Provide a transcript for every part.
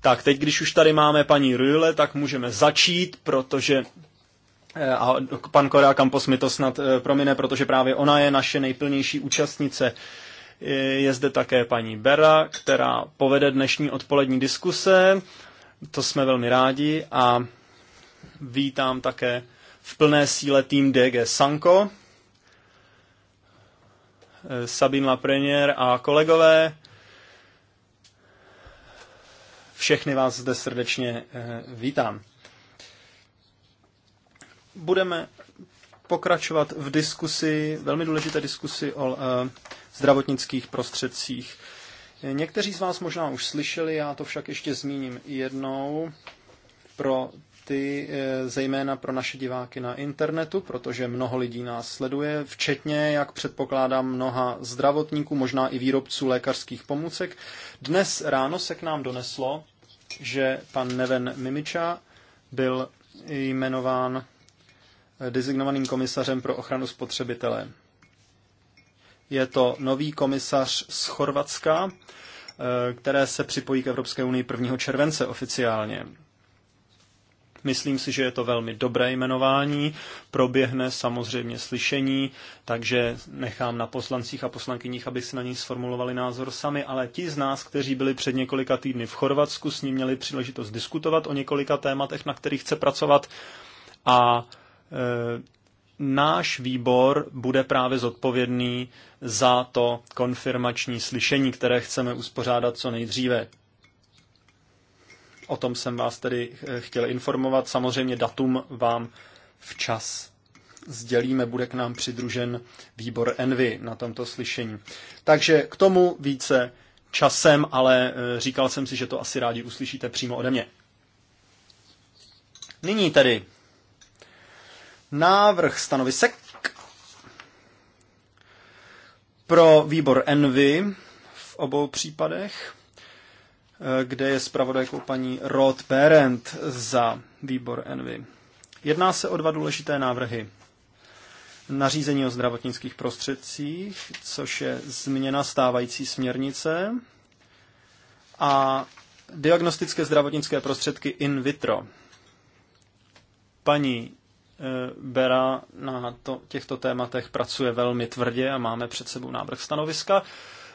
Tak, teď, když už tady máme paní Rühle, tak můžeme začít, protože eh, a pan Korea Campos mi to snad eh, promine, protože právě ona je naše nejplnější účastnice. Eh, je zde také paní Bera, která povede dnešní odpolední diskuse. To jsme velmi rádi a vítám také v plné síle tým DG Sanko, Eh, Sabine Laprenier a kolegové. Všechny vás zde srdečně eh, vítám. Budeme pokračovat v diskusi, velmi důležité diskusi o eh, zdravotnických prostředcích. Někteří z vás možná už slyšeli, já to však ještě zmíním jednou. Pro ty eh, zejména pro naše diváky na internetu, protože mnoho lidí nás sleduje, včetně, jak předpokládám, mnoha zdravotníků, možná i výrobců lékařských pomůcek. Dnes ráno se k nám doneslo, že pan Neven Mimiča byl jmenován eh, designovaným komisařem pro ochranu spotřebitele. Je to nový komisař z Chorvatska, eh, které se připojí k Evropské unii 1. července oficiálně. Myslím si, že je to velmi dobré jmenování. Proběhne samozřejmě slyšení, takže nechám na poslancích a poslankyních, aby si na něj sformulovali názor sami, ale ti z nás, kteří byli před několika týdny v Chorvatsku, s ním měli příležitost diskutovat o několika tématech, na kterých chce pracovat. A e, náš výbor bude právě zodpovědný za to konfirmační slyšení, které chceme uspořádat co nejdříve. O tom jsem vás tedy eh, chtěl informovat. Samozřejmě datum vám včas sdělíme, bude k nám přidružen výbor Envy na tomto slyšení. Takže k tomu více časem, ale eh, říkal jsem si, že to asi rádi uslyšíte přímo ode mě. Nyní tedy návrh stanovisek pro výbor Envy v obou případech. Eh, kde je zpravodajkou paní Roth Berend za výbor Envy. Jedná se o dva důležité návrhy. Nařízení o zdravotnických prostředcích, což je změna stávající směrnice, a diagnostické zdravotnické prostředky in vitro. Paní eh, Bera na to, těchto tématech pracuje velmi tvrdě a máme před sebou návrh stanoviska.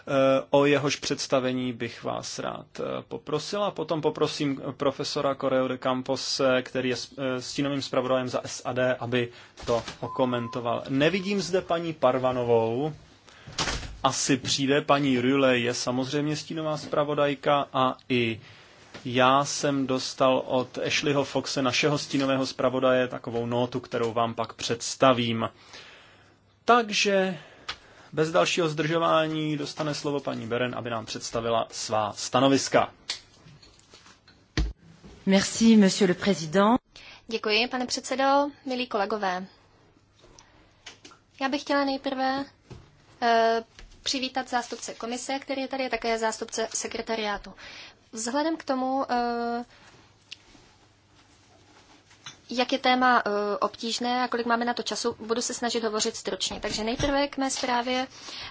Eh, o jehož představení bych vás rád eh, poprosil a potom poprosím profesora Correo de Campos, eh, který je stínovým zpravodajem za SAD, aby to okomentoval. Nevidím zde paní Parvanovou, asi přijde. Paní Rüle je samozřejmě stínová zpravodajka a i já jsem dostal od Ashleyho Foxe, našeho stínového zpravodaje, takovou notu, kterou vám pak představím. Takže bez dalšího zdržování dostane slovo paní Beren, aby nám představila svá stanoviska. Merci, monsieur le président. Děkuji, pane předsedo, milí kolegové. Já bych chtěla nejprve uh, přivítat zástupce komise, který je tady je také zástupce sekretariátu. Vzhledem k tomu, eh, jak je téma eh, obtížné a kolik máme na to času, budu se snažit hovořit stručně. Takže nejprve k mé zprávě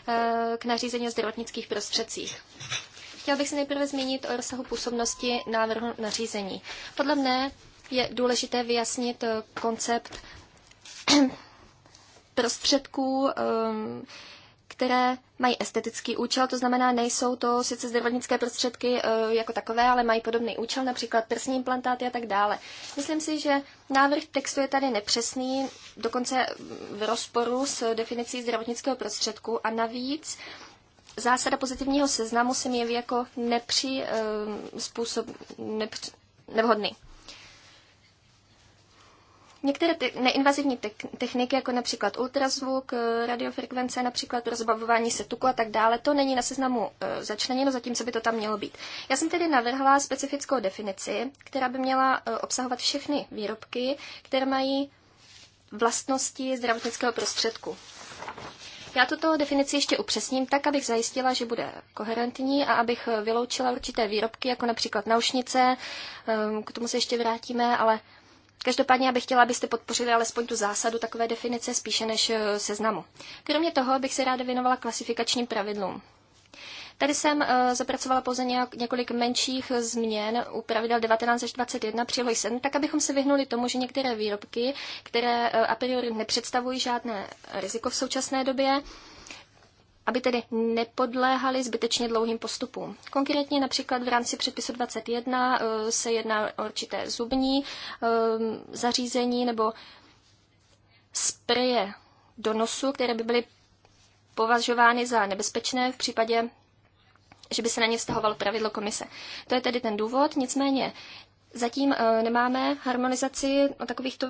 eh, k nařízení o zdravotnických prostředcích. Chtěla bych se nejprve zmínit o rozsahu působnosti návrhu nařízení. Podle mne je důležité vyjasnit eh, koncept prostředků, které mají estetický účel, to znamená, nejsou to sice zdravotnické prostředky eh, jako takové, ale mají podobný účel, například prsní implantáty a tak dále. Myslím si, že návrh textu je tady nepřesný, dokonce v rozporu s definicí zdravotnického prostředku a navíc zásada pozitivního seznamu se mi jeví jako nepři, eh, způsob, nepři, nevhodný. Některé te- neinvazivní te- techniky, jako například ultrazvuk, eh, radiofrekvence, například rozbavování se tuku a tak dále, to není na seznamu e, začleněno, zatímco by to tam mělo být. Já jsem tedy navrhla specifickou definici, která by měla e, obsahovat všechny výrobky, které mají vlastnosti zdravotnického prostředku. Já tuto definici ještě upřesním tak, abych zajistila, že bude koherentní a abych vyloučila určité výrobky, jako například naušnice, k tomu se ještě vrátíme, ale Každopádně já bych chtěla, abyste podpořili alespoň tu zásadu takové definice spíše než eh, seznamu. Kromě toho bych se ráda věnovala klasifikačním pravidlům. Tady jsem eh, zapracovala pouze několik menších změn u pravidel 19 až 21 přílohy 7, tak abychom se vyhnuli tomu, že některé výrobky, které eh, a priori nepředstavují žádné riziko v současné době, aby tedy nepodléhaly zbytečně dlouhým postupům. Konkrétně například v rámci předpisu 21 eh, se jedná o určité zubní eh, zařízení nebo spreje do nosu, které by byly považovány za nebezpečné v případě, že by se na ně vztahovalo pravidlo komise. To je tedy ten důvod, nicméně zatím eh, nemáme harmonizaci, takovýchto,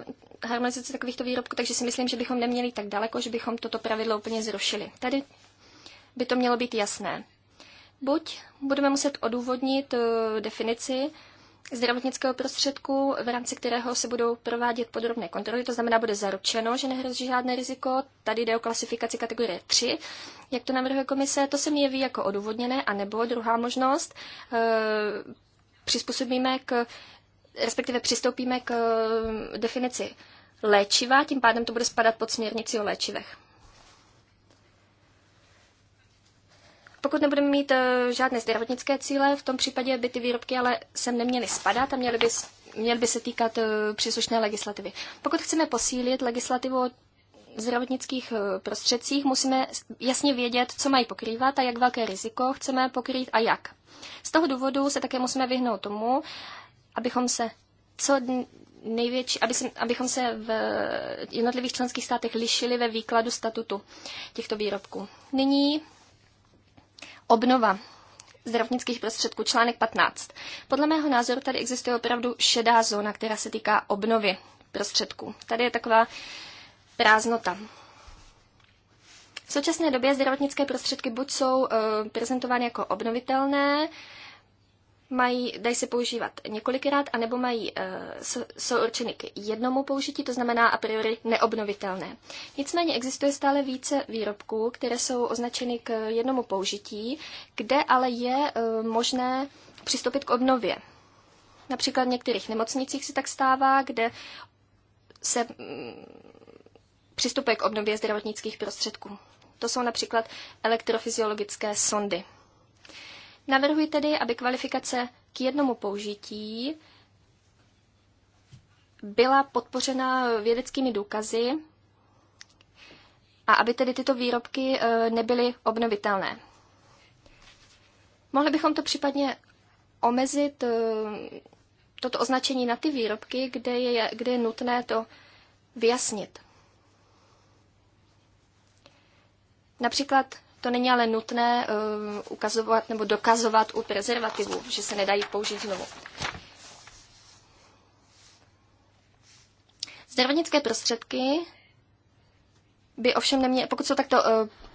harmonizaci takovýchto výrobků, takže si myslím, že bychom neměli tak daleko, že bychom toto pravidlo úplně zrušili. Tady by to mělo být jasné. Buď budeme muset odůvodnit eh, definici zdravotnického prostředku, v rámci kterého se budou provádět podrobné kontroly, to znamená, bude zaručeno, že nehrozí žádné riziko. Tady jde o klasifikaci kategorie 3, jak to navrhuje komise, to se mi jeví jako odůvodněné, anebo druhá možnost, eh, přizpůsobíme k, respektive přistoupíme k eh, definici léčiva, tím pádem to bude spadat pod směrnici o léčivech. Pokud nebudeme mít eh, žádné zdravotnické cíle, v tom případě by ty výrobky ale sem neměly spadat a měly by, měly by se týkat eh, příslušné legislativy. Pokud chceme posílit legislativu o zdravotnických eh, prostředcích, musíme jasně vědět, co mají pokrývat a jak velké riziko chceme pokrýt a jak. Z toho důvodu se také musíme vyhnout tomu, abychom se co největší, aby se, abychom se v jednotlivých členských státech lišili ve výkladu statutu těchto výrobků. Nyní Obnova zdravotnických prostředků, článek 15. Podle mého názoru tady existuje opravdu šedá zóna, která se týká obnovy prostředků. Tady je taková prázdnota. V současné době zdravotnické prostředky buď jsou e, prezentovány jako obnovitelné, mají, dají se používat několikrát, anebo mají, eh, jsou určeny k jednomu použití, to znamená a priori neobnovitelné. Nicméně existuje stále více výrobků, které jsou označeny k jednomu použití, kde ale je eh, možné přistoupit k obnově. Například v některých nemocnicích se tak stává, kde se mm, přistupuje k obnově zdravotnických prostředků. To jsou například elektrofyziologické sondy. Navrhuji tedy, aby kvalifikace k jednomu použití byla podpořena vědeckými důkazy a aby tedy tyto výrobky e, nebyly obnovitelné. Mohli bychom to případně omezit e, toto označení na ty výrobky, kde je, kde je nutné to vyjasnit. Například to není ale nutné uh, ukazovat nebo dokazovat u prezervativů, že se nedají použít znovu. Zdravotnické prostředky by ovšem neměly, pokud jsou takto uh,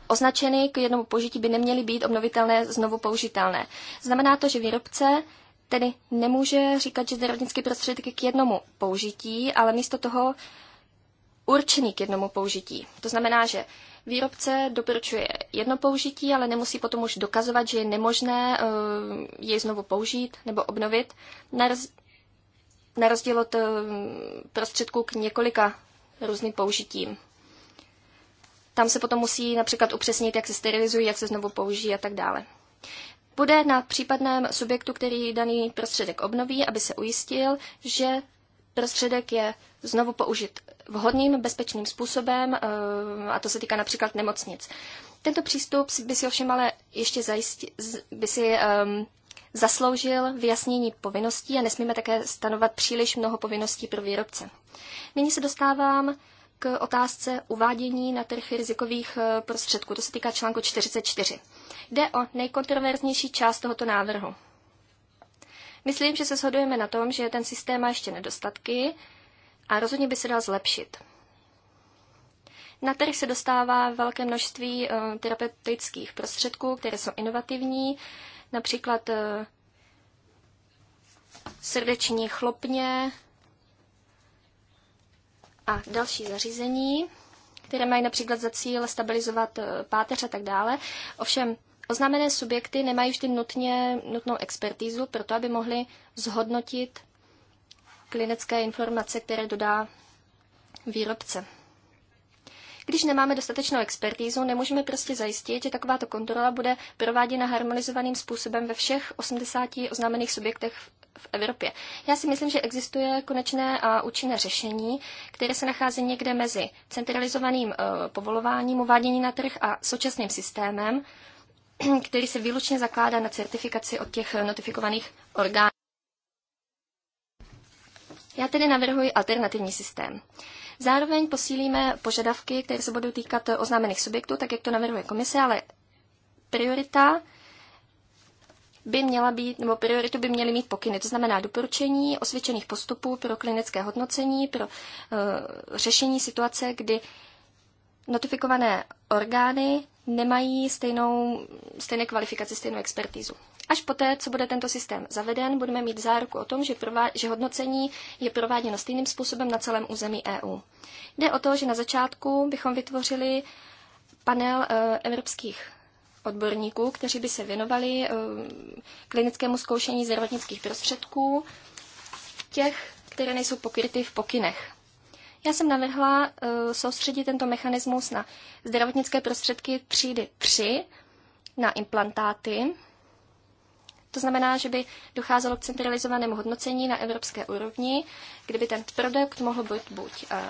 označeny k jednomu použití, by neměly být obnovitelné znovu použitelné. Znamená to, že výrobce tedy nemůže říkat, že zdravotnické prostředky k jednomu použití, ale místo toho určený k jednomu použití. To znamená, že Výrobce doporučuje jedno použití, ale nemusí potom už dokazovat, že je nemožné eh, jej znovu použít nebo obnovit, na rozdíl od eh, prostředků k několika různým použitím. Tam se potom musí například upřesnit, jak se sterilizují, jak se znovu použijí a tak dále. Bude na případném subjektu, který daný prostředek obnoví, aby se ujistil, že prostředek je znovu použit vhodným, bezpečným způsobem, eh, a to se týká například nemocnic. Tento přístup by si ovšem ale ještě zajistil, by si um, zasloužil vyjasnění povinností a nesmíme také stanovat příliš mnoho povinností pro výrobce. Nyní se dostávám k otázce uvádění na trh rizikových eh, prostředků. To se týká článku 44. Jde o nejkontroverznější část tohoto návrhu. Myslím, že se shodujeme na tom, že ten systém má ještě nedostatky a rozhodně by se dal zlepšit. Na trh se dostává velké množství eh, terapeutických prostředků, které jsou inovativní, například eh, srdeční chlopně a další zařízení, které mají například za cíl stabilizovat eh, páteř a tak dále. Ovšem, Oznámené subjekty nemají vždy nutně nutnou expertízu pro to, aby mohli zhodnotit klinické informace, které dodá výrobce. Když nemáme dostatečnou expertízu, nemůžeme prostě zajistit, že takováto kontrola bude prováděna harmonizovaným způsobem ve všech 80 oznámených subjektech v Evropě. Já si myslím, že existuje konečné a účinné řešení, které se nachází někde mezi centralizovaným eh, povolováním, uvádění na trh a současným systémem, který se výlučně zakládá na certifikaci od těch notifikovaných orgánů. Já tedy navrhuji alternativní systém. Zároveň posílíme požadavky, které se budou týkat oznámených subjektů, tak jak to navrhuje komise, ale priorita by měla být, nebo prioritu by měly mít pokyny, to znamená doporučení osvědčených postupů pro klinické hodnocení, pro uh, řešení situace, kdy notifikované orgány nemají stejnou, stejné kvalifikaci, stejnou expertízu. Až poté, co bude tento systém zaveden, budeme mít záruku o tom, že, prová- že hodnocení je prováděno stejným způsobem na celém území EU. Jde o to, že na začátku bychom vytvořili panel e, evropských odborníků, kteří by se věnovali e, klinickému zkoušení zdravotnických prostředků, těch, které nejsou pokryty v pokynech. Já jsem navrhla eh, soustředit tento mechanismus na zdravotnické prostředky třídy 3, na implantáty. To znamená, že by docházelo k centralizovanému hodnocení na evropské úrovni, kdyby ten produkt mohl být buď eh,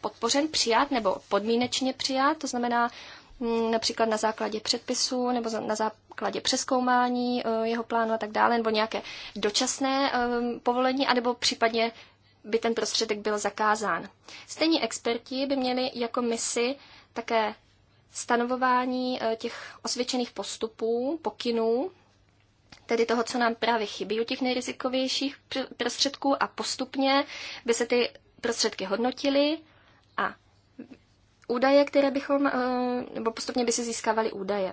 podpořen, přijat nebo podmínečně přijat, to znamená hm, například na základě předpisu nebo na základě přeskoumání eh, jeho plánu a tak dále, nebo nějaké dočasné povolení, anebo případně by ten prostředek byl zakázán. Stejní experti by měli jako misi také stanovování e, těch osvědčených postupů, pokynů, tedy toho, co nám právě chybí u těch nejrizikovějších prostředků a postupně by se ty prostředky hodnotily a údaje, které bychom, e, nebo postupně by se získávaly údaje.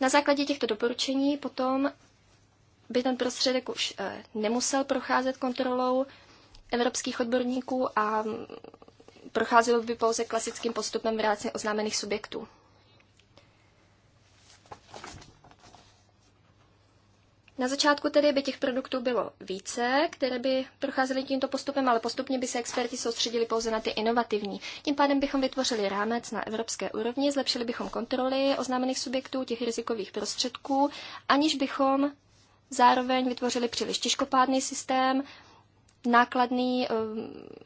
Na základě těchto doporučení potom by ten prostředek už eh, nemusel procházet kontrolou evropských odborníků a mm, procházelo by pouze klasickým postupem vrácení oznámených subjektů. Na začátku tedy by těch produktů bylo více, které by procházely tímto postupem, ale postupně by se experti soustředili pouze na ty inovativní. Tím pádem bychom vytvořili rámec na evropské úrovni, zlepšili bychom kontroly oznámených subjektů, těch rizikových prostředků, aniž bychom Zároveň vytvořili příliš těžkopádný systém, nákladný, eh,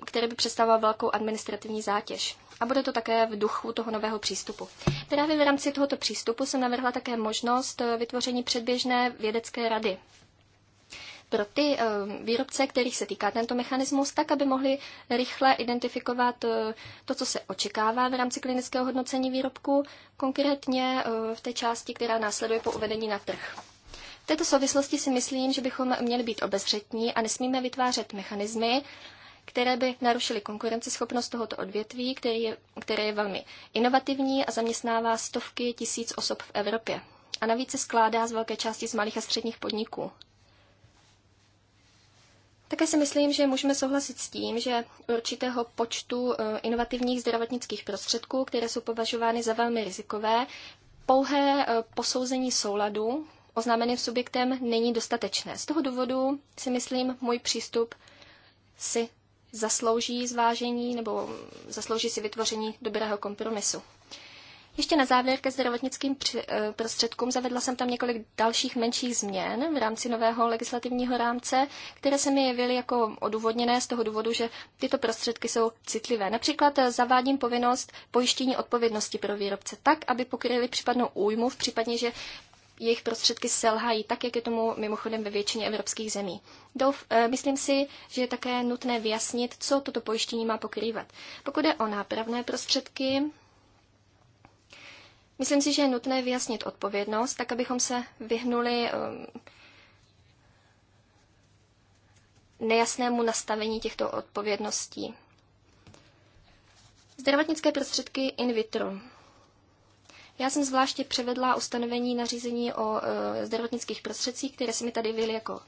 který by představoval velkou administrativní zátěž. A bude to také v duchu toho nového přístupu. Právě v rámci tohoto přístupu jsem navrhla také možnost eh, vytvoření předběžné vědecké rady pro ty eh, výrobce, kterých se týká tento mechanismus, tak, aby mohli rychle identifikovat to, co se očekává v rámci klinického hodnocení výrobku, konkrétně v té části, která následuje po uvedení na trh. V této souvislosti si myslím, že bychom měli být obezřetní a nesmíme vytvářet mechanismy, které by narušily konkurenceschopnost tohoto odvětví, které je, které je velmi inovativní a zaměstnává stovky tisíc osob v Evropě. A navíc se skládá z velké části z malých a středních podniků. Také si myslím, že můžeme souhlasit s tím, že určitého počtu eh, inovativních zdravotnických prostředků, které jsou považovány za velmi rizikové, pouhé eh, posouzení souladu oznámeným subjektem není dostatečné. Z toho důvodu si myslím, můj přístup si zaslouží zvážení nebo zaslouží si vytvoření dobrého kompromisu. Ještě na závěr ke zdravotnickým eh, prostředkům zavedla jsem tam několik dalších menších změn v rámci nového legislativního rámce, které se mi jevily jako odůvodněné z toho důvodu, že tyto prostředky jsou citlivé. Například eh, zavádím povinnost pojištění odpovědnosti pro výrobce tak, aby pokryli případnou újmu v případě, že jejich prostředky selhají, tak jak je tomu mimochodem ve většině evropských zemí. Douf, eh, myslím si, že je také nutné vyjasnit, co toto pojištění má pokrývat. Pokud je o nápravné prostředky, myslím si, že je nutné vyjasnit odpovědnost, tak abychom se vyhnuli eh, nejasnému nastavení těchto odpovědností. Zdravotnické prostředky in vitro. Já jsem zvláště převedla ustanovení nařízení o e, zdravotnických prostředcích, které se mi tady vyly jako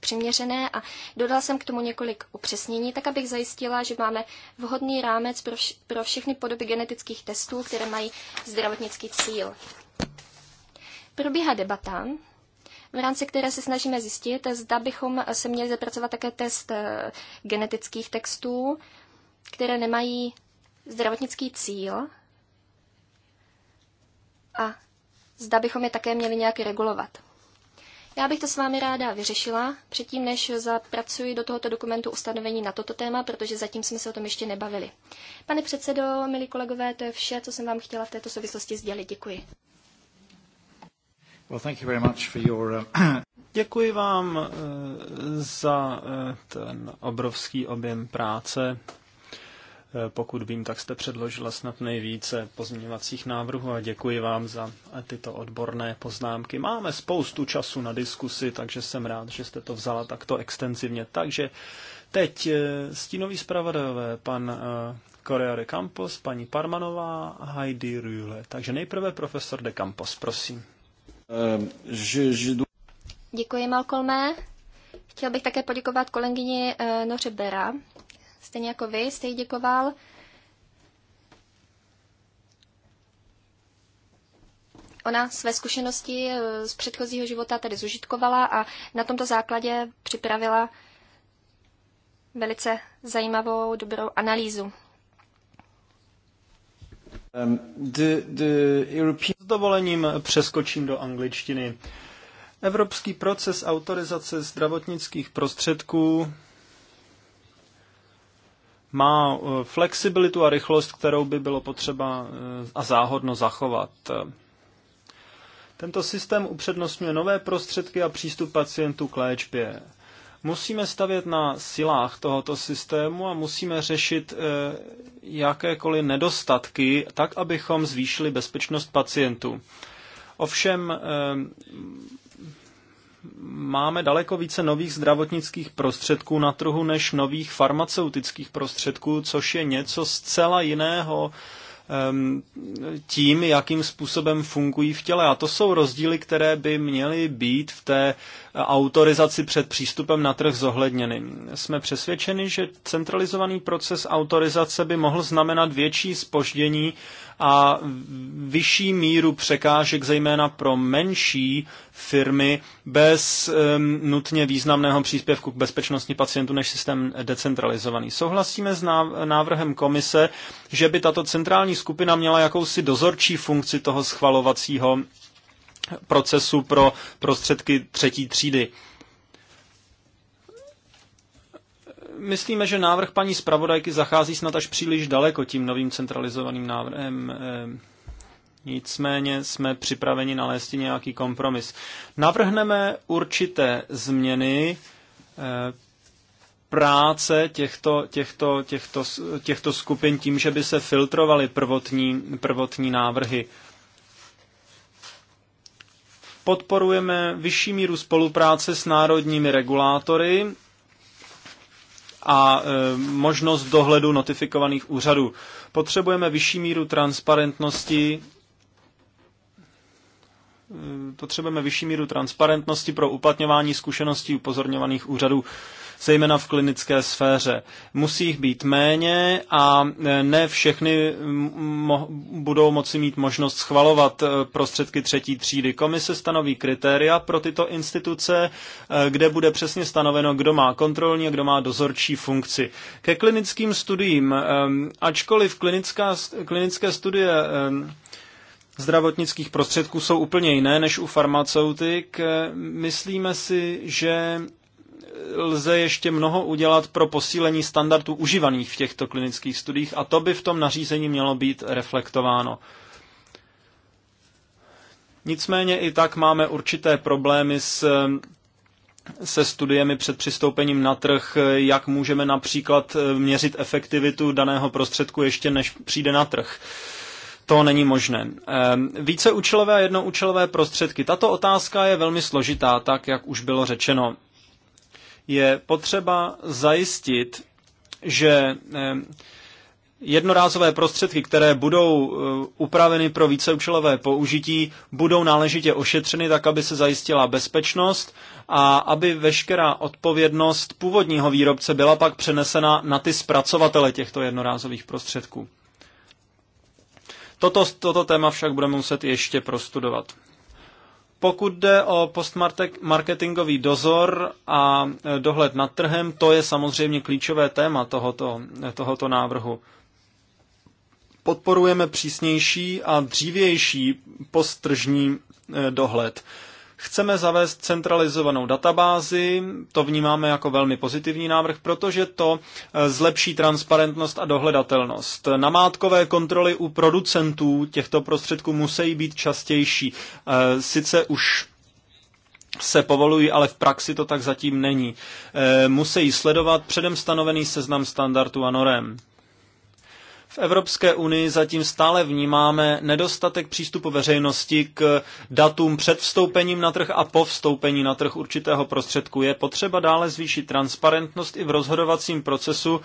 přiměřené a dodala jsem k tomu několik upřesnění, tak abych zajistila, že máme vhodný rámec pro, vš- pro všechny podoby genetických testů, které mají zdravotnický cíl. Probíhá debata, v rámci které se snažíme zjistit, zda bychom se měli zapracovat také test e, genetických textů, které nemají zdravotnický cíl, a zda bychom je také měli nějak regulovat. Já bych to s vámi ráda vyřešila, předtím než zapracuji do tohoto dokumentu ustanovení na toto téma, protože zatím jsme se o tom ještě nebavili. Pane předsedo, milí kolegové, to je vše, co jsem vám chtěla v této souvislosti sdělit. Děkuji. Well, thank you very much for your, uh... Děkuji vám uh, za uh, ten obrovský objem práce pokud vím, tak jste předložila snad nejvíce pozměňovacích návrhů a děkuji vám za tyto odborné poznámky. Máme spoustu času na diskusi, takže jsem rád, že jste to vzala takto extenzivně. Takže teď eh, stínový zpravodajové, pan Korea eh, de Campos, paní Parmanová a Heidi Rühle. Takže nejprve profesor de Campos, prosím. Děkuji, Malcolme. Chtěl bych také poděkovat kolegyni eh, Noře Bera stejně jako vy jste jí děkoval. Ona své zkušenosti eh, z předchozího života tedy zužitkovala a na tomto základě připravila velice zajímavou, dobrou analýzu. Um, the, the European... S dovolením přeskočím do angličtiny. Evropský proces autorizace zdravotnických prostředků má eh, flexibilitu a rychlost, kterou by bylo potřeba eh, a záhodno zachovat. Eh, tento systém upřednostňuje nové prostředky a přístup pacientů k léčbě. Musíme stavět na silách tohoto systému a musíme řešit jakékoliv nedostatky, tak abychom zvýšili bezpečnost pacientů. Ovšem máme daleko více nových zdravotnických prostředků na trhu než nových farmaceutických prostředků, což je něco zcela jiného tím, jakým způsobem fungují v těle. A to jsou rozdíly, které by měly být v té autorizaci před přístupem na trh zohledněny. Jsme přesvědčeni, že centralizovaný proces autorizace by mohl znamenat větší spoždění a vyšší míru překážek, zejména pro menší firmy, bez um, nutně významného příspěvku k bezpečnosti pacientů než systém decentralizovaný. Souhlasíme s návrhem komise, že by tato centrální skupina měla jakousi dozorčí funkci toho schvalovacího procesu pro prostředky třetí třídy. myslíme, že návrh paní zpravodajky zachází snad až příliš daleko tím novým centralizovaným návrhem. Eh, nicméně jsme připraveni nalézt nějaký kompromis. Navrhneme určité změny eh, práce těchto, těchto, těchto, těchto skupin tím, že by se filtrovaly prvotní, prvotní návrhy podporujeme vyšší míru spolupráce s národními regulátory a e, možnost dohledu notifikovaných úřadů. Potřebujeme vyšší míru transparentnosti e, potřebujeme vyšší míru transparentnosti pro uplatňování zkušeností upozorňovaných úřadů zejména v klinické sféře. Musí jich být méně a e, ne všechny mo- budou moci mít možnost schvalovat e, prostředky třetí třídy. Komise stanoví kritéria pro tyto instituce, e, kde bude přesně stanoveno, kdo má kontrolní a kdo má dozorčí funkci. Ke klinickým studiím, ačkoliv klinická, klinické studie zdravotnických prostředků jsou úplně jiné než u farmaceutik. Myslíme si, že lze ještě mnoho udělat pro posílení standardů užívaných v těchto klinických studiích a to by v tom nařízení mělo být reflektováno. Nicméně i tak máme určité problémy s se studiemi před přistoupením na trh, jak můžeme například měřit efektivitu daného prostředku ještě než přijde na trh. To není možné. Ehm, víceúčelové a jednoučelové prostředky. Tato otázka je velmi složitá, tak jak už bylo řečeno je potřeba zajistit, že eh, jednorázové prostředky, které budou eh, upraveny pro víceúčelové použití, budou náležitě ošetřeny tak, aby se zajistila bezpečnost a aby veškerá odpovědnost původního výrobce byla pak přenesena na ty zpracovatele těchto jednorázových prostředků. Toto, toto téma však budeme muset ještě prostudovat. Pokud jde o postmarketingový dozor a e, dohled nad trhem, to je samozřejmě klíčové téma tohoto, e, tohoto návrhu. Podporujeme přísnější a dřívější postržní e, dohled. Chceme zavést centralizovanou databázi, to vnímáme jako velmi pozitivní návrh, protože to eh, zlepší transparentnost a dohledatelnost. Namátkové kontroly u producentů těchto prostředků musí být častější. Eh, sice už se povolují, ale v praxi to tak zatím není. Eh, musí sledovat předem stanovený seznam standardů a norem. V Evropské unii zatím stále vnímáme nedostatek přístupu veřejnosti k datům před vstoupením na trh a po vstoupení na trh určitého prostředku. Je potřeba dále zvýšit transparentnost i v rozhodovacím procesu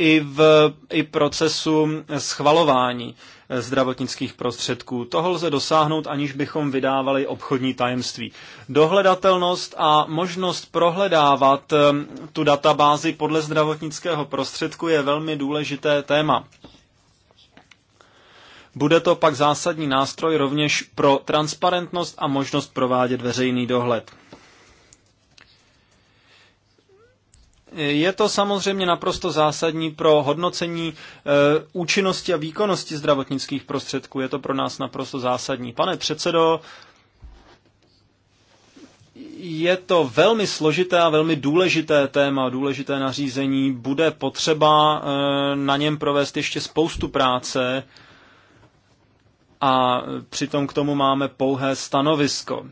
i, v, i procesu schvalování eh, zdravotnických prostředků. Toho lze dosáhnout, aniž bychom vydávali obchodní tajemství. Dohledatelnost a možnost prohledávat eh, tu databázi podle zdravotnického prostředku je velmi důležité téma. Bude to pak zásadní nástroj rovněž pro transparentnost a možnost provádět veřejný dohled. Je to samozřejmě naprosto zásadní pro hodnocení e, účinnosti a výkonnosti zdravotnických prostředků. Je to pro nás naprosto zásadní. Pane předsedo, je to velmi složité a velmi důležité téma, důležité nařízení. Bude potřeba e, na něm provést ještě spoustu práce a přitom k tomu máme pouhé stanovisko.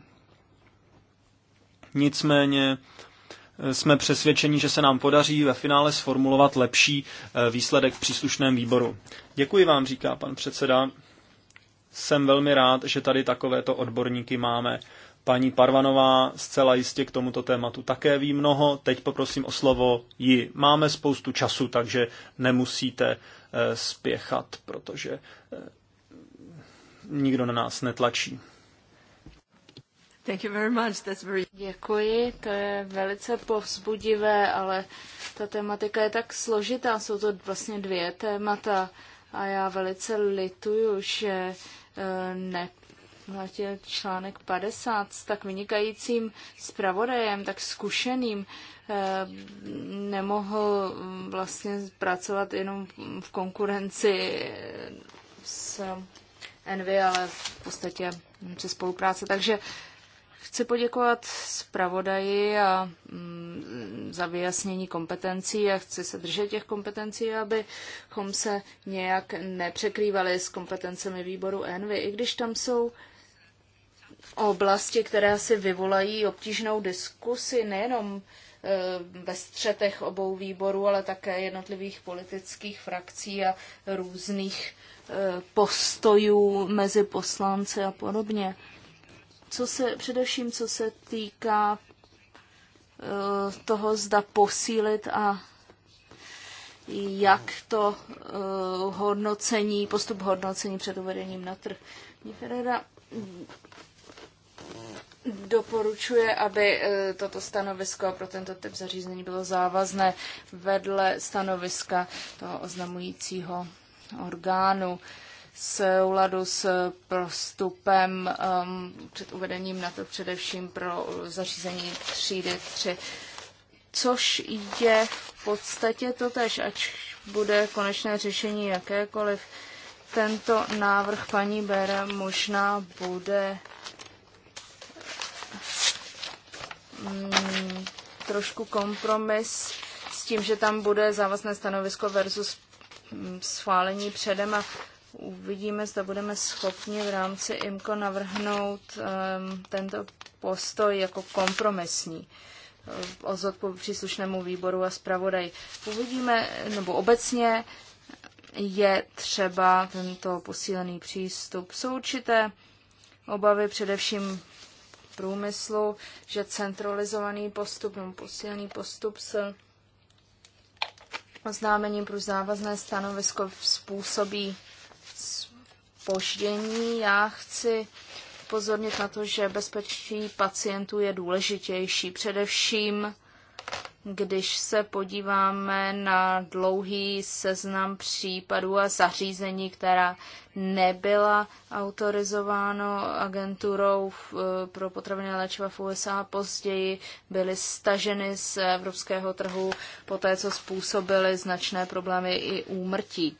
Nicméně, jsme přesvědčeni, že se nám podaří ve finále sformulovat lepší eh, výsledek v příslušném výboru. Děkuji vám, říká pan předseda. Jsem velmi rád, že tady takovéto odborníky máme. Paní Parvanová zcela jistě k tomuto tématu také ví mnoho. Teď poprosím o slovo ji. Máme spoustu času, takže nemusíte eh, spěchat, protože eh, nikdo na nás netlačí. Thank you very much. That's very... Děkuji, to je velice povzbudivé, ale ta tematika je tak složitá, jsou to vlastně dvě témata a já velice lituju, že eh, ne vlastně článek 50 s tak vynikajícím zpravodajem, tak zkušeným, eh, nemohl vlastně pracovat jenom v konkurenci s Envy, ale v podstatě se spolupráce. Takže Chci poděkovat zpravodaji a mm, za vyjasnění kompetencí a chci se držet těch kompetencí, abychom se nějak nepřekrývali s kompetencemi výboru ENVY, i když tam jsou oblasti, které si vyvolají obtížnou diskusi nejenom e, ve střetech obou výborů, ale také jednotlivých politických frakcí a různých e, postojů mezi poslanci a podobně. Co se, především co se týká eh, toho, zda posílit a jak to eh, hodnocení, postup hodnocení před uvedením na trh. Ferreira doporučuje, aby eh, toto stanovisko pro tento typ zařízení bylo závazné vedle stanoviska toho oznamujícího orgánu souladu s prostupem um, před uvedením na to především pro zařízení třídy 3, což je v podstatě to tež, ač bude konečné řešení jakékoliv. Tento návrh paní Bera možná bude mm, trošku kompromis s tím, že tam bude závazné stanovisko versus mm, schválení předem a Uvidíme, zda budeme schopni v rámci IMCO navrhnout um, tento postoj jako kompromisní eh, o zodpov příslušnému výboru a zpravodaj. Uvidíme, nebo obecně je třeba tento posílený přístup. Jsou určité obavy především průmyslu, že centralizovaný postup nebo posílený postup s oznámením pro závazné stanovisko způsobí spoždění. Já chci pozornit na to, že bezpečí pacientů je důležitější, především když se podíváme na dlouhý seznam případů a zařízení, která nebyla autorizováno agenturou eh, pro potraviny léčiva v USA, později byly staženy z evropského trhu, poté co způsobily značné problémy i úmrtí.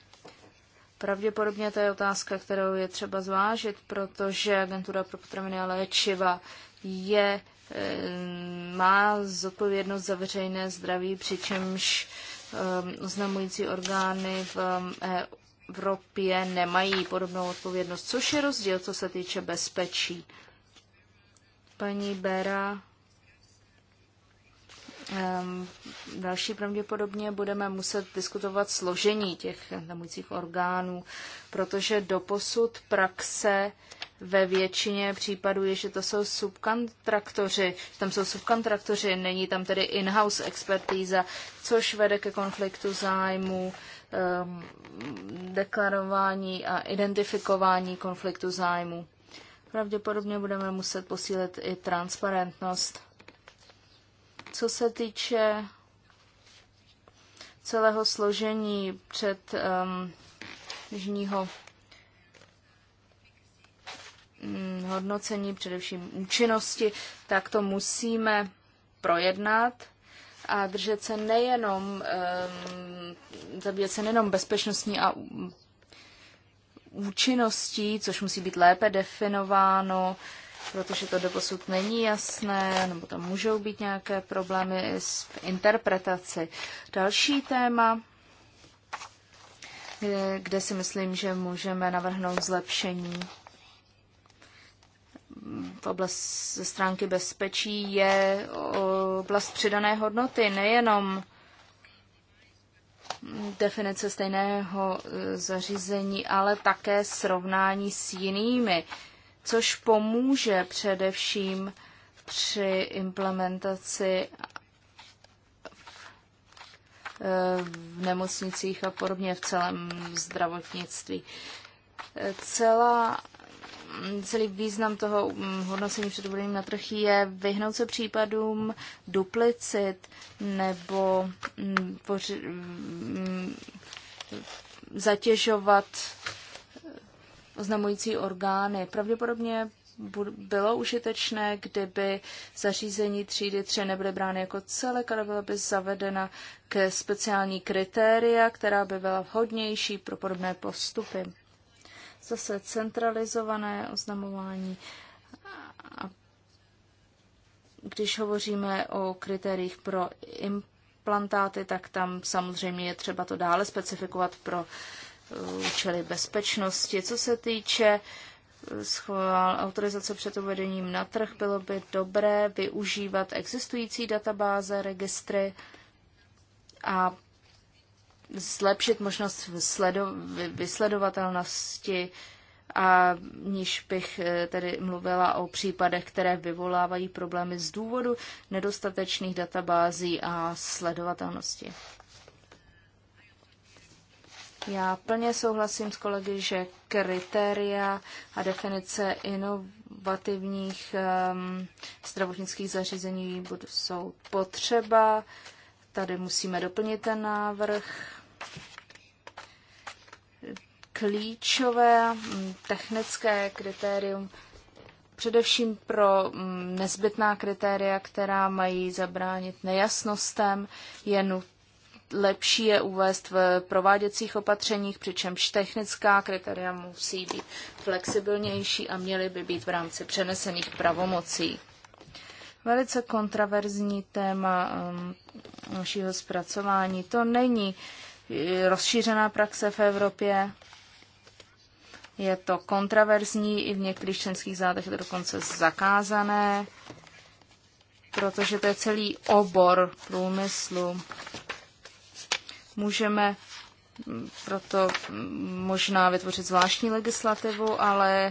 Pravděpodobně to je otázka, kterou je třeba zvážit, protože Agentura pro potraviny a léčiva je, eh, má zodpovědnost za veřejné zdraví, přičemž eh, oznamující orgány v eh, Evropě nemají podobnou odpovědnost, což je rozdíl, co se týče bezpečí. Paní Bera Um, další pravděpodobně budeme muset diskutovat složení těch namujících orgánů, protože doposud praxe ve většině případů je, že to jsou subkontraktoři, tam jsou subkontraktoři, není tam tedy in-house expertíza, což vede ke konfliktu zájmu, um, deklarování a identifikování konfliktu zájmu. Pravděpodobně budeme muset posílit i transparentnost co se týče celého složení před um, jižního mm, hodnocení, především účinnosti, tak to musíme projednat a držet se nejenom, zabíjet um, zabývat se nejenom bezpečnostní a účinností, což musí být lépe definováno, protože to doposud není jasné, nebo tam můžou být nějaké problémy s interpretaci. Další téma, kde si myslím, že můžeme navrhnout zlepšení v oblast ze stránky bezpečí, je oblast přidané hodnoty, nejenom definice stejného e, zařízení, ale také srovnání s jinými což pomůže především při implementaci eh, v nemocnicích a podobně v celém zdravotnictví. Celá, celý význam toho mm, hodnocení před uvedením na trh je vyhnout se případům duplicit nebo mm, poři, mm, zatěžovat oznamující orgány. Pravděpodobně bylo užitečné, kdyby zařízení třídy 3 nebyly brány jako celek, ale byla by zavedena ke speciální kritéria, která by byla vhodnější pro podobné postupy. Zase centralizované oznamování. A když hovoříme o kritériích pro implantáty, tak tam samozřejmě je třeba to dále specifikovat pro uh, účely bezpečnosti. Co se týče eh, schoval autorizace před uvedením na trh, bylo by dobré využívat existující databáze, registry a zlepšit možnost vysledovatelnosti a níž bych eh, tedy mluvila o případech, které vyvolávají problémy z důvodu nedostatečných databází a sledovatelnosti. Já plně souhlasím s kolegy, že kritéria a definice inovativních um, zdravotnických zařízení jsou potřeba. Tady musíme doplnit ten návrh. Klíčové hm, technické kritérium především pro hm, nezbytná kritéria, která mají zabránit nejasnostem, je nutné lepší je uvést v prováděcích opatřeních, přičemž technická kritéria musí být flexibilnější a měly by být v rámci přenesených pravomocí. Velice kontraverzní téma um, našeho zpracování. To není eh, rozšířená praxe v Evropě. Je to kontraverzní, i v některých členských zádech je to dokonce zakázané, protože to je celý obor průmyslu. Můžeme proto možná vytvořit zvláštní legislativu, ale e,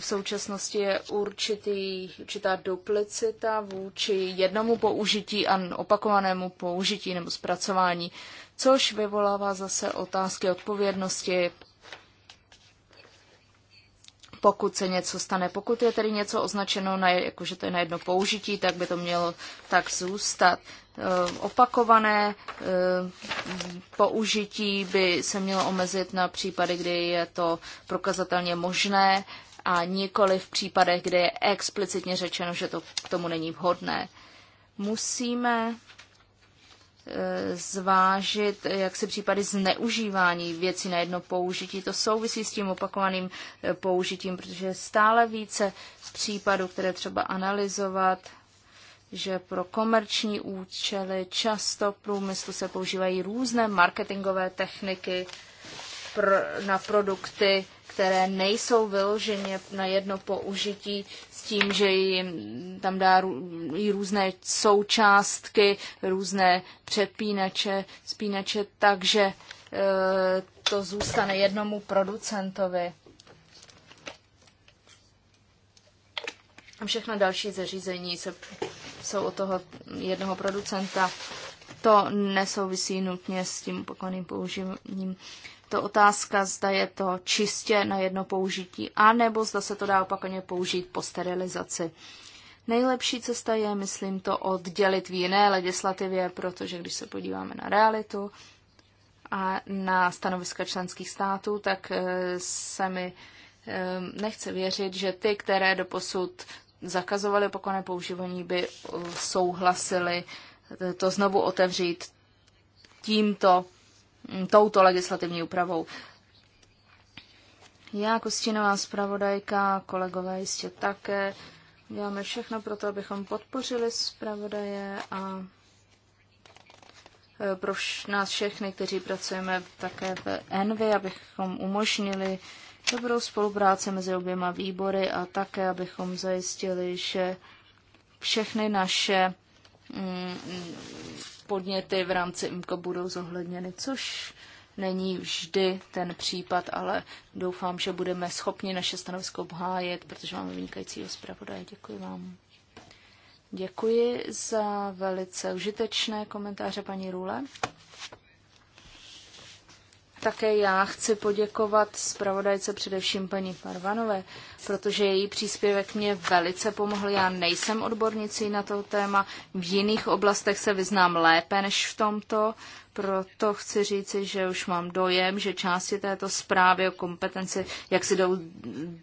v současnosti je určitý, určitá duplicita vůči jednomu použití a opakovanému použití nebo zpracování, což vyvolává zase otázky odpovědnosti, pokud se něco stane. Pokud je tedy něco označeno, na, jako že to je na jedno použití, tak by to mělo tak zůstat. Eh, opakované eh, použití by se mělo omezit na případy, kdy je to prokazatelně možné a nikoli v případech, kde je explicitně řečeno, že to k tomu není vhodné. Musíme eh, zvážit, jak se případy zneužívání věcí na jedno použití. To souvisí s tím opakovaným použitím, protože stále více případů, které třeba analyzovat, že pro komerční účely často v průmyslu se používají různé marketingové techniky pr- na produkty, které nejsou vyloženě na jedno použití s tím, že jim tam dá rů- různé součástky, různé přepínače, spínače, takže e, to zůstane jednomu producentovi. všechno další zařízení se, jsou od toho jednoho producenta. To nesouvisí nutně s tím opakovaným použitím. To otázka, zda je to čistě na jedno použití, anebo zda se to dá opakovaně použít po sterilizaci. Nejlepší cesta je, myslím, to oddělit v jiné legislativě, protože když se podíváme na realitu a na stanoviska členských států, tak eh, se mi eh, nechce věřit, že ty, které doposud zakazovali opakované používání, by uh, souhlasili eh, to znovu otevřít tímto, mm, touto legislativní úpravou. Já jako stínová zpravodajka, kolegové jistě také, děláme všechno pro to, abychom podpořili zpravodaje a eh, pro nás všechny, kteří pracujeme také v Envy, abychom umožnili dobrou spolupráci mezi oběma výbory a také, abychom zajistili, že všechny naše mm, podněty v rámci IMCO budou zohledněny, což není vždy ten případ, ale doufám, že budeme schopni naše stanovisko obhájet, protože máme vynikajícího zpravodaje. Děkuji vám. Děkuji za velice užitečné komentáře paní Rule. Také já chci poděkovat zpravodajce především paní Parvanové, protože její příspěvek mě velice pomohl. Já nejsem odbornicí na to téma, v jiných oblastech se vyznám lépe než v tomto, proto chci říci, že už mám dojem, že části této zprávy o kompetenci, jak si jdou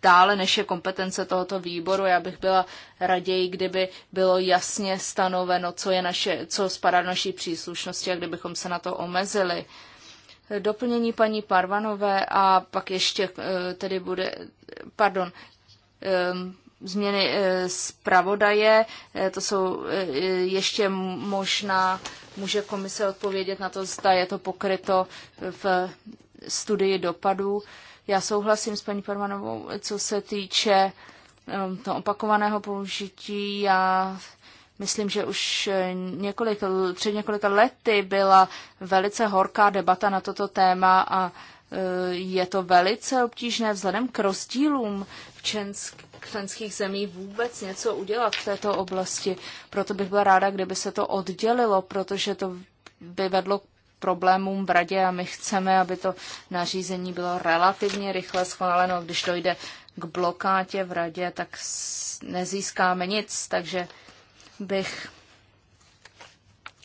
dále, než je kompetence tohoto výboru. Já bych byla raději, kdyby bylo jasně stanoveno, co, je naše, co spadá do naší příslušnosti a kdybychom se na to omezili doplnění paní Parvanové a pak ještě eh, tedy bude, pardon, ehm, změny eh, zpravodaje, eh, to jsou ještě možná, může komise odpovědět na to, zda je to pokryto v studii dopadů. Já souhlasím s paní Parvanovou, co se týče ehm, to opakovaného použití. Já Myslím, že už eh, několik, před několika lety byla velice horká debata na toto téma a eh, je to velice obtížné vzhledem k rozdílům v členských zemí vůbec něco udělat v této oblasti. Proto bych byla ráda, kdyby se to oddělilo, protože to by vedlo k problémům v radě a my chceme, aby to nařízení bylo relativně rychle schváleno. Když dojde k blokátě v radě, tak nezískáme nic, takže bych,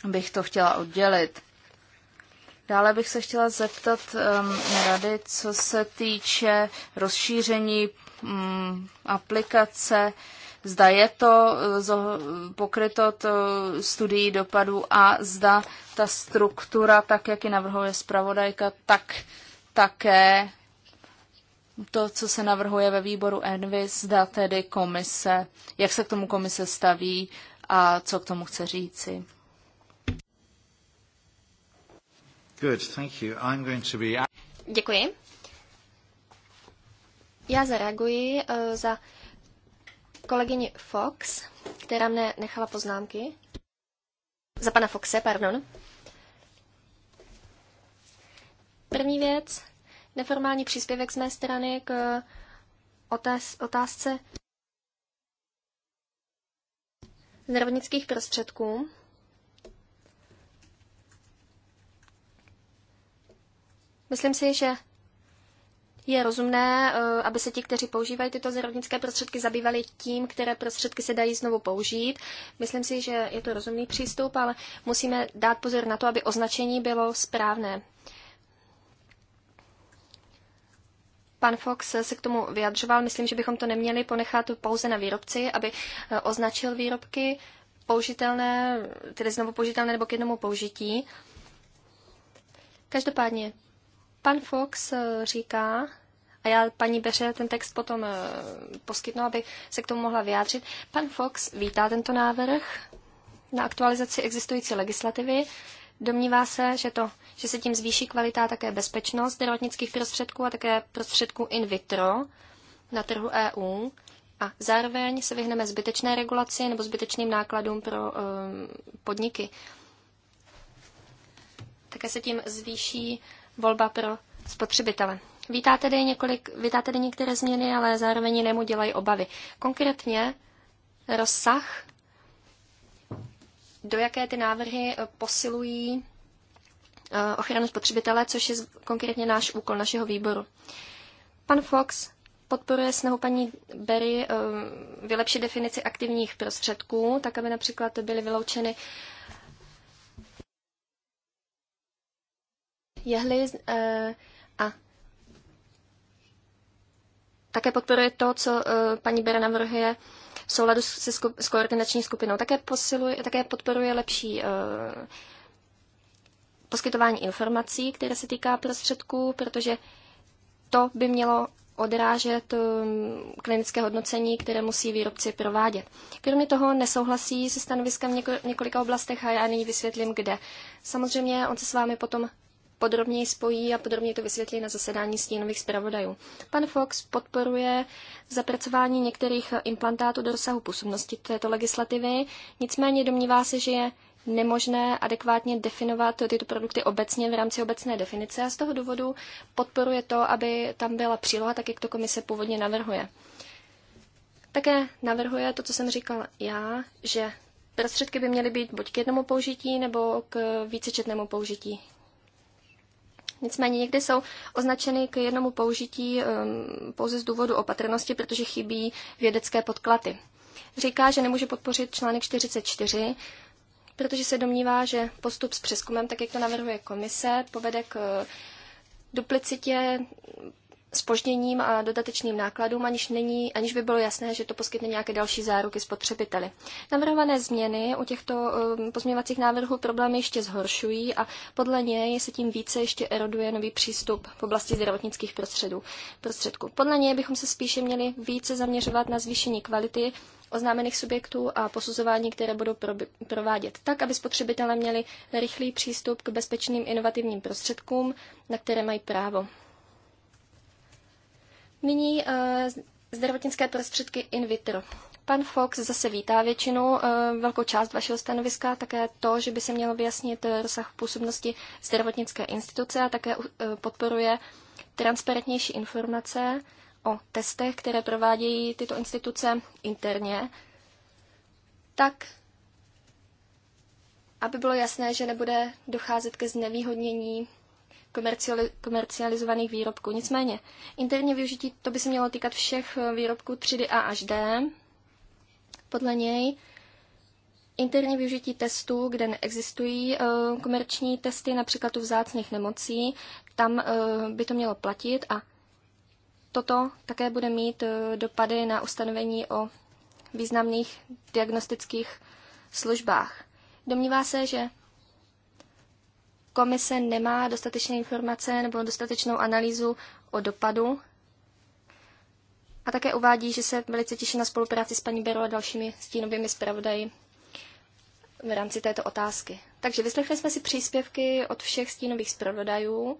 bych to chtěla oddělit. Dále bych se chtěla zeptat um, rady, co se týče rozšíření um, aplikace. Zda je to uh, pokryto to studií dopadů a zda ta struktura, tak jak ji navrhuje zpravodajka, tak také to, co se navrhuje ve výboru ENVI, zda tedy komise, jak se k tomu komise staví, a co k tomu chce říci. Good, thank you. I'm going to be... Děkuji. Já zareaguji uh, za kolegyni Fox, která mne nechala poznámky. Za pana Foxe, pardon. První věc, neformální příspěvek z mé strany k otáz- otázce zdravotnických prostředků. Myslím si, že je rozumné, eh, aby se ti, kteří používají tyto zdravotnické prostředky, zabývali tím, které prostředky se dají znovu použít. Myslím si, že je to rozumný přístup, ale musíme dát pozor na to, aby označení bylo správné. Pan Fox se k tomu vyjadřoval. Myslím, že bychom to neměli ponechat pouze na výrobci, aby eh, označil výrobky použitelné, tedy znovu použitelné nebo k jednomu použití. Každopádně, pan Fox eh, říká, a já paní Beře ten text potom eh, poskytnu, aby se k tomu mohla vyjádřit. Pan Fox vítá tento návrh na aktualizaci existující legislativy, Domnívá se, že, to, že se tím zvýší kvalita a také bezpečnost zdravotnických prostředků a také prostředků in vitro na trhu EU a zároveň se vyhneme zbytečné regulaci nebo zbytečným nákladům pro um, podniky. Také se tím zvýší volba pro spotřebitele. Vítá tedy, několik, vítá tedy některé změny, ale zároveň nemu dělají obavy. Konkrétně rozsah do jaké ty návrhy eh, posilují eh, ochranu spotřebitele, což je konkrétně náš úkol našeho výboru. Pan Fox podporuje snahu paní Berry eh, vylepšit definici aktivních prostředků, tak aby například byly vyloučeny jehly a také podporuje to, co paní Berry navrhuje v souladu se skup, s koordinační skupinou. Také, posiluje, také podporuje lepší uh, poskytování informací, které se týká prostředků, protože to by mělo odrážet eh, klinické hodnocení, které musí výrobci provádět. Kromě toho nesouhlasí se stanoviskem v několika oblastech a já nyní vysvětlím, kde. Samozřejmě on se s vámi potom podrobněji spojí a podrobněji to vysvětlí na zasedání stínových zpravodajů. Pan Fox podporuje zapracování některých implantátů do rozsahu působnosti této legislativy, nicméně domnívá se, že je nemožné adekvátně definovat tyto produkty obecně v rámci obecné definice a z toho důvodu podporuje to, aby tam byla příloha, tak jak to komise původně navrhuje. Také navrhuje to, co jsem říkal já, že prostředky by měly být buď k jednomu použití nebo k vícečetnému použití. Nicméně někdy jsou označeny k jednomu použití um, pouze z důvodu opatrnosti, protože chybí vědecké podklady. Říká, že nemůže podpořit článek 44, protože se domnívá, že postup s přeskumem, tak jak to navrhuje komise, povede k eh, duplicitě spožděním a dodatečným nákladům, aniž, není, aniž by bylo jasné, že to poskytne nějaké další záruky spotřebiteli. Navrhované změny u těchto um, pozměňovacích návrhů problémy ještě zhoršují a podle něj se tím více ještě eroduje nový přístup v oblasti zdravotnických prostředků. Podle něj bychom se spíše měli více zaměřovat na zvýšení kvality oznámených subjektů a posuzování, které budou provádět tak, aby spotřebitelé měli rychlý přístup k bezpečným inovativním prostředkům, na které mají právo. Nyní eh, zdravotnické prostředky in vitro. Pan Fox zase vítá většinu, eh, velkou část vašeho stanoviska, také to, že by se mělo vyjasnit eh, rozsah působnosti zdravotnické instituce a také podporuje transparentnější informace o testech, které provádějí tyto instituce interně, tak aby bylo jasné, že nebude docházet ke znevýhodnění komercializovaných výrobků. Nicméně, interně využití to by se mělo týkat všech eh, výrobků 3A až D. Podle něj interně využití testů, kde neexistují eh, komerční testy, například u vzácných nemocí, tam eh, by to mělo platit a toto také bude mít dopady na ustanovení o významných diagnostických službách. Domnívá se, že komise nemá dostatečné informace nebo dostatečnou analýzu o dopadu. A také uvádí, že se velice těší na spolupráci s paní Bero a dalšími stínovými zpravodaji v rámci této otázky. Takže vyslechli jsme si příspěvky od všech stínových zpravodajů.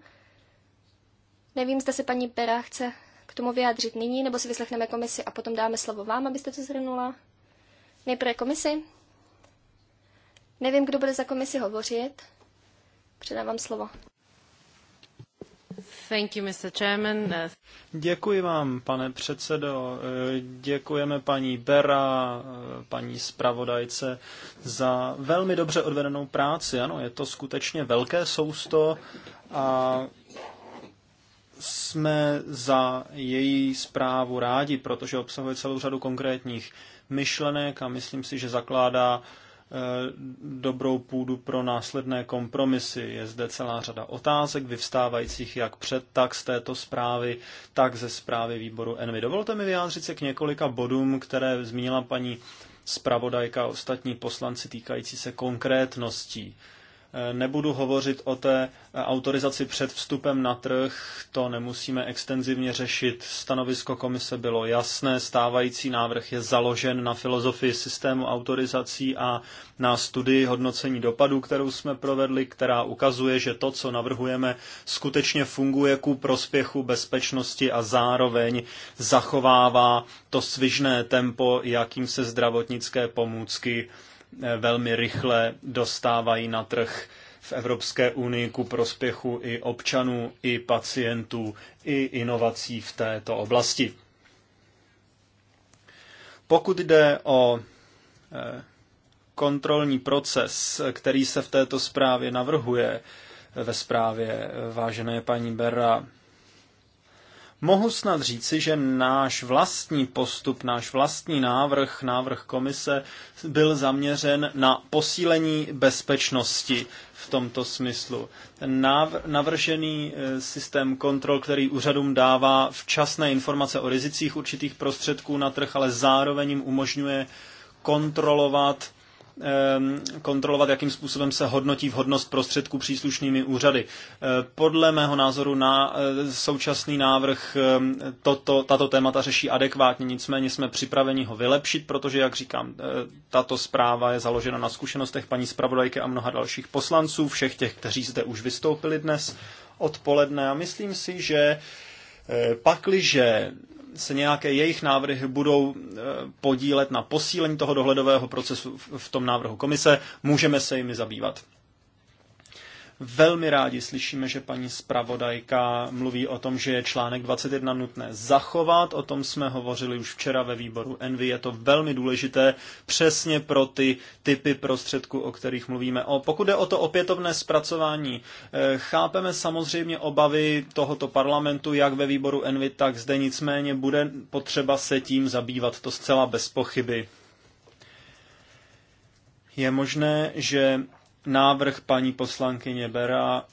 Nevím, zda se paní Bera chce k tomu vyjádřit nyní, nebo si vyslechneme komisi a potom dáme slovo vám, abyste to zhrnula. Nejprve komisi. Nevím, kdo bude za komisi hovořit. Předávám slovo. Thank you, Mr. Chairman. Děkuji vám, pane předsedo. Děkujeme paní Bera, paní zpravodajce za velmi dobře odvedenou práci. Ano, je to skutečně velké sousto a jsme za její zprávu rádi, protože obsahuje celou řadu konkrétních myšlenek a myslím si, že zakládá dobrou půdu pro následné kompromisy. Je zde celá řada otázek vyvstávajících jak před, tak z této zprávy, tak ze zprávy výboru Envy. Dovolte mi vyjádřit se k několika bodům, které zmínila paní zpravodajka a ostatní poslanci týkající se konkrétností Nebudu hovořit o té autorizaci před vstupem na trh, to nemusíme extenzivně řešit. Stanovisko komise bylo jasné, stávající návrh je založen na filozofii systému autorizací a na studii hodnocení dopadů, kterou jsme provedli, která ukazuje, že to, co navrhujeme, skutečně funguje ku prospěchu bezpečnosti a zároveň zachovává to svižné tempo, jakým se zdravotnické pomůcky velmi rychle dostávají na trh v Evropské unii ku prospěchu i občanů, i pacientů, i inovací v této oblasti. Pokud jde o eh, kontrolní proces, který se v této zprávě navrhuje, ve zprávě eh, vážené paní Berra, Mohu snad říci, že náš vlastní postup, náš vlastní návrh, návrh komise byl zaměřen na posílení bezpečnosti v tomto smyslu. Ten navržený eh, systém kontrol, který úřadům dává včasné informace o rizicích určitých prostředků na trh, ale zároveň jim umožňuje kontrolovat Ehm, kontrolovat, jakým způsobem se hodnotí vhodnost prostředků příslušnými úřady. Eh, podle mého názoru na eh, současný návrh ehm, toto, tato témata řeší adekvátně, nicméně jsme připraveni ho vylepšit, protože, jak říkám, eh, tato zpráva je založena na zkušenostech paní zpravodajky a mnoha dalších poslanců, všech těch, kteří zde už vystoupili dnes odpoledne a myslím si, že pakliže se nějaké jejich návrhy budou eh, podílet na posílení toho dohledového procesu v tom návrhu komise, můžeme se jimi zabývat. Velmi rádi slyšíme, že paní zpravodajka mluví o tom, že je článek 21 nutné zachovat. O tom jsme hovořili už včera ve výboru Envy. Je to velmi důležité přesně pro ty typy prostředků, o kterých mluvíme. O, pokud je o to opětovné zpracování, eh, chápeme samozřejmě obavy tohoto parlamentu, jak ve výboru Envy, tak zde nicméně bude potřeba se tím zabývat. To zcela bez pochyby. Je možné, že návrh paní poslankyně Bera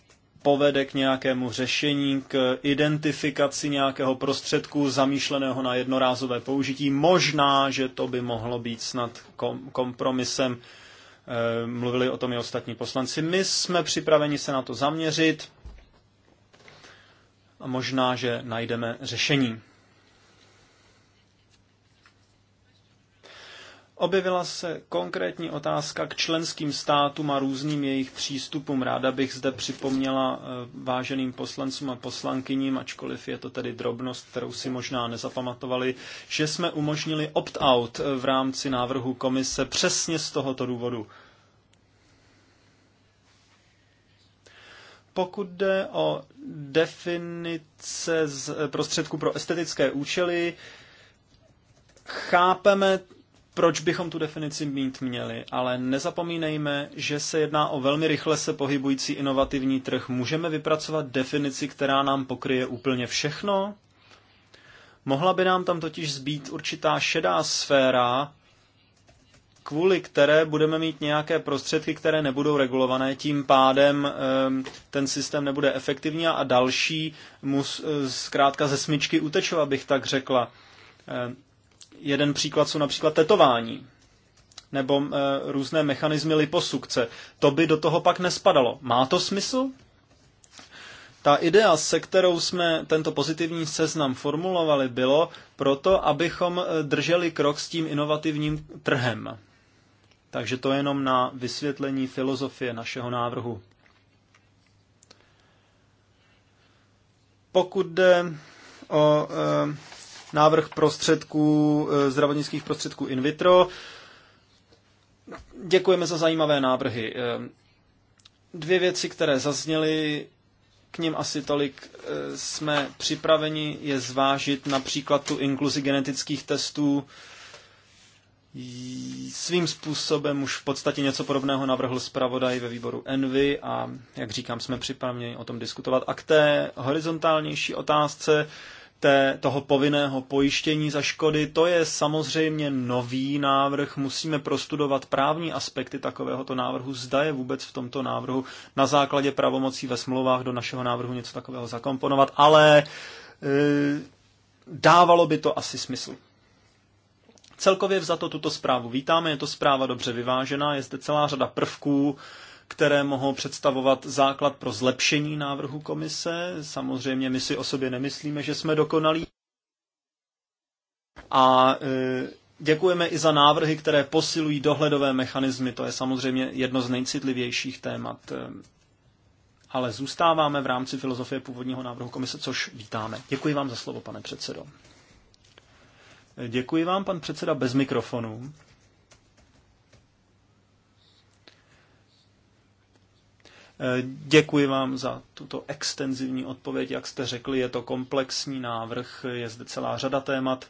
povede k nějakému řešení, k identifikaci nějakého prostředku zamýšleného na jednorázové použití. Možná, že to by mohlo být snad kompromisem. Eh, mluvili o tom i ostatní poslanci. My jsme připraveni se na to zaměřit a možná, že najdeme řešení. Objevila se konkrétní otázka k členským státům a různým jejich přístupům. Ráda bych zde připomněla eh, váženým poslancům a poslankyním, ačkoliv je to tedy drobnost, kterou si možná nezapamatovali, že jsme umožnili opt-out eh, v rámci návrhu komise přesně z tohoto důvodu. Pokud jde o definice z eh, prostředku pro estetické účely, chápeme proč bychom tu definici mít měli, ale nezapomínejme, že se jedná o velmi rychle se pohybující inovativní trh. Můžeme vypracovat definici, která nám pokryje úplně všechno? Mohla by nám tam totiž zbýt určitá šedá sféra, kvůli které budeme mít nějaké prostředky, které nebudou regulované, tím pádem ehm, ten systém nebude efektivní a další mu eh, zkrátka ze smyčky uteču, abych tak řekla. Ehm, Jeden příklad jsou například tetování nebo e, různé mechanismy liposukce. To by do toho pak nespadalo. Má to smysl? Ta idea, se kterou jsme tento pozitivní seznam formulovali, bylo proto, abychom eh, drželi krok s tím inovativním trhem. Takže to jenom na vysvětlení filozofie našeho návrhu. Pokud jde o e, návrh prostředků, eh, zdravotnických prostředků in vitro. Děkujeme za zajímavé návrhy. Eh, dvě věci, které zazněly, k ním asi tolik eh, jsme připraveni je zvážit například tu inkluzi genetických testů. Svým způsobem už v podstatě něco podobného navrhl zpravodaj ve výboru Envy a, jak říkám, jsme připraveni o tom diskutovat. A k té horizontálnější otázce té, toho povinného pojištění za škody, to je samozřejmě nový návrh. Musíme prostudovat právní aspekty takovéhoto návrhu. Zda je vůbec v tomto návrhu na základě pravomocí ve smlouvách do našeho návrhu něco takového zakomponovat, ale e, dávalo by to asi smysl. Celkově vzato tuto zprávu vítáme, je to zpráva dobře vyvážená, je zde celá řada prvků, které mohou představovat základ pro zlepšení návrhu komise. Samozřejmě my si o sobě nemyslíme, že jsme dokonalí. A e, děkujeme i za návrhy, které posilují dohledové mechanismy. To je samozřejmě jedno z nejcitlivějších témat. E, ale zůstáváme v rámci filozofie původního návrhu komise, což vítáme. Děkuji vám za slovo, pane předsedo. E, děkuji vám, pan předseda bez mikrofonu. Děkuji vám za tuto extenzivní odpověď. Jak jste řekli, je to komplexní návrh, je zde celá řada témat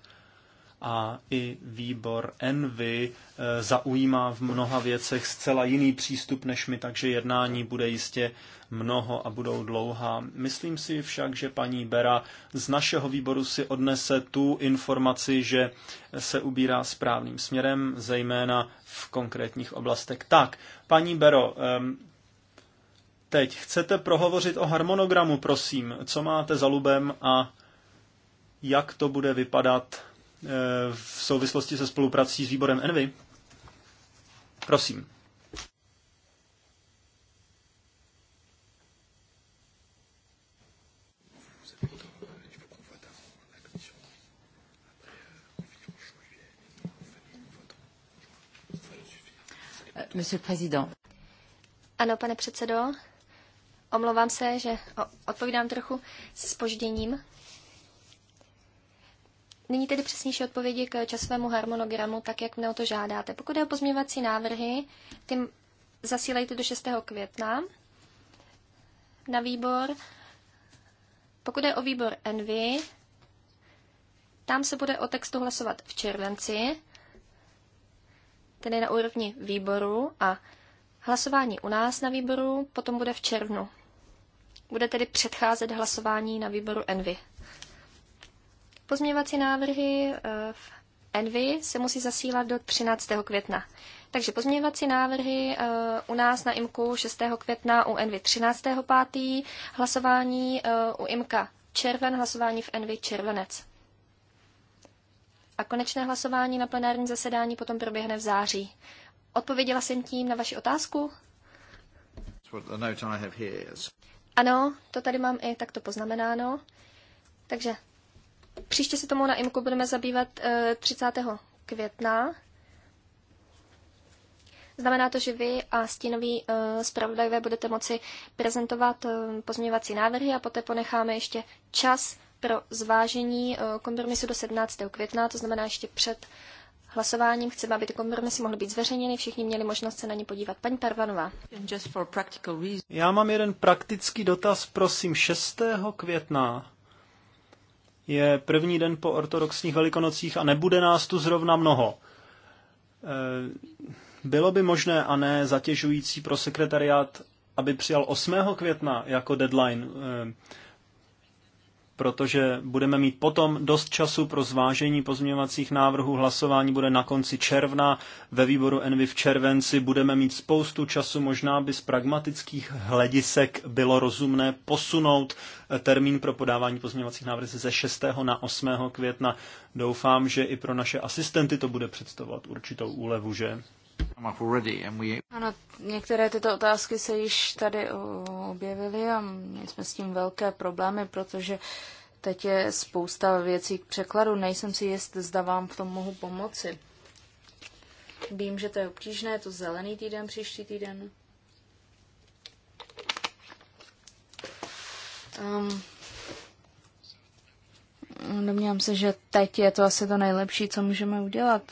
a i výbor Envy eh, zaujímá v mnoha věcech zcela jiný přístup než my, takže jednání bude jistě mnoho a budou dlouhá. Myslím si však, že paní Bera z našeho výboru si odnese tu informaci, že se ubírá správným směrem, zejména v konkrétních oblastech. Tak, paní Bero, Teď chcete prohovořit o harmonogramu, prosím, co máte za lubem a jak to bude vypadat eh, v souvislosti se spoluprací s výborem Envy? Prosím. Ano, pane předsedo, Omlouvám se, že odpovídám trochu s spožděním. Nyní tedy přesnější odpovědi k časovému harmonogramu, tak jak mne o to žádáte. Pokud je o pozměňovací návrhy, ty zasílejte do 6. května na výbor. Pokud je o výbor Envy, tam se bude o textu hlasovat v červenci, tedy na úrovni výboru a hlasování u nás na výboru potom bude v červnu bude tedy předcházet hlasování na výboru Envy. Pozměňovací návrhy eh, v Envy se musí zasílat do 13. května. Takže pozměňovací návrhy eh, u nás na IMKU 6. května, u Envy 13. 5. hlasování eh, u IMKA červen, hlasování v Envy červenec. A konečné hlasování na plenární zasedání potom proběhne v září. Odpověděla jsem tím na vaši otázku? Ano, to tady mám i takto poznamenáno. Takže příště se tomu na IMKU budeme zabývat e, eh, 30. května. Znamená to, že vy a stínoví e, zpravodajové budete moci prezentovat e, pozměňovací návrhy a poté ponecháme ještě čas pro zvážení e, kompromisu do 17. května, to znamená ještě před hlasováním. Chceme, aby ty kompromisy mohly být zveřejněny, všichni měli možnost se na ně podívat. Paní Parvanová. Já mám jeden praktický dotaz, prosím, 6. května je první den po ortodoxních velikonocích a nebude nás tu zrovna mnoho. Eh, bylo by možné a ne zatěžující pro sekretariát, aby přijal 8. května jako deadline eh, protože budeme mít potom dost času pro zvážení pozměňovacích návrhů. Hlasování bude na konci června, ve výboru Envy v červenci budeme mít spoustu času, možná by z pragmatických hledisek bylo rozumné posunout eh, termín pro podávání pozměňovacích návrhů ze 6. na 8. května. Doufám, že i pro naše asistenty to bude představovat určitou úlevu, že? Ano, některé tyto otázky se již tady objevily a měli jsme s tím velké problémy, protože teď je spousta věcí k překladu. Nejsem si jist, zda vám v tom mohu pomoci. Vím, že to je obtížné, je to zelený týden, příští týden. Um, domnívám se, že teď je to asi to nejlepší, co můžeme udělat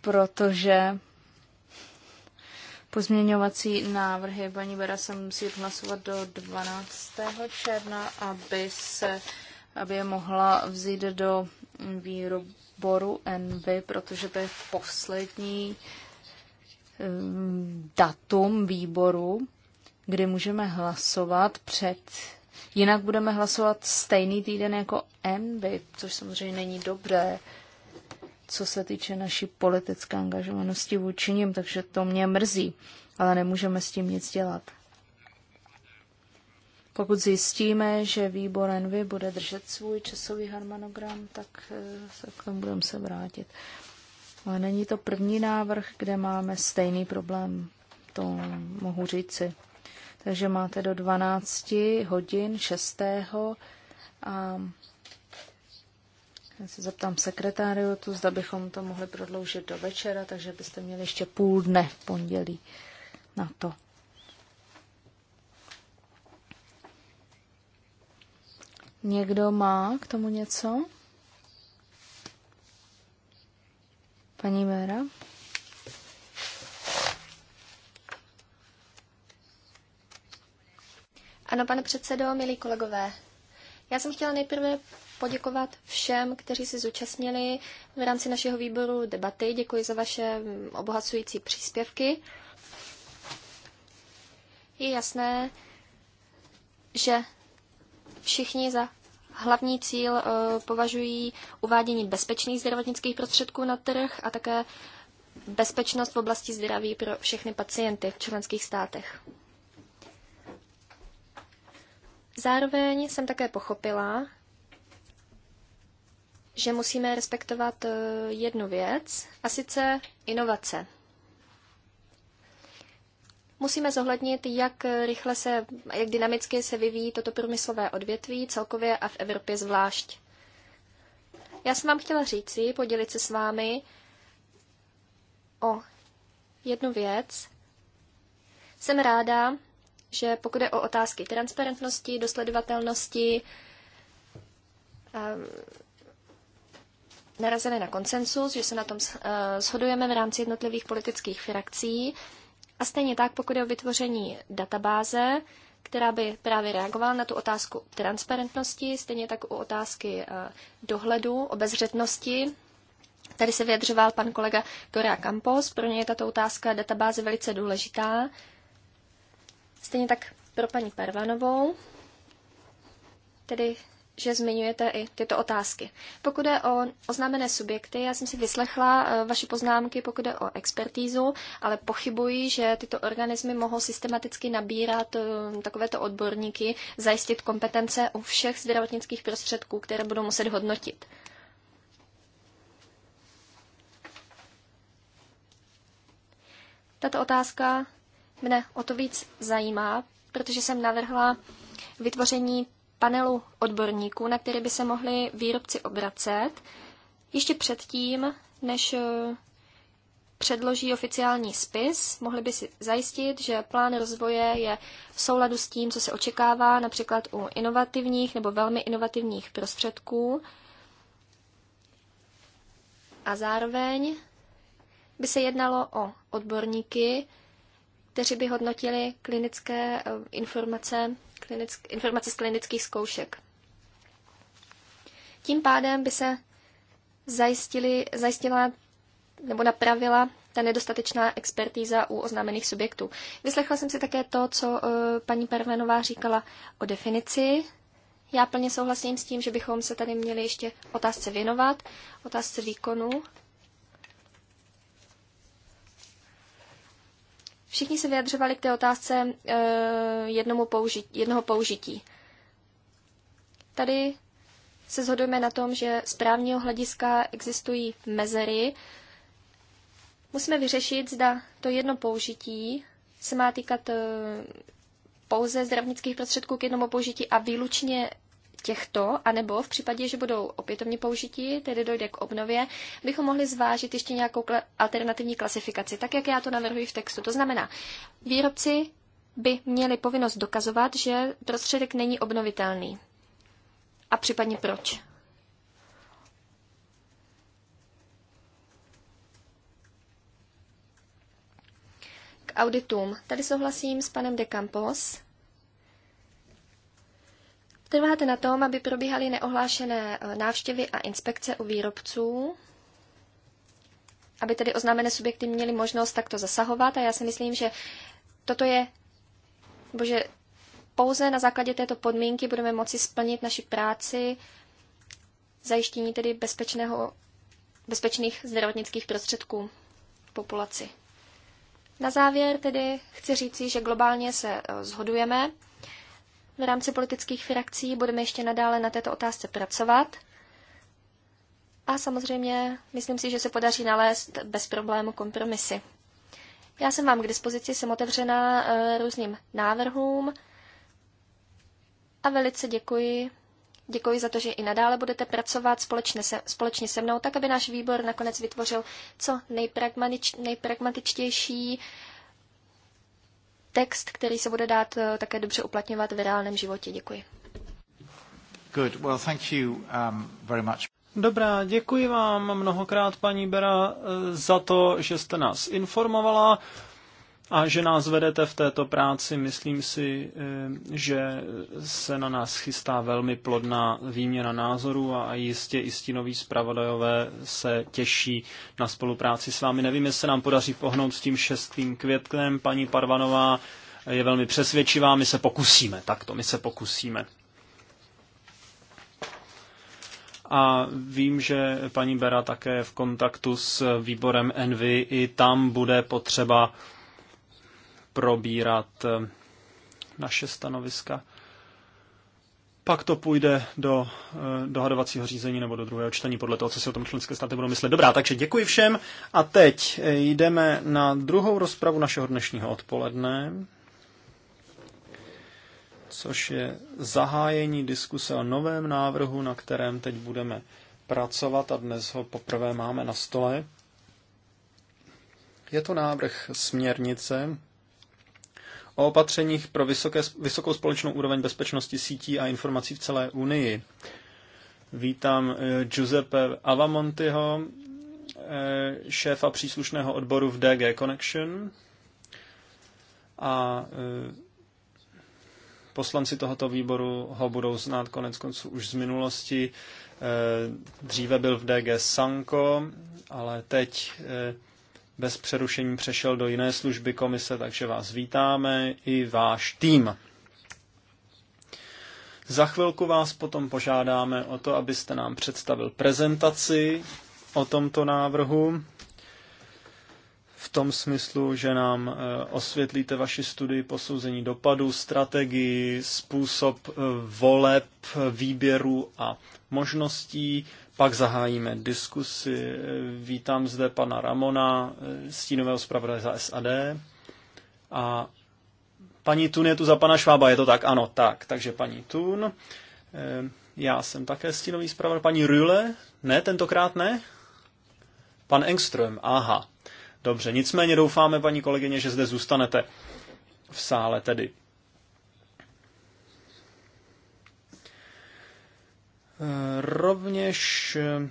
protože pozměňovací návrhy paní Bera se musí hlasovat do 12. června, aby se aby je mohla vzít do výboru Envy, protože to je poslední eh, datum výboru, kdy můžeme hlasovat před. Jinak budeme hlasovat stejný týden jako Envy, což samozřejmě není dobré co se týče naší politické angažovanosti vůči ním, takže to mě mrzí, ale nemůžeme s tím nic dělat. Pokud zjistíme, že výbor Envy bude držet svůj časový harmonogram, tak eh, se k tomu budeme se vrátit. Ale není to první návrh, kde máme stejný problém, to mohu říci. Takže máte do 12 hodin 6. a já se zeptám sekretáriotu, zda bychom to mohli prodloužit do večera, takže byste měli ještě půl dne v pondělí na to. Někdo má k tomu něco? Paní Vera? Ano, pane předsedo, milí kolegové. Já jsem chtěla nejprve poděkovat všem, kteří se zúčastnili v rámci našeho výboru debaty. Děkuji za vaše mm, obohacující příspěvky. Je jasné, že všichni za hlavní cíl e, považují uvádění bezpečných zdravotnických prostředků na trh a také bezpečnost v oblasti zdraví pro všechny pacienty v členských státech. Zároveň jsem také pochopila, že musíme respektovat eh, jednu věc, a sice inovace. Musíme zohlednit, jak rychle se, jak dynamicky se vyvíjí toto průmyslové odvětví celkově a v Evropě zvlášť. Já jsem vám chtěla říci, podělit se s vámi o jednu věc. Jsem ráda, že pokud je o otázky transparentnosti, dosledovatelnosti, ehm, narazili na konsensus, že se na tom eh, shodujeme v rámci jednotlivých politických frakcí. A stejně tak, pokud je o vytvoření databáze, která by právě reagovala na tu otázku transparentnosti, stejně tak u otázky eh, dohledu, obezřetnosti. Tady se vyjadřoval pan kolega Gorea Campos, pro ně je tato otázka databáze velice důležitá. Stejně tak pro paní Parvanovou, tedy že zmiňujete i tyto otázky. Pokud je o oznámené subjekty, já jsem si vyslechla eh, vaše poznámky, pokud je o expertízu, ale pochybuji, že tyto organismy mohou systematicky nabírat eh, takovéto odborníky, zajistit kompetence u všech zdravotnických prostředků, které budou muset hodnotit. Tato otázka mne o to víc zajímá, protože jsem navrhla vytvoření panelu odborníků, na který by se mohli výrobci obracet ještě předtím, než eh, předloží oficiální spis, mohli by si zajistit, že plán rozvoje je v souladu s tím, co se očekává například u inovativních nebo velmi inovativních prostředků. A zároveň by se jednalo o odborníky, kteří by hodnotili klinické eh, informace klinick, informace z klinických zkoušek. Tím pádem by se zajistili, zajistila nebo napravila ta nedostatečná expertíza u oznámených subjektů. Vyslechla jsem si také to, co eh, paní Pervenová říkala o definici. Já plně souhlasím s tím, že bychom se tady měli ještě otázce věnovat, otázce výkonu Všichni se vyjadřovali k té otázce uh, jednomu použití, jednoho použití. Tady se shodujeme na tom, že z právního hlediska existují mezery. Musíme vyřešit, zda to jedno použití se má týkat eh, pouze zdravnických prostředků k jednomu použití a výlučně těchto, anebo v případě, že budou opětovně použití, tedy dojde k obnově, bychom mohli zvážit ještě nějakou alternativní klasifikaci, tak jak já to navrhuji v textu. To znamená, výrobci by měli povinnost dokazovat, že prostředek není obnovitelný. A případně proč. K auditům. Tady souhlasím s panem De Campos. Trváte na tom, aby probíhaly neohlášené eh, návštěvy a inspekce u výrobců, aby tedy oznámené subjekty měly možnost takto zasahovat a já si myslím, že toto je, bože, pouze na základě této podmínky budeme moci splnit naši práci, zajištění tedy bezpečného, bezpečných zdravotnických prostředků populaci. Na závěr tedy chci říci, že globálně se zhodujeme eh, v rámci politických frakcí. Budeme ještě nadále na této otázce pracovat. A samozřejmě myslím si, že se podaří nalézt bez problému kompromisy. Já jsem vám k dispozici, jsem otevřená eh, různým návrhům a velice děkuji. Děkuji za to, že i nadále budete pracovat společně se, společně se mnou, tak aby náš výbor nakonec vytvořil co nejpragmatičtější text, který se bude dát eh, také dobře uplatňovat v reálném životě. Děkuji. Good. Well, thank you, um, very much. Dobrá, děkuji vám mnohokrát, paní Bera, eh, za to, že jste nás informovala a že nás vedete v této práci. Myslím si, eh, že se na nás chystá velmi plodná výměna názorů a jistě i stínoví zpravodajové se těší na spolupráci s vámi. Nevím, jestli se nám podaří pohnout s tím šestým květkem. Paní Parvanová je velmi přesvědčivá, my se pokusíme, tak to my se pokusíme. a vím, že paní Bera také v kontaktu s výborem Envy, i tam bude potřeba probírat eh, naše stanoviska. Pak to půjde do eh, dohadovacího řízení nebo do druhého čtení podle toho, co si o tom členské státy budou myslet. Dobrá, takže děkuji všem a teď eh, jdeme na druhou rozpravu našeho dnešního odpoledne což je zahájení diskuse o novém návrhu, na kterém teď budeme pracovat a dnes ho poprvé máme na stole. Je to návrh směrnice o opatřeních pro vysoké, vysokou společnou úroveň bezpečnosti sítí a informací v celé Unii. Vítám eh, Giuseppe Avamontiho, eh, šéfa příslušného odboru v DG Connection a eh, poslanci tohoto výboru ho budou znát konec konců už z minulosti. Dříve byl v DG Sanko, ale teď bez přerušení přešel do jiné služby komise, takže vás vítáme i váš tým. Za chvilku vás potom požádáme o to, abyste nám představil prezentaci o tomto návrhu v tom smyslu, že nám e, osvětlíte vaši studii posouzení dopadů, strategii, způsob e, voleb, výběru a možností, pak zahájíme diskusi. Vítám zde pana Ramona, eh, stínového zpravodaje za SAD. A paní Tun je tu za pana Švába, je to tak? Ano, tak. Takže paní Tun. Eh, já jsem také stínový zpravodaj. Paní Rüle? Ne, tentokrát ne? Pan Engström, aha. Dobře, nicméně doufáme, paní kolegyně, že zde zůstanete v sále tedy. Rovněž eh,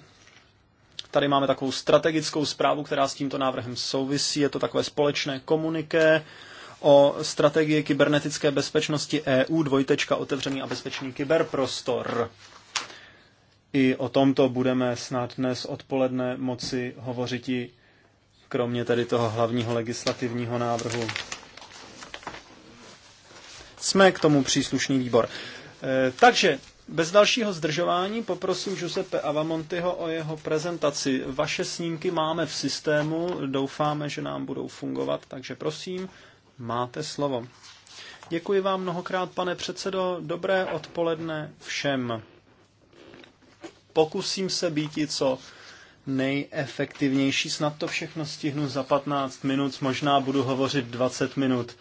tady máme takovou strategickou zprávu, která s tímto návrhem souvisí. Je to takové společné komuniké o strategii kybernetické bezpečnosti EU dvojtečka otevřený a bezpečný kyberprostor. I o tomto budeme snad dnes odpoledne moci hovořit i kromě tedy toho hlavního legislativního návrhu. Jsme k tomu příslušný výbor. E, takže bez dalšího zdržování poprosím Giuseppe Avamontiho o jeho prezentaci. Vaše snímky máme v systému, doufáme, že nám budou fungovat, takže prosím, máte slovo. Děkuji vám mnohokrát, pane předsedo. Dobré odpoledne všem. Pokusím se být i co nejefektivnější. Snad to všechno stihnu za 15 minut, možná budu hovořit 20 minut.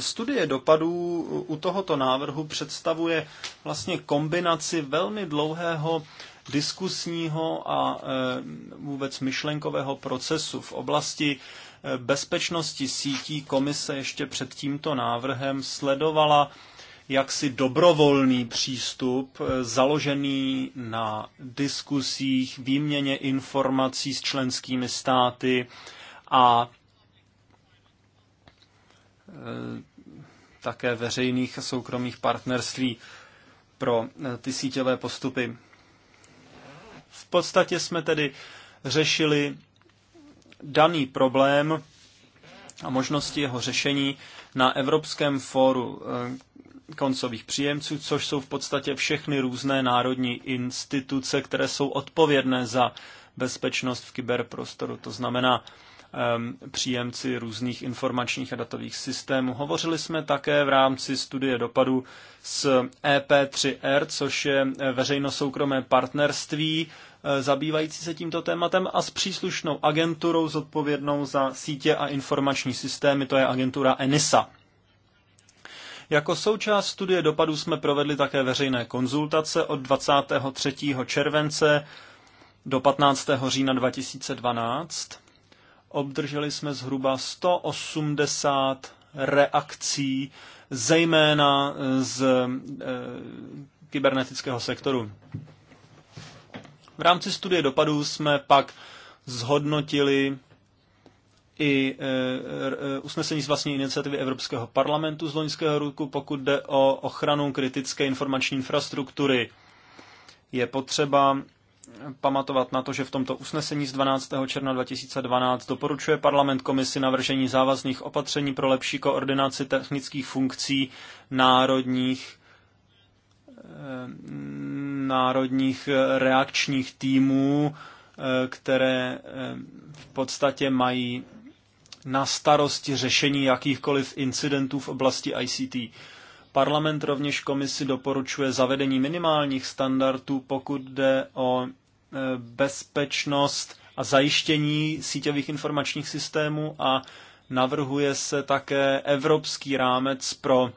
Studie dopadů u tohoto návrhu představuje vlastně kombinaci velmi dlouhého diskusního a eh, vůbec myšlenkového procesu v oblasti eh, bezpečnosti sítí komise ještě před tímto návrhem sledovala jaksi dobrovolný přístup eh, založený na diskusích, výměně informací s členskými státy a Eh, také veřejných a soukromých partnerství pro eh, ty síťové postupy. V podstatě jsme tedy řešili daný problém a možnosti jeho řešení na Evropském fóru eh, koncových příjemců, což jsou v podstatě všechny různé národní instituce, které jsou odpovědné za bezpečnost v kyberprostoru. To znamená, Ehm, příjemci různých informačních a datových systémů. Hovořili jsme také v rámci studie dopadu s EP3R, což je eh, veřejno-soukromé partnerství eh, zabývající se tímto tématem a s příslušnou agenturou zodpovědnou za sítě a informační systémy, to je agentura ENISA. Jako součást studie dopadů jsme provedli také veřejné konzultace od 23. července do 15. října 2012 Obdrželi jsme zhruba 180 reakcí, zejména z e, kybernetického sektoru. V rámci studie dopadů jsme pak zhodnotili i e, e, usnesení z vlastní iniciativy Evropského parlamentu z loňského roku, pokud jde o ochranu kritické informační infrastruktury. Je potřeba pamatovat na to, že v tomto usnesení z 12. června 2012 doporučuje parlament komisi navržení závazných opatření pro lepší koordinaci technických funkcí národních eh, národních reakčních týmů, eh, které eh, v podstatě mají na starosti řešení jakýchkoliv incidentů v oblasti ICT. Parlament rovněž komisi doporučuje zavedení minimálních standardů, pokud jde o e, bezpečnost a zajištění síťových informačních systémů a navrhuje se také evropský rámec pro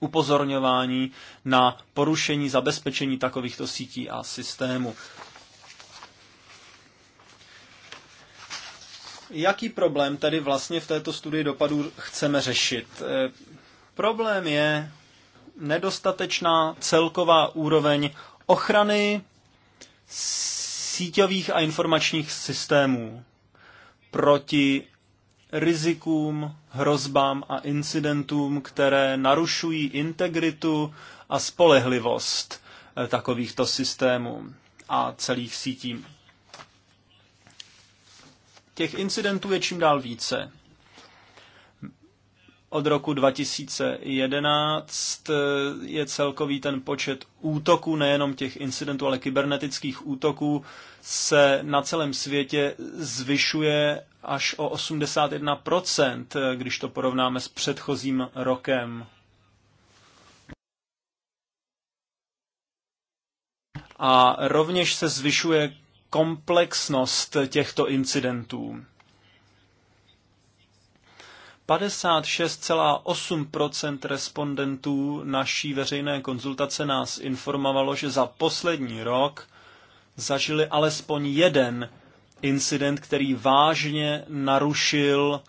upozorňování na porušení zabezpečení takovýchto sítí a systémů. Jaký problém tedy vlastně v této studii dopadů chceme řešit? Problém je nedostatečná celková úroveň ochrany síťových a informačních systémů proti rizikům, hrozbám a incidentům, které narušují integritu a spolehlivost eh, takovýchto systémů a celých sítí. Těch incidentů je čím dál více. Od roku 2011 eh, je celkový ten počet útoků, nejenom těch incidentů, ale kybernetických útoků, se na celém světě zvyšuje až o 81%, eh, když to porovnáme s předchozím rokem. A rovněž se zvyšuje komplexnost těchto incidentů. 56,8 respondentů naší veřejné konzultace nás informovalo, že za poslední rok zažili alespoň jeden incident, který vážně narušil eh,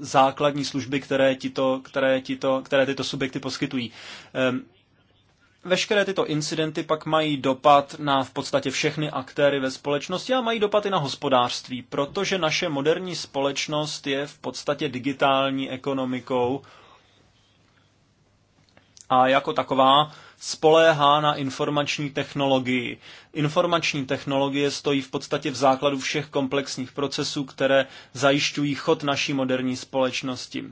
základní služby, které, tito, které, tito, které tyto subjekty poskytují. Ehm, Veškeré tyto incidenty pak mají dopad na v podstatě všechny aktéry ve společnosti a mají dopad i na hospodářství, protože naše moderní společnost je v podstatě digitální ekonomikou a jako taková spoléhá na informační technologii. Informační technologie stojí v podstatě v základu všech komplexních procesů, které zajišťují chod naší moderní společnosti.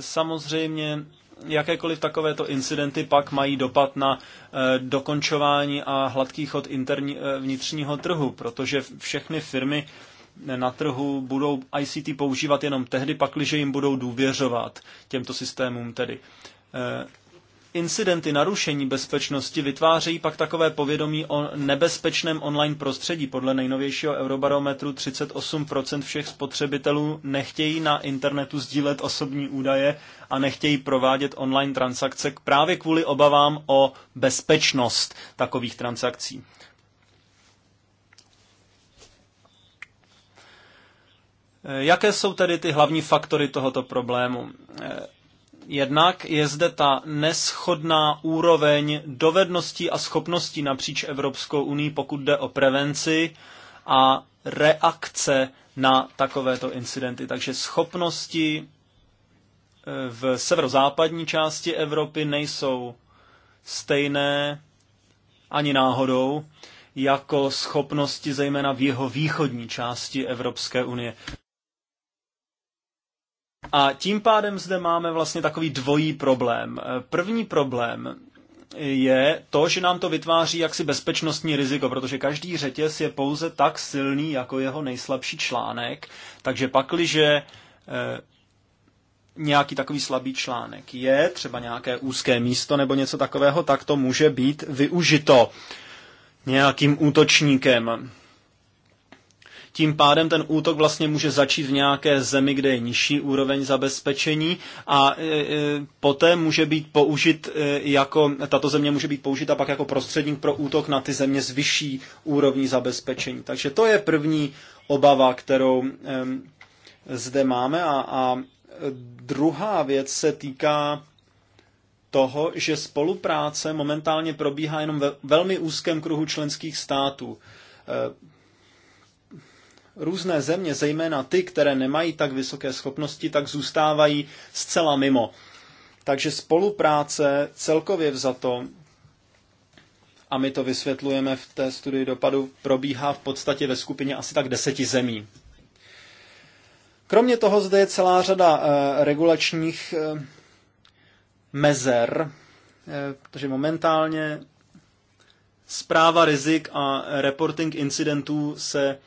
Samozřejmě jakékoliv takovéto incidenty pak mají dopad na eh, dokončování a hladký chod interní, eh, vnitřního trhu, protože všechny firmy na trhu budou ICT používat jenom tehdy, pakliže jim budou důvěřovat těmto systémům tedy. Eh, Incidenty narušení bezpečnosti vytvářejí pak takové povědomí o nebezpečném online prostředí. Podle nejnovějšího eurobarometru 38% všech spotřebitelů nechtějí na internetu sdílet osobní údaje a nechtějí provádět online transakce právě kvůli obavám o bezpečnost takových transakcí. Jaké jsou tedy ty hlavní faktory tohoto problému? Jednak je zde ta neschodná úroveň dovedností a schopností napříč Evropskou unii, pokud jde o prevenci a reakce na takovéto incidenty. Takže schopnosti e, v severozápadní části Evropy nejsou stejné ani náhodou jako schopnosti zejména v jeho východní části Evropské unie. A tím pádem zde máme vlastně takový dvojí problém. E, první problém je to, že nám to vytváří jaksi bezpečnostní riziko, protože každý řetěz je pouze tak silný jako jeho nejslabší článek, takže pakliže e, nějaký takový slabý článek je, třeba nějaké úzké místo nebo něco takového, tak to může být využito nějakým útočníkem. Tím pádem ten útok vlastně může začít v nějaké zemi, kde je nižší úroveň zabezpečení a e, e, poté může být použit e, jako, tato země může být použita pak jako prostředník pro útok na ty země s vyšší úrovní zabezpečení. Takže to je první obava, kterou zde máme a, a druhá věc se týká toho, že spolupráce momentálně probíhá jenom ve velmi úzkém kruhu členských států různé země, zejména ty, které nemají tak vysoké schopnosti, tak zůstávají zcela mimo. Takže spolupráce celkově vzato, a my to vysvětlujeme v té studii dopadu, probíhá v podstatě ve skupině asi tak deseti zemí. Kromě toho zde je celá řada e, regulačních e, mezer, e, protože momentálně zpráva rizik a reporting incidentů se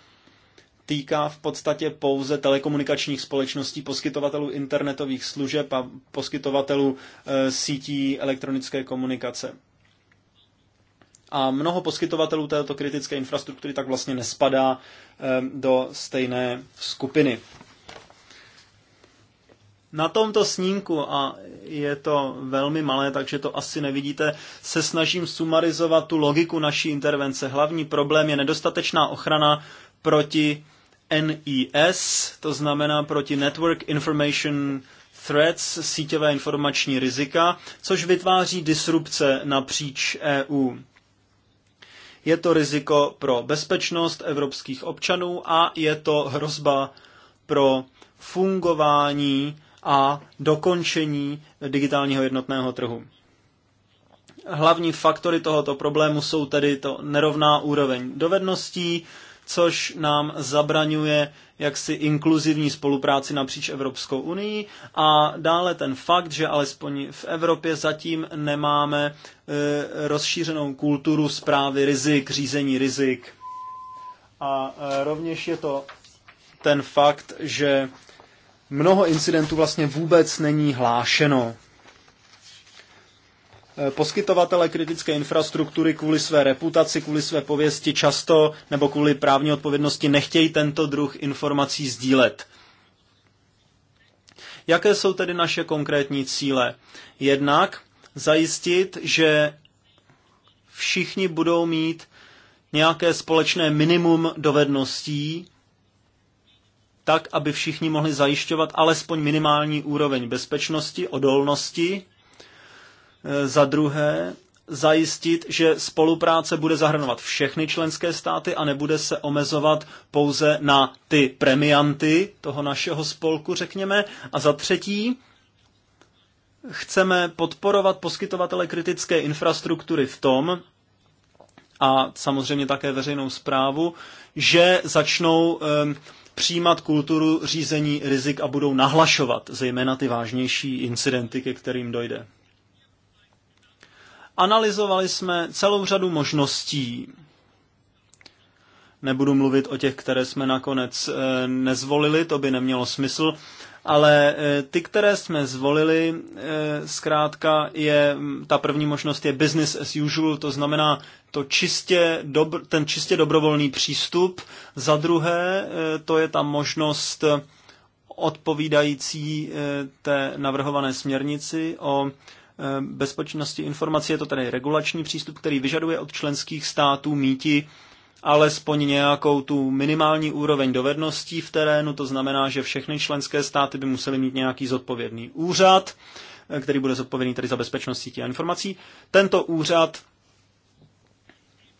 týká v podstatě pouze telekomunikačních společností, poskytovatelů internetových služeb a poskytovatelů e, sítí elektronické komunikace. A mnoho poskytovatelů této kritické infrastruktury tak vlastně nespadá e, do stejné skupiny. Na tomto snímku, a je to velmi malé, takže to asi nevidíte, se snažím sumarizovat tu logiku naší intervence. Hlavní problém je nedostatečná ochrana proti NIS, to znamená proti Network Information Threats, síťové informační rizika, což vytváří disrupce napříč EU. Je to riziko pro bezpečnost evropských občanů a je to hrozba pro fungování a dokončení digitálního jednotného trhu. Hlavní faktory tohoto problému jsou tedy to nerovná úroveň dovedností, což nám zabraňuje jaksi inkluzivní spolupráci napříč Evropskou unii a dále ten fakt, že alespoň v Evropě zatím nemáme e, rozšířenou kulturu zprávy rizik, řízení rizik. A e, rovněž je to ten fakt, že mnoho incidentů vlastně vůbec není hlášeno. Eh, poskytovatele kritické infrastruktury kvůli své reputaci, kvůli své pověsti často nebo kvůli právní odpovědnosti nechtějí tento druh informací sdílet. Jaké jsou tedy naše konkrétní cíle? Jednak zajistit, že všichni budou mít nějaké společné minimum dovedností, tak, aby všichni mohli zajišťovat alespoň minimální úroveň bezpečnosti, odolnosti Eh, za druhé, zajistit, že spolupráce bude zahrnovat všechny členské státy a nebude se omezovat pouze na ty premianty toho našeho spolku, řekněme. A za třetí, chceme podporovat poskytovatele kritické infrastruktury v tom, a samozřejmě také veřejnou zprávu, že začnou um, přijímat kulturu řízení rizik a budou nahlašovat zejména ty vážnější incidenty, ke kterým dojde. Analyzovali jsme celou řadu možností. Nebudu mluvit o těch, které jsme nakonec eh, nezvolili, to by nemělo smysl, ale eh, ty, které jsme zvolili, eh, zkrátka je, ta první možnost je business as usual, to znamená to čistě dobr, ten čistě dobrovolný přístup. Za druhé, to je ta možnost odpovídající té navrhované směrnici o Eh, bezpečnosti informací. Je to tedy regulační přístup, který vyžaduje od členských států míti alespoň nějakou tu minimální úroveň dovedností v terénu, to znamená, že všechny členské státy by musely mít nějaký zodpovědný úřad, eh, který bude zodpovědný tedy za bezpečnost sítí a informací. Tento úřad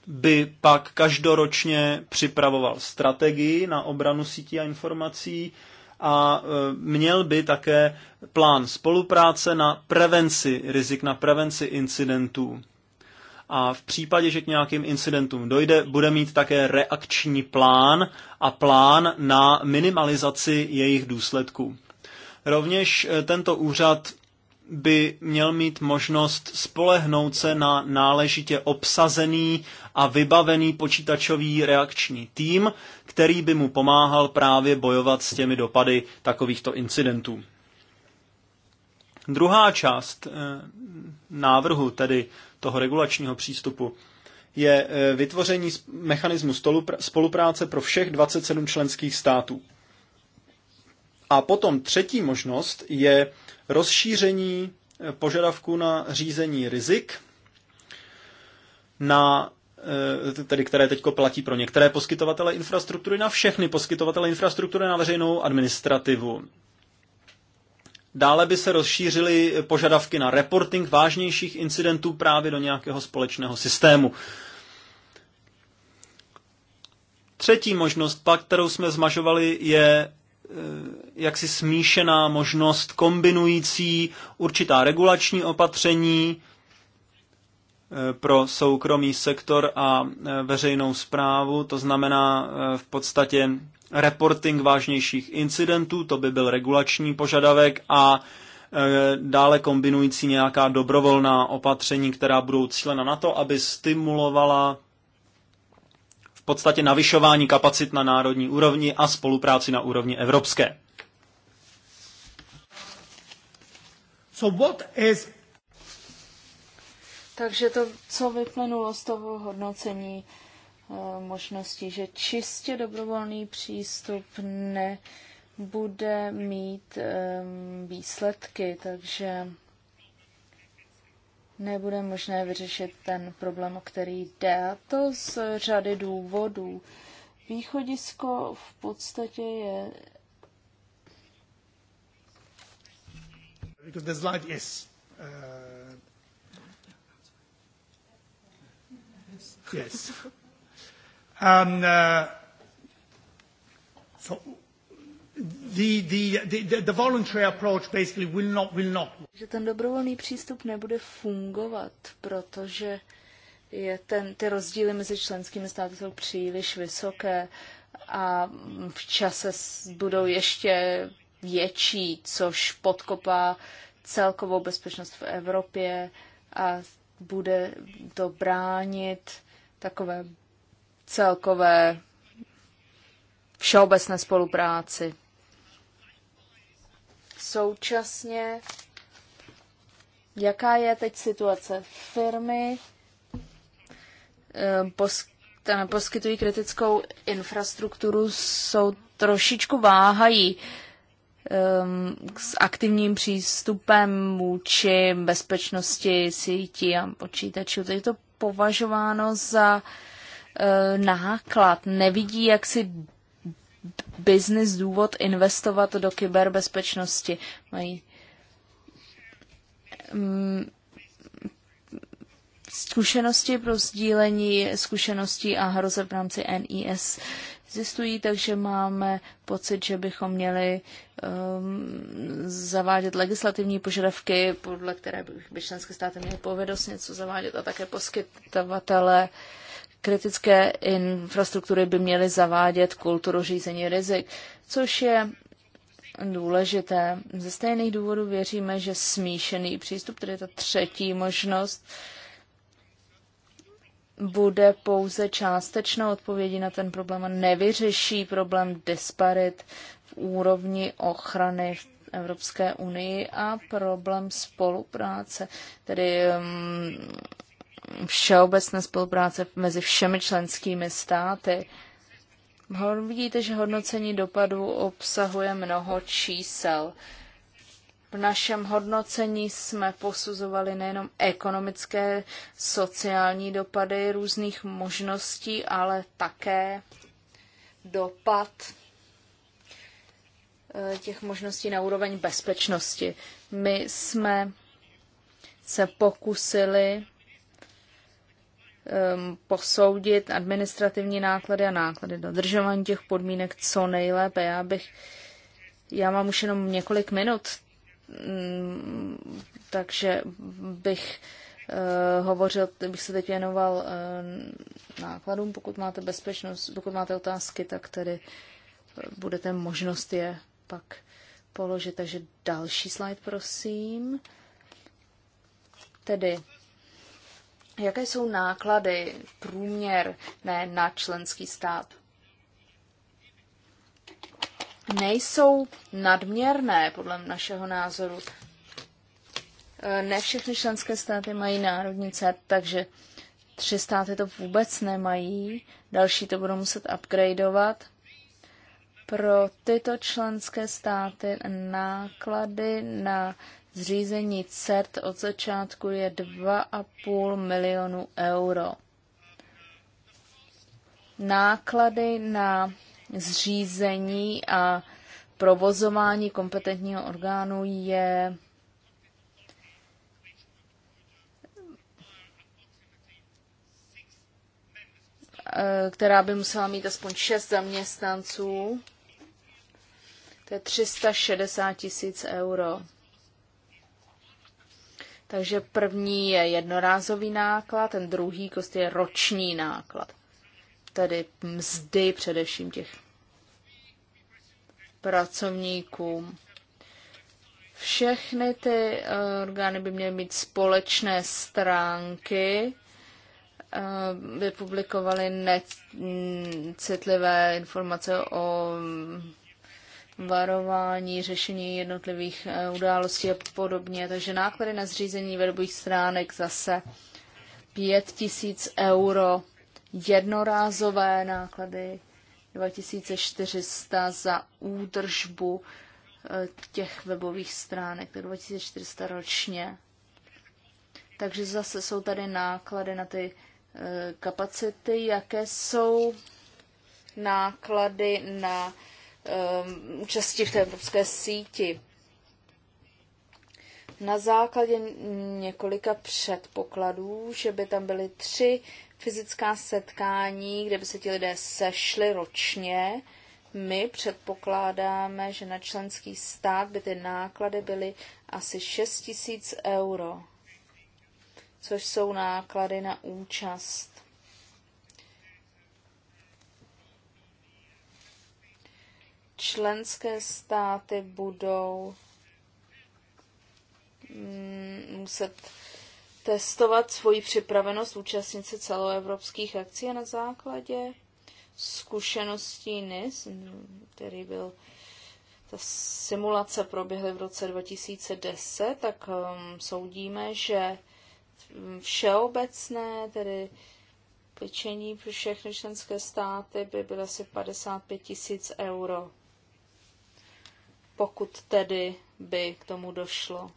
by pak každoročně připravoval strategii na obranu sítí a informací, a e, měl by také plán spolupráce na prevenci rizik, na prevenci incidentů. A v případě, že k nějakým incidentům dojde, bude mít také reakční plán a plán na minimalizaci jejich důsledků. Rovněž e, tento úřad by měl mít možnost spolehnout se na náležitě obsazený a vybavený počítačový reakční tým, který by mu pomáhal právě bojovat s těmi dopady takovýchto incidentů. Druhá část eh, návrhu, tedy toho regulačního přístupu, je eh, vytvoření mechanismu spolupráce pro všech 27 členských států. A potom třetí možnost je rozšíření eh, požadavku na řízení rizik na Eh, tedy které teď platí pro některé poskytovatele infrastruktury, na všechny poskytovatele infrastruktury na veřejnou administrativu. Dále by se rozšířily požadavky na reporting vážnějších incidentů právě do nějakého společného systému. Třetí možnost, pak, kterou jsme zmažovali, je eh, jaksi smíšená možnost kombinující určitá regulační opatření pro soukromý sektor a e, veřejnou zprávu, to znamená e, v podstatě reporting vážnějších incidentů, to by byl regulační požadavek a e, dále kombinující nějaká dobrovolná opatření, která budou cílena na to, aby stimulovala v podstatě navyšování kapacit na národní úrovni a spolupráci na úrovni evropské. So what is takže to, co vyplynulo z toho hodnocení eh, možností, že čistě dobrovolný přístup nebude mít ehm, výsledky, takže nebude možné vyřešit ten problém, o který jde. A to z řady důvodů. Východisko v podstatě je. Because the light, is uh, Yes. Um, uh, so the, the, the, the voluntary approach basically will not, will not. Že ten dobrovolný přístup nebude fungovat, protože je ten, ty rozdíly mezi členskými státy jsou příliš vysoké a v čase budou ještě větší, což podkopá celkovou bezpečnost v Evropě a bude to bránit takové celkové všeobecné spolupráci. Současně, jaká je teď situace firmy, eh, poskytují kritickou infrastrukturu, jsou trošičku váhají eh, s aktivním přístupem vůči bezpečnosti sítí a počítačů. Teď to považováno za e, náklad. Nevidí, jak si biznis důvod investovat do kyberbezpečnosti. Mají mm, zkušenosti pro sdílení zkušeností a hrozeb v rámci NIS existují, takže máme pocit, že bychom měli um, zavádět legislativní požadavky, podle které by členské státy měly povědost něco zavádět a také poskytovatele kritické infrastruktury by měly zavádět kulturu řízení rizik, což je důležité. Ze stejných důvodů věříme, že smíšený přístup, tedy ta třetí možnost, uh, bude pouze částečnou odpovědí na ten problém a nevyřeší problém disparit v úrovni ochrany v Evropské unii a problém spolupráce, tedy um, všeobecné spolupráce mezi všemi členskými státy. Vidíte, že hodnocení dopadu obsahuje mnoho čísel. V našem hodnocení jsme posuzovali nejenom ekonomické, sociální dopady různých možností, ale také dopad eh, těch možností na úroveň bezpečnosti. My jsme se pokusili ehm, posoudit administrativní náklady a náklady dodržování těch podmínek co nejlépe. Já bych, já mám už jenom několik minut, Mm, takže bych eh, hovořil, bych se teď věnoval eh, nákladům. Pokud máte bezpečnost, pokud máte otázky, tak tedy eh, budete možnost je pak položit. Takže další slide, prosím. Tedy, jaké jsou náklady, průměr, ne na členský stát? nejsou nadměrné, podle našeho názoru. E, ne všechny členské státy mají národní CERT, takže tři státy to vůbec nemají, další to budou muset upgradeovat. Pro tyto členské státy náklady na zřízení CERT od začátku je 2,5 milionu euro. Náklady na zřízení a provozování kompetentního orgánu je e, která by musela mít aspoň 6 zaměstnanců. To je 360 tisíc euro. Takže první je jednorázový náklad, ten druhý kost je roční náklad tedy mzdy především těch pracovníků. Všechny ty eh, orgány by měly mít společné stránky, by eh, publikovaly necitlivé informace o mm, varování, řešení jednotlivých eh, událostí a podobně. Takže náklady na zřízení webových stránek zase 5000 tisíc euro jednorázové náklady 2400 za údržbu eh, těch webových stránek, tak 2400 ročně. Takže zase jsou tady náklady na ty eh, kapacity, jaké jsou náklady na eh, účasti v té evropské síti. Na základě několika předpokladů, že by tam byly tři fyzická setkání, kde by se ti lidé sešli ročně, my předpokládáme, že na členský stát by ty náklady byly asi 6 tisíc euro, což jsou náklady na účast. Členské státy budou mm, muset testovat svoji připravenost účastnit se celoevropských akcí a na základě zkušeností NIS, který byl ta simulace proběhly v roce 2010, tak um, soudíme, že všeobecné, tedy pečení pro všechny členské státy by bylo asi 55 tisíc euro, pokud tedy by k tomu došlo.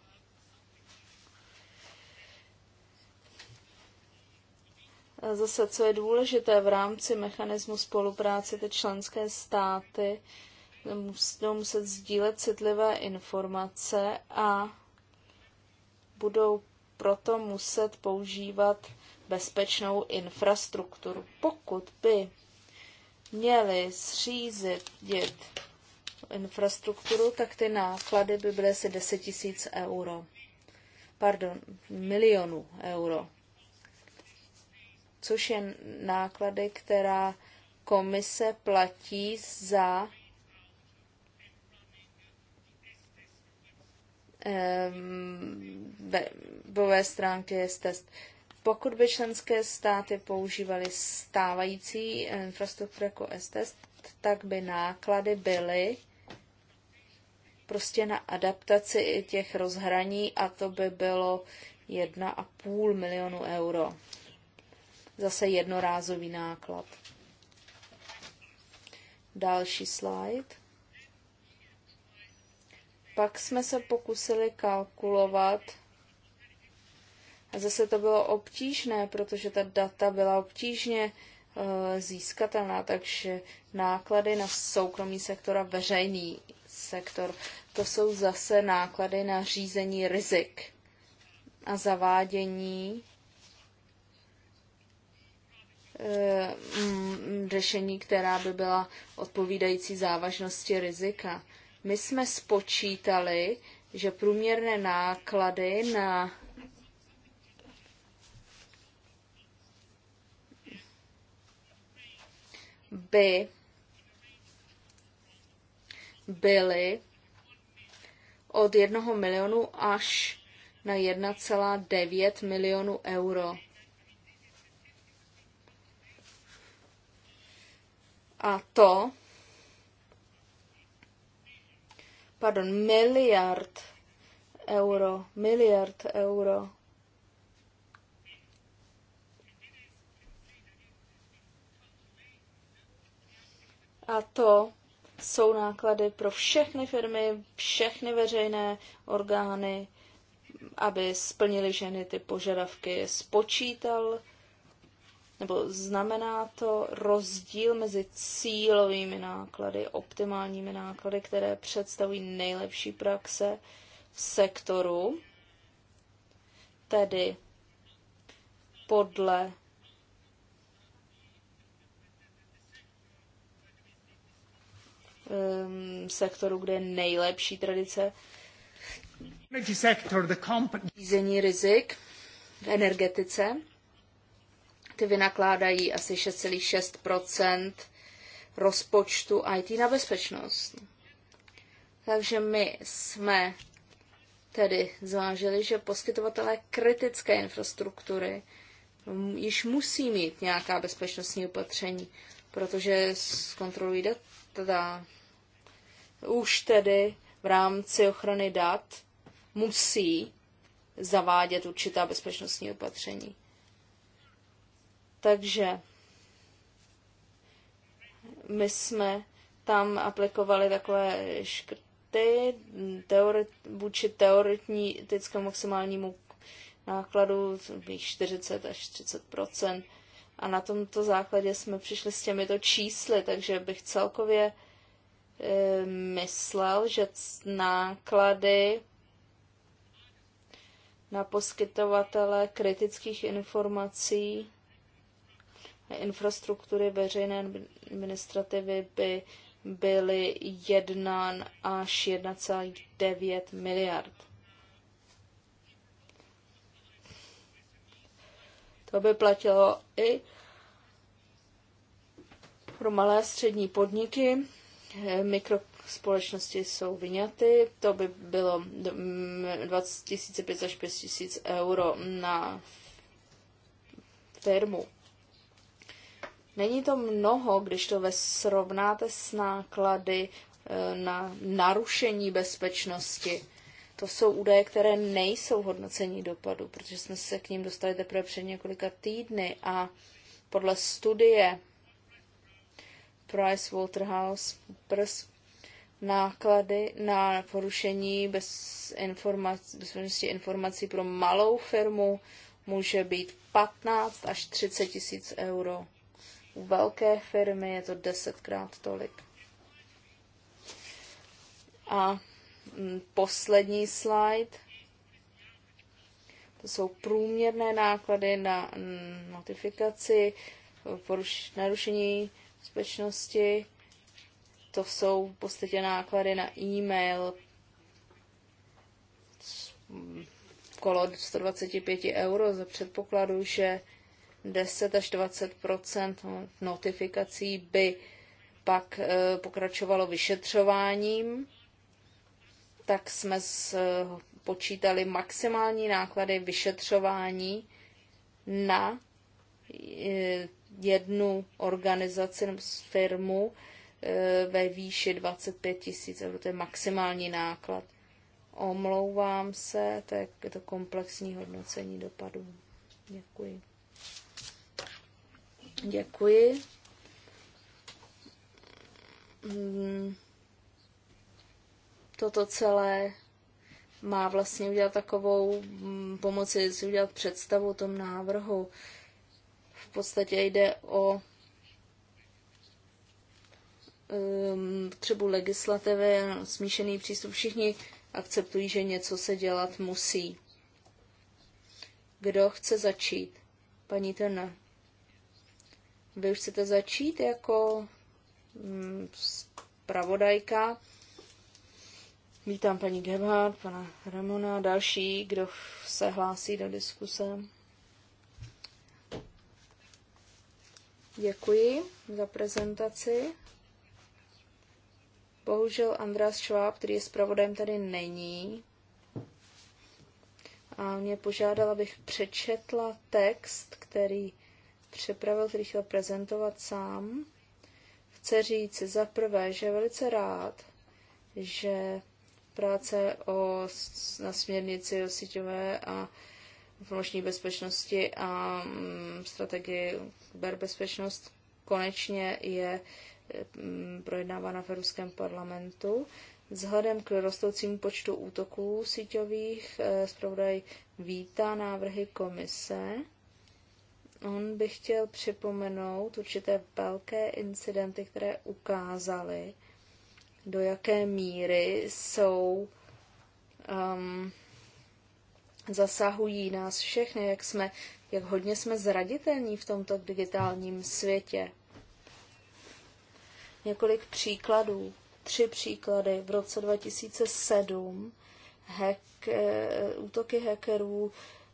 Zase, co je důležité v rámci mechanismu spolupráce, ty členské státy budou muset sdílet citlivé informace a budou proto muset používat bezpečnou infrastrukturu. Pokud by měli zřízit dět infrastrukturu, tak ty náklady by byly asi 10 tisíc euro. Pardon, milionů euro což je náklady, která komise platí za ehm, webové stránky test. Pokud by členské státy používaly stávající infrastrukturu jako STS, tak by náklady byly prostě na adaptaci těch rozhraní a to by bylo 1,5 milionu euro zase jednorázový náklad. Další slide. Pak jsme se pokusili kalkulovat a zase to bylo obtížné, protože ta data byla obtížně eh, získatelná, takže náklady na soukromý sektor a veřejný sektor, to jsou zase náklady na řízení rizik a zavádění Eh, mm, řešení, která by byla odpovídající závažnosti rizika. My jsme spočítali, že průměrné náklady na by byly od 1 milionu až na 1,9 milionu euro A to, pardon, miliard euro, miliard euro. A to jsou náklady pro všechny firmy, všechny veřejné orgány, aby splnili ženy ty požadavky. Spočítal nebo znamená to rozdíl mezi cílovými náklady, optimálními náklady, které představují nejlepší praxe v sektoru, tedy podle um, sektoru, kde je nejlepší tradice řízení rizik v energetice ty vynakládají asi 6,6 rozpočtu IT na bezpečnost. Takže my jsme tedy zvážili, že poskytovatelé kritické infrastruktury již musí mít nějaká bezpečnostní opatření, protože zkontrolují data. Už tedy v rámci ochrany dat musí zavádět určitá bezpečnostní opatření. Takže my jsme tam aplikovali takové škrty teori, vůči teoretickému maximálnímu nákladu 40 až 30 A na tomto základě jsme přišli s těmito čísly, takže bych celkově e, myslel, že náklady na poskytovatele kritických informací infrastruktury veřejné administrativy by byly 1 až 1,9 miliard. To by platilo i pro malé a střední podniky. Mikrospolečnosti jsou vyňaty. To by bylo 20 500 až 5 000 euro na firmu. Není to mnoho, když to ve srovnáte s náklady e, na narušení bezpečnosti. To jsou údaje, které nejsou hodnocení dopadu, protože jsme se k ním dostali teprve před několika týdny a podle studie Price Waterhouse Coopers náklady na porušení bez informací, bezpečnosti informací pro malou firmu může být 15 až 30 tisíc euro u velké firmy je to desetkrát tolik. A mm, poslední slide. To jsou průměrné náklady na mm, notifikaci, poruš, narušení bezpečnosti. To jsou v podstatě náklady na e-mail mm, kolo 125 euro za předpokladu, že 10 až 20 notifikací by pak eh, pokračovalo vyšetřováním, tak jsme eh, počítali maximální náklady vyšetřování na eh, jednu organizaci nebo firmu ve výši 25 tisíc euro, To je maximální náklad. Omlouvám se, to je to komplexní hodnocení dopadů. Děkuji. Děkuji. Mm. Toto celé má vlastně udělat takovou mm, pomoci, si udělat představu o tom návrhu. V podstatě jde o mm, třebu legislativy, smíšený přístup. Všichni akceptují, že něco se dělat musí. Kdo chce začít? Paní Trna. Vy už chcete začít jako mm, pravodajka. Vítám paní Gebhardt, pana Ramona, další, kdo se hlásí do diskuse. Děkuji za prezentaci. Bohužel András Schwab, který je zpravodajem, tady není. A mě požádal, abych přečetla text, který přepravil, který chtěl prezentovat sám, chce říct za prvé, že je velice rád, že práce o, na směrnici o síťové a informační bezpečnosti a mm, strategii kyberbezpečnost konečně je mm, projednávána v Ruském parlamentu. Vzhledem k rostoucímu počtu útoků síťových eh, zpravodaj vítá návrhy komise On by chtěl připomenout určité velké incidenty, které ukázaly, do jaké míry jsou um, zasahují nás všechny, jak jsme, jak hodně jsme zraditelní v tomto digitálním světě. Několik příkladů, tři příklady. V roce 2007 hack, eh, útoky hackerů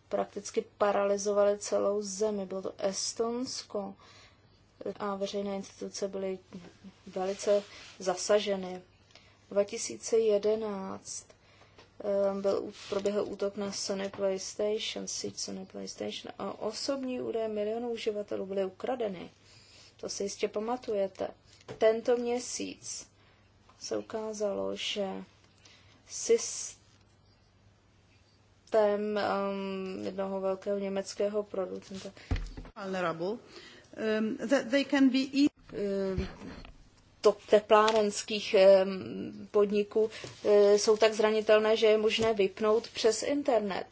prakticky paralizovali celou zemi. Bylo to Estonsko a veřejné instituce byly velice zasaženy. 2011 eh, byl, proběhl útok na Sony PlayStation, síť Sony PlayStation a osobní údaje milionů uživatelů byly ukradeny. To si jistě pamatujete. Tento měsíc se ukázalo, že systém tématem um, jednoho velkého německého producenta. Vulnerable. Um, that they can be e- um, to teplárenských um, podniků uh, jsou tak zranitelné, že je možné vypnout přes internet.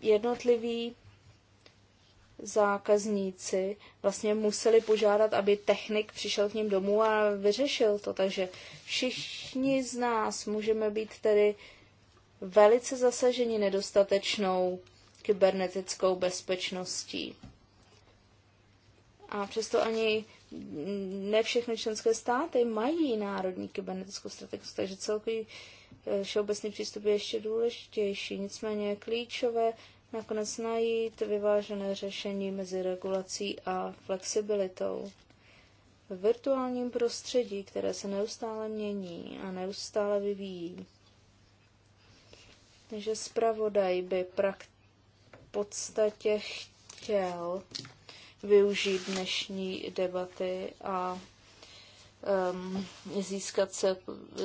Jednotliví zákazníci vlastně museli požádat, aby technik přišel k ním domů a vyřešil to. Takže všichni z nás můžeme být tedy velice zasaženi nedostatečnou kybernetickou bezpečností. A přesto ani ne všechny členské státy mají národní kybernetickou strategii, takže celkový eh, všeobecný přístup je ještě důležitější. Nicméně je klíčové nakonec najít vyvážené řešení mezi regulací a flexibilitou. V virtuálním prostředí, které se neustále mění a neustále vyvíjí, že zpravodaj by prak- podstatě chtěl využít dnešní debaty a um, získat se,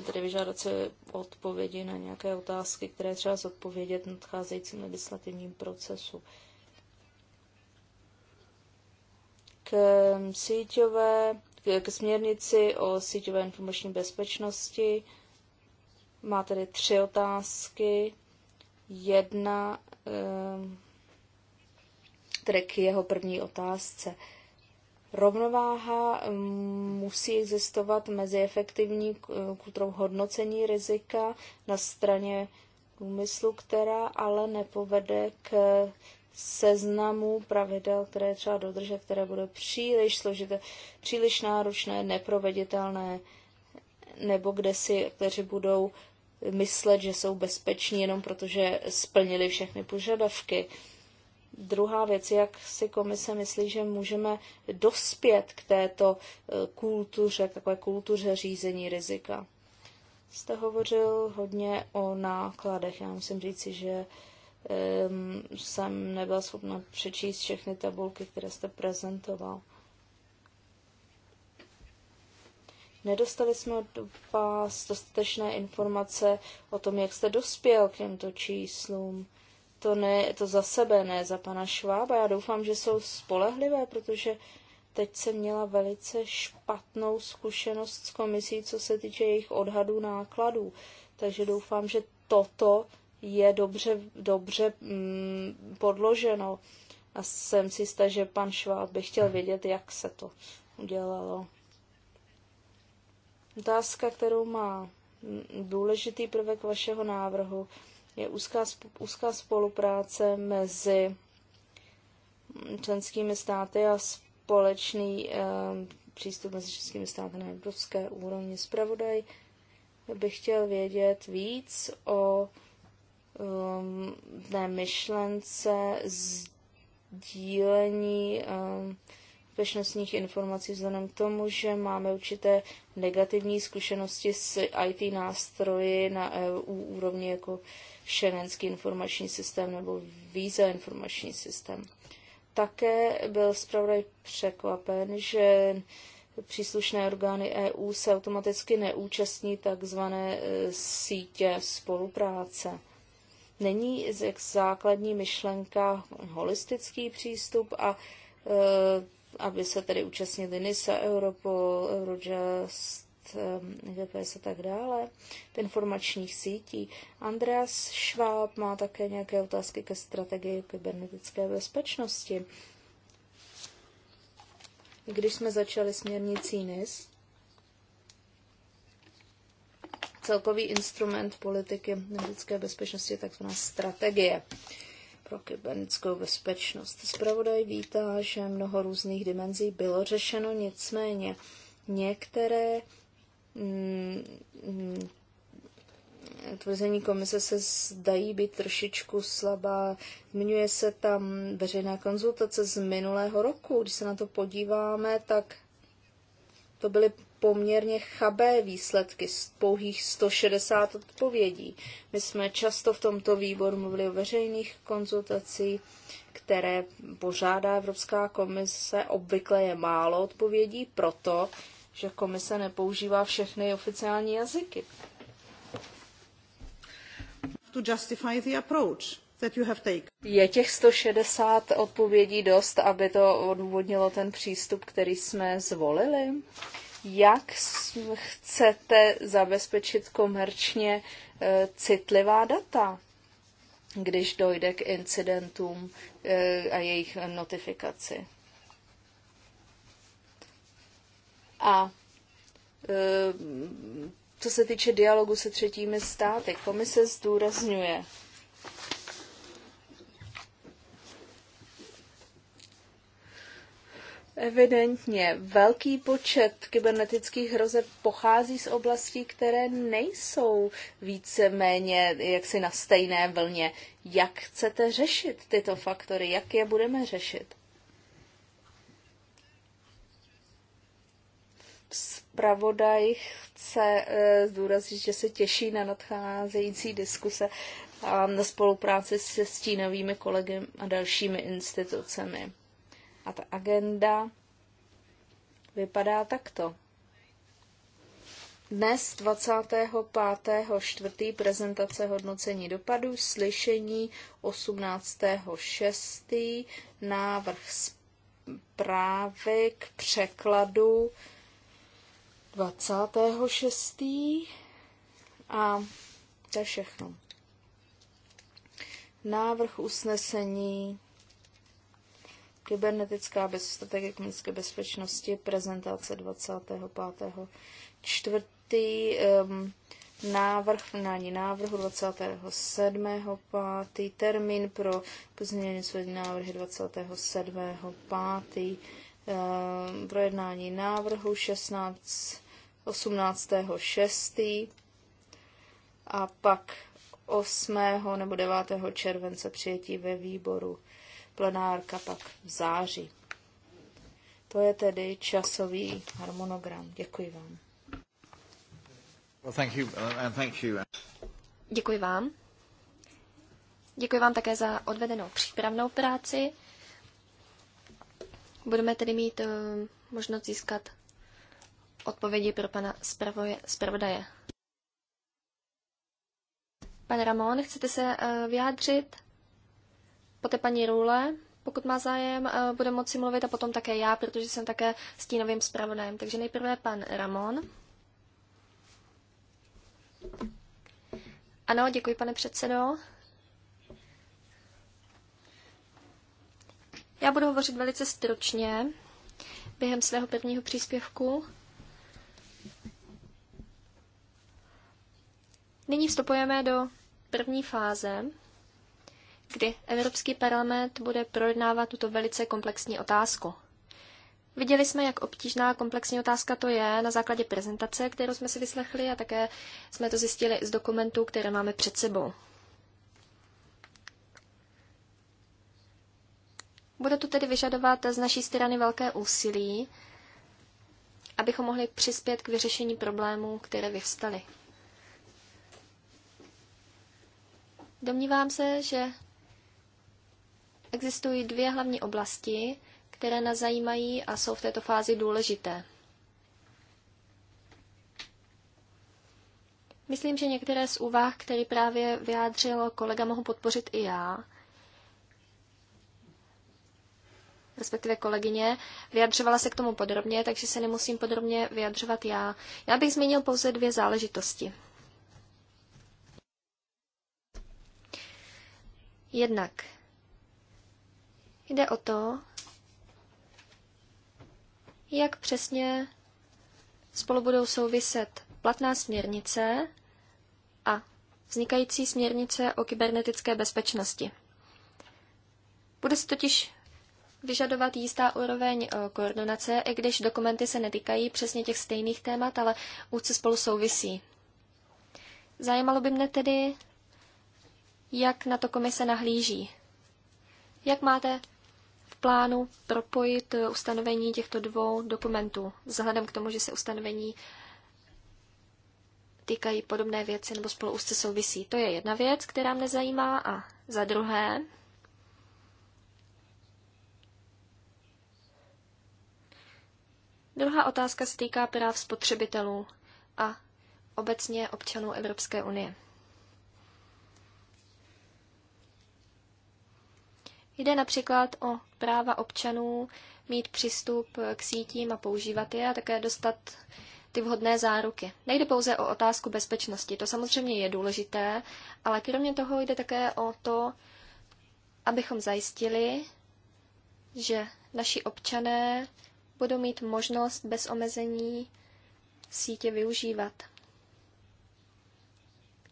tedy vyžádat se odpovědi na nějaké otázky, které třeba zodpovědět v nadcházejícím legislativním procesu. K um, síťové, k směrnici o síťové informační bezpečnosti má tedy tři otázky jedna ehm, tedy k jeho první otázce. Rovnováha ehm, musí existovat mezi efektivní eh, kulturou hodnocení rizika na straně úmyslu, která ale nepovede k seznamu pravidel, které třeba dodržet, které budou příliš složité, příliš náročné, neproveditelné, nebo kde si, kteří budou myslet, že jsou bezpeční jenom protože splnili všechny požadavky. Druhá věc, jak si komise myslí, že můžeme dospět k této eh, kultuře, k takové kultuře řízení rizika. Jste hovořil hodně o nákladech. Já musím říci, že um, jsem nebyla schopna přečíst všechny tabulky, které jste prezentoval. Nedostali jsme od vás dostatečné informace o tom, jak jste dospěl k těmto číslům. To ne, to za sebe, ne za pana Švába. Já doufám, že jsou spolehlivé, protože teď jsem měla velice špatnou zkušenost s komisí, co se týče jejich odhadů nákladů. Takže doufám, že toto je dobře, dobře mm, podloženo. A jsem si jistá, že pan Šváb by chtěl vědět, jak se to udělalo. Otázka, kterou má důležitý prvek vašeho návrhu, je úzká, úzká spolupráce mezi členskými státy a společný e, přístup mezi českými státy na evropské úrovni. Spravodaj bych chtěl vědět víc o um, té myšlence sdílení um, bezpečnostních informací vzhledem k tomu, že máme určité negativní zkušenosti s IT nástroji na EU úrovni jako šenenský informační systém nebo víza informační systém. Také byl zpravodaj překvapen, že příslušné orgány EU se automaticky neúčastní tzv. E, sítě spolupráce. Není základní myšlenka holistický přístup a e, aby se tedy účastnili NISA, Europol, Eurojust, um, GPS a tak dále, informačních sítí. Andreas Schwab má také nějaké otázky ke strategii kybernetické bezpečnosti. Když jsme začali směrnicí NIS, celkový instrument politiky kybernetické bezpečnosti je takzvaná strategie pro kybernetickou bezpečnost. Zpravodaj vítá, že mnoho různých dimenzí bylo řešeno, nicméně některé mm, mm, tvrzení komise se zdají být trošičku slabá. Zmiňuje se tam veřejná konzultace z minulého roku. Když se na to podíváme, tak to byly poměrně chabé výsledky z pouhých 160 odpovědí. My jsme často v tomto výboru mluvili o veřejných konzultacích, které pořádá Evropská komise. Obvykle je málo odpovědí, proto, že komise nepoužívá všechny oficiální jazyky. To justify the approach. That you have taken. Je těch 160 odpovědí dost, aby to odůvodnilo ten přístup, který jsme zvolili? jak chcete zabezpečit komerčně e, citlivá data, když dojde k incidentům e, a jejich notifikaci. A e, co se týče dialogu se třetími státy, komise zdůrazňuje, Evidentně velký počet kybernetických hrozeb pochází z oblastí, které nejsou více-méně jaksi na stejné vlně. Jak chcete řešit tyto faktory? Jak je budeme řešit? Spravodaj chce eh, zdůraznit, že se těší na nadcházející diskuse a na spolupráci se stínovými kolegy a dalšími institucemi. A ta agenda vypadá takto. Dnes 25.4. prezentace hodnocení dopadů, slyšení 18.6. návrh zprávy k překladu 26. A to je všechno. Návrh usnesení kybernetická bez strategie klinické bezpečnosti, prezentace 25. čtvrtý, um, návrh, ní návrhu 27. 5. termín pro pozměnění své návrhy 27. 5. Um, projednání návrhu 16. 18. 6. a pak 8. nebo 9. července přijetí ve výboru plenárka pak v září. To je tedy časový harmonogram. Děkuji vám. Well, thank you, uh, and thank you. Děkuji vám. Děkuji vám také za odvedenou přípravnou práci. Budeme tedy mít uh, možnost získat odpovědi pro pana zpravodaje. Pan Ramon, chcete se uh, vyjádřit? Poté paní Růle, pokud má zájem, eh, bude moci mluvit a potom také já, protože jsem také stínovým zpravodajem. Takže nejprve pan Ramon. Ano, děkuji, pane předsedo. Já budu hovořit velice stručně během svého prvního příspěvku. Nyní vstupujeme do první fáze kdy Evropský parlament bude projednávat tuto velice komplexní otázku. Viděli jsme, jak obtížná komplexní otázka to je na základě prezentace, kterou jsme si vyslechli a také jsme to zjistili z dokumentů, které máme před sebou. Bude to tedy vyžadovat z naší strany velké úsilí, abychom mohli přispět k vyřešení problémů, které vyvstaly. Domnívám se, že Existují dvě hlavní oblasti, které nás zajímají a jsou v této fázi důležité. Myslím, že některé z úvah, které právě vyjádřil kolega, mohu podpořit i já. respektive kolegyně, vyjadřovala se k tomu podrobně, takže se nemusím podrobně vyjadřovat já. Já bych zmínil pouze dvě záležitosti. Jednak Jde o to, jak přesně spolu budou souviset platná směrnice a vznikající směrnice o kybernetické bezpečnosti. Bude se totiž vyžadovat jistá úroveň eh, koordinace, i když dokumenty se netýkají přesně těch stejných témat, ale úzce spolu souvisí. Zajímalo by mne tedy, jak na to komise nahlíží. Jak máte plánu propojit eh, ustanovení těchto dvou dokumentů, vzhledem k tomu, že se ustanovení týkají podobné věci nebo spolu úzce souvisí. To je jedna věc, která mě zajímá. A za druhé, druhá otázka se týká práv spotřebitelů a obecně občanů Evropské unie. Jde například o práva občanů mít přístup k sítím a používat je a také dostat ty vhodné záruky. Nejde pouze o otázku bezpečnosti, to samozřejmě je důležité, ale kromě toho jde také o to, abychom zajistili, že naši občané budou mít možnost bez omezení sítě využívat.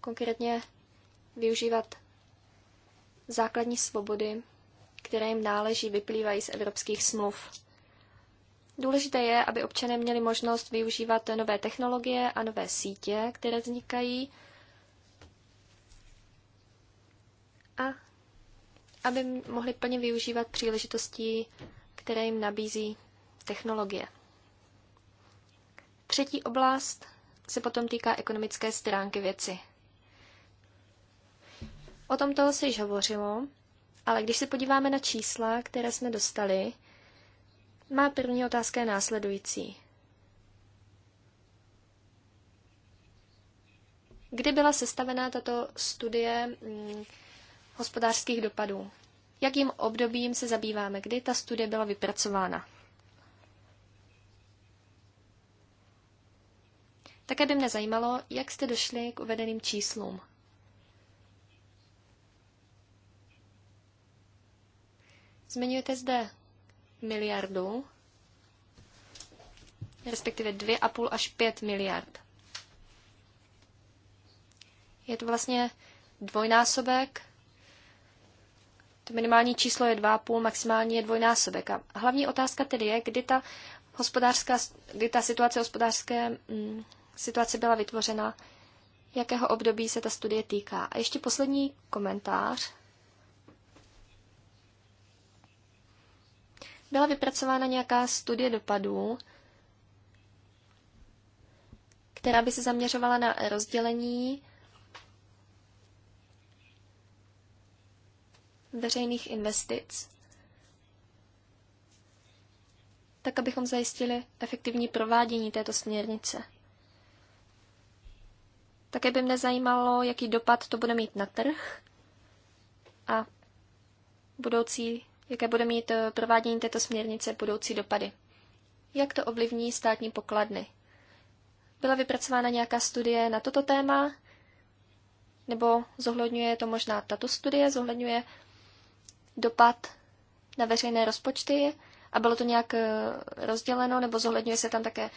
Konkrétně využívat základní svobody které jim náleží, vyplývají z evropských smluv. Důležité je, aby občané měli možnost využívat nové technologie a nové sítě, které vznikají, a aby mohli plně využívat příležitosti, které jim nabízí technologie. Třetí oblast se potom týká ekonomické stránky věci. O tomto se již hovořilo ale když se podíváme na čísla, které jsme dostali, má první otázka je následující. Kdy byla sestavená tato studie mm, hospodářských dopadů? Jakým obdobím se zabýváme? Kdy ta studie byla vypracována? Také by mě zajímalo, jak jste došli k uvedeným číslům. Zmiňujete zde miliardu, respektive 2,5 až 5 miliard. Je to vlastně dvojnásobek. To minimální číslo je 2,5, maximální je dvojnásobek. A hlavní otázka tedy je, kdy ta, hospodářská, kdy ta situace hospodářské mm, situace byla vytvořena, jakého období se ta studie týká. A ještě poslední komentář byla vypracována nějaká studie dopadů, která by se zaměřovala na rozdělení veřejných investic, tak abychom zajistili efektivní provádění této směrnice. Také by mě zajímalo, jaký dopad to bude mít na trh a budoucí jaké bude mít eh, provádění této směrnice budoucí dopady. Jak to ovlivní státní pokladny? Byla vypracována nějaká studie na toto téma? Nebo zohledňuje to možná tato studie, zohledňuje dopad na veřejné rozpočty a bylo to nějak eh, rozděleno, nebo zohledňuje se tam také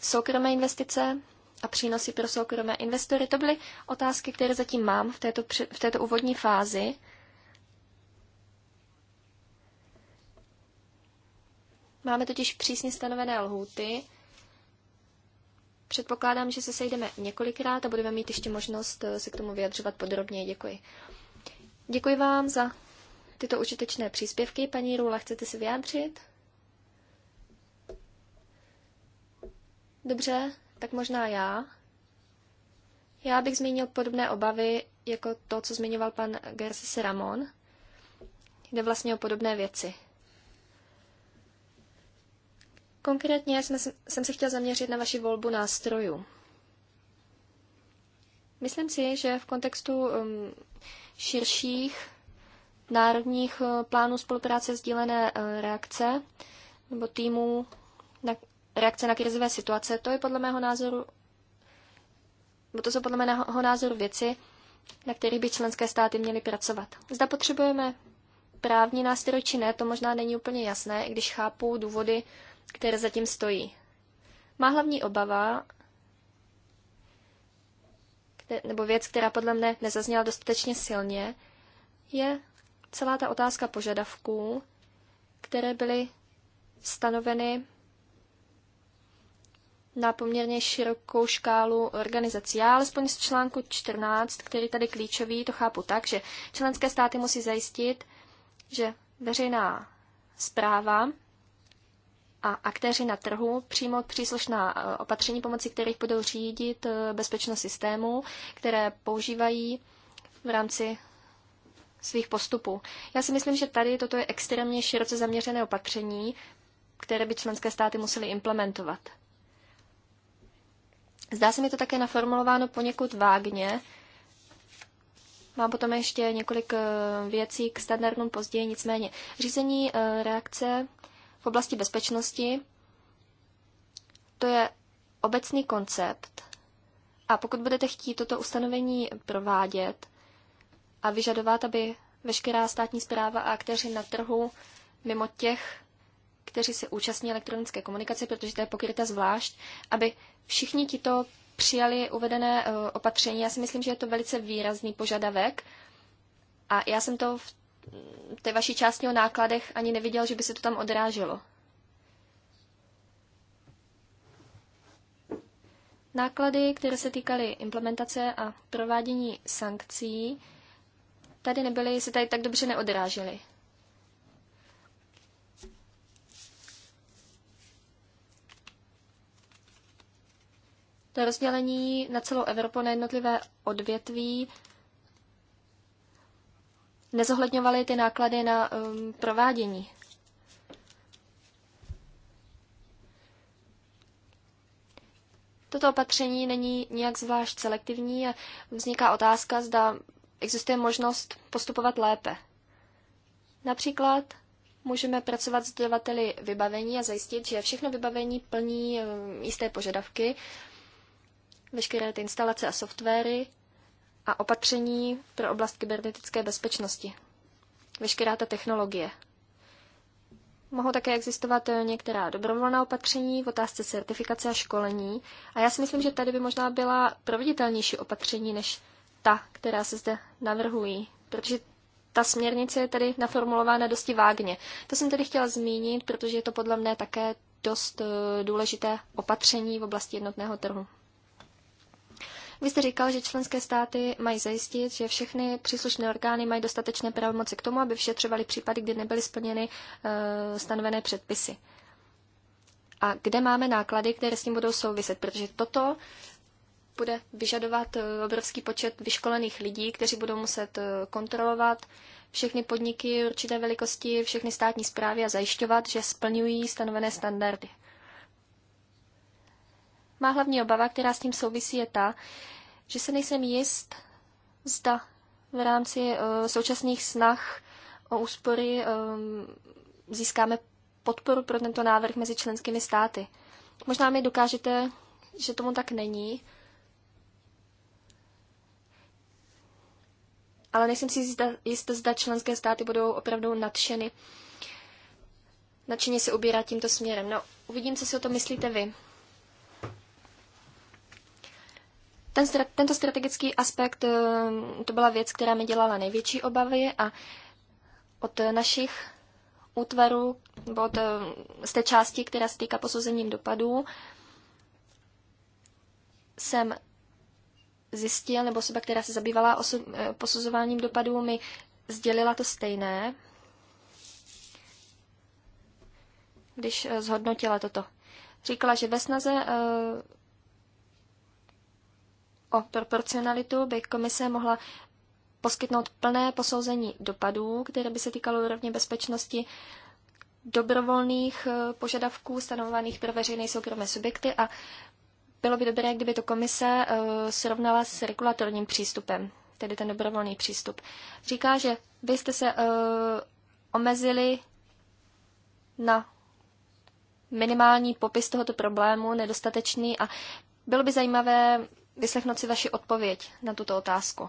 soukromé investice a přínosy pro soukromé investory. To byly otázky, které zatím mám v této, v této úvodní fázi. Máme totiž přísně stanovené lhůty. Předpokládám, že se sejdeme několikrát a budeme mít ještě možnost eh, se k tomu vyjadřovat podrobněji. Děkuji. Děkuji vám za tyto užitečné příspěvky. Paní Růla, chcete se vyjádřit? Dobře, tak možná já. Já bych zmínil podobné obavy jako to, co zmiňoval pan Garces Ramon. Jde vlastně o podobné věci. Konkrétně jsem, jsem se chtěl zaměřit na vaši volbu nástrojů. Myslím si, že v kontextu um, širších národních uh, plánů spolupráce sdílené uh, reakce nebo týmů na reakce na krizové situace, to je podle mého názoru, bo to jsou podle mého názoru věci, na kterých by členské státy měly pracovat. Zda potřebujeme právní nástroj či ne, to možná není úplně jasné, i když chápu důvody které zatím stojí. Má hlavní obava, nebo věc, která podle mne nezazněla dostatečně silně, je celá ta otázka požadavků, které byly stanoveny na poměrně širokou škálu organizací. Já alespoň z článku 14, který tady klíčový, to chápu tak, že členské státy musí zajistit, že veřejná zpráva a aktéři na trhu přijmout příslušná eh, opatření, pomocí kterých budou řídit eh, bezpečnost systému, které používají v rámci svých postupů. Já si myslím, že tady toto je extrémně široce zaměřené opatření, které by členské státy musely implementovat. Zdá se mi to také naformulováno poněkud vágně. Mám potom ještě několik eh, věcí k standardům později, nicméně. Řízení reakce v oblasti bezpečnosti to je obecný koncept a pokud budete chtít toto ustanovení provádět a vyžadovat, aby veškerá státní zpráva a aktéři na trhu mimo těch, kteří se účastní elektronické komunikace, protože to je pokryta zvlášť, aby všichni tito přijali uvedené eh, opatření. Já si myslím, že je to velice výrazný požadavek a já jsem to v té vaší části o nákladech ani neviděl, že by se to tam odráželo. Náklady, které se týkaly implementace a provádění sankcí, tady nebyly, se tady tak dobře neodrážely. To rozdělení na celou Evropu na jednotlivé odvětví Nezohledňovali ty náklady na um, provádění. Toto opatření není nijak zvlášť selektivní a vzniká otázka, zda existuje možnost postupovat lépe. Například můžeme pracovat s dodavateli vybavení a zajistit, že všechno vybavení plní um, jisté požadavky, veškeré ty instalace a softwary, a opatření pro oblast kybernetické bezpečnosti. Veškerá ta technologie. Mohou také existovat eh, některá dobrovolná opatření v otázce certifikace a školení. A já si myslím, že tady by možná byla proveditelnější opatření než ta, která se zde navrhují, protože ta směrnice je tady naformulována dosti vágně. To jsem tady chtěla zmínit, protože je to podle mne také dost eh, důležité opatření v oblasti jednotného trhu. Vy jste říkal, že členské státy mají zajistit, že všechny příslušné orgány mají dostatečné pravomoci k tomu, aby vyšetřovali případy, kdy nebyly splněny uh, stanovené předpisy. A kde máme náklady, které s tím budou souviset, protože toto bude vyžadovat eh, obrovský počet vyškolených lidí, kteří budou muset eh, kontrolovat všechny podniky určité velikosti, všechny státní zprávy a zajišťovat, že splňují stanovené standardy. Má hlavní obava, která s tím souvisí, je ta, že se nejsem jist, zda v rámci uh, současných snah o úspory um, získáme podporu pro tento návrh mezi členskými státy. Možná mi dokážete, že tomu tak není, ale nejsem si zda, jist, zda členské státy budou opravdu nadšeny, nadšeně se ubírat tímto směrem. No, uvidím, co si o to myslíte vy. Ten, tento strategický aspekt eh, to byla věc, která mi dělala největší obavy a od našich útvarů, nebo od, eh, z té části, která se týká posouzením dopadů, jsem zjistil, nebo osoba, která se zabývala oso- eh, posuzováním dopadů, mi sdělila to stejné, když zhodnotila toto. Říkala, že ve snaze o proporcionalitu by komise mohla poskytnout plné posouzení dopadů, které by se týkalo úrovně bezpečnosti dobrovolných eh, požadavků stanovovaných pro veřejné soukromé subjekty a bylo by dobré, kdyby to komise eh, srovnala s regulatorním přístupem, tedy ten dobrovolný přístup. Říká, že vy jste se eh, omezili na minimální popis tohoto problému, nedostatečný a bylo by zajímavé vyslechnout si vaši odpověď na tuto otázku.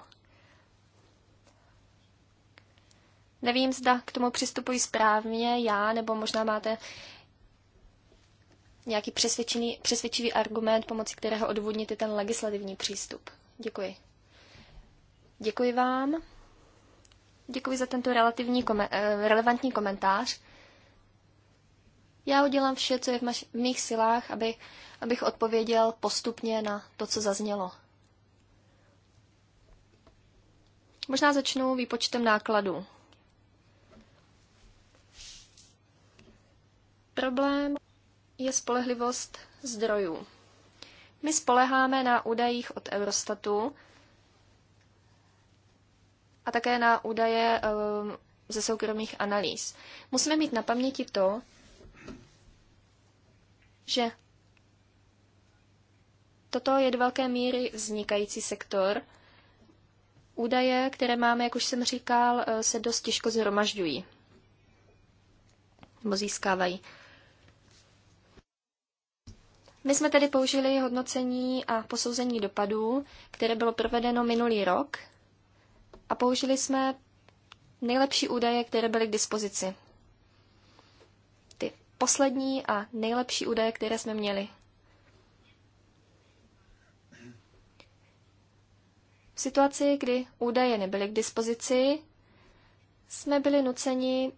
Nevím, zda k tomu přistupuji správně já, nebo možná máte nějaký přesvědčivý argument, pomocí kterého odvodníte ten legislativní přístup. Děkuji. Děkuji vám. Děkuji za tento relativní, eh, relevantní komentář. Já udělám vše, co je v, maš- v mých silách, aby, abych odpověděl postupně na to, co zaznělo. Možná začnu výpočtem nákladů. Problém je spolehlivost zdrojů. My spoleháme na údajích od Eurostatu a také na údaje ehm, ze soukromých analýz. Musíme mít na paměti to, že toto je do velké míry vznikající sektor. Údaje, které máme, jak už jsem říkal, eh, se dost těžko zhromažďují nebo získávají. My jsme tedy použili hodnocení a posouzení dopadů, které bylo provedeno minulý rok a použili jsme nejlepší údaje, které byly k dispozici poslední a nejlepší údaje, které jsme měli. V situaci, kdy údaje nebyly k dispozici, jsme byli nuceni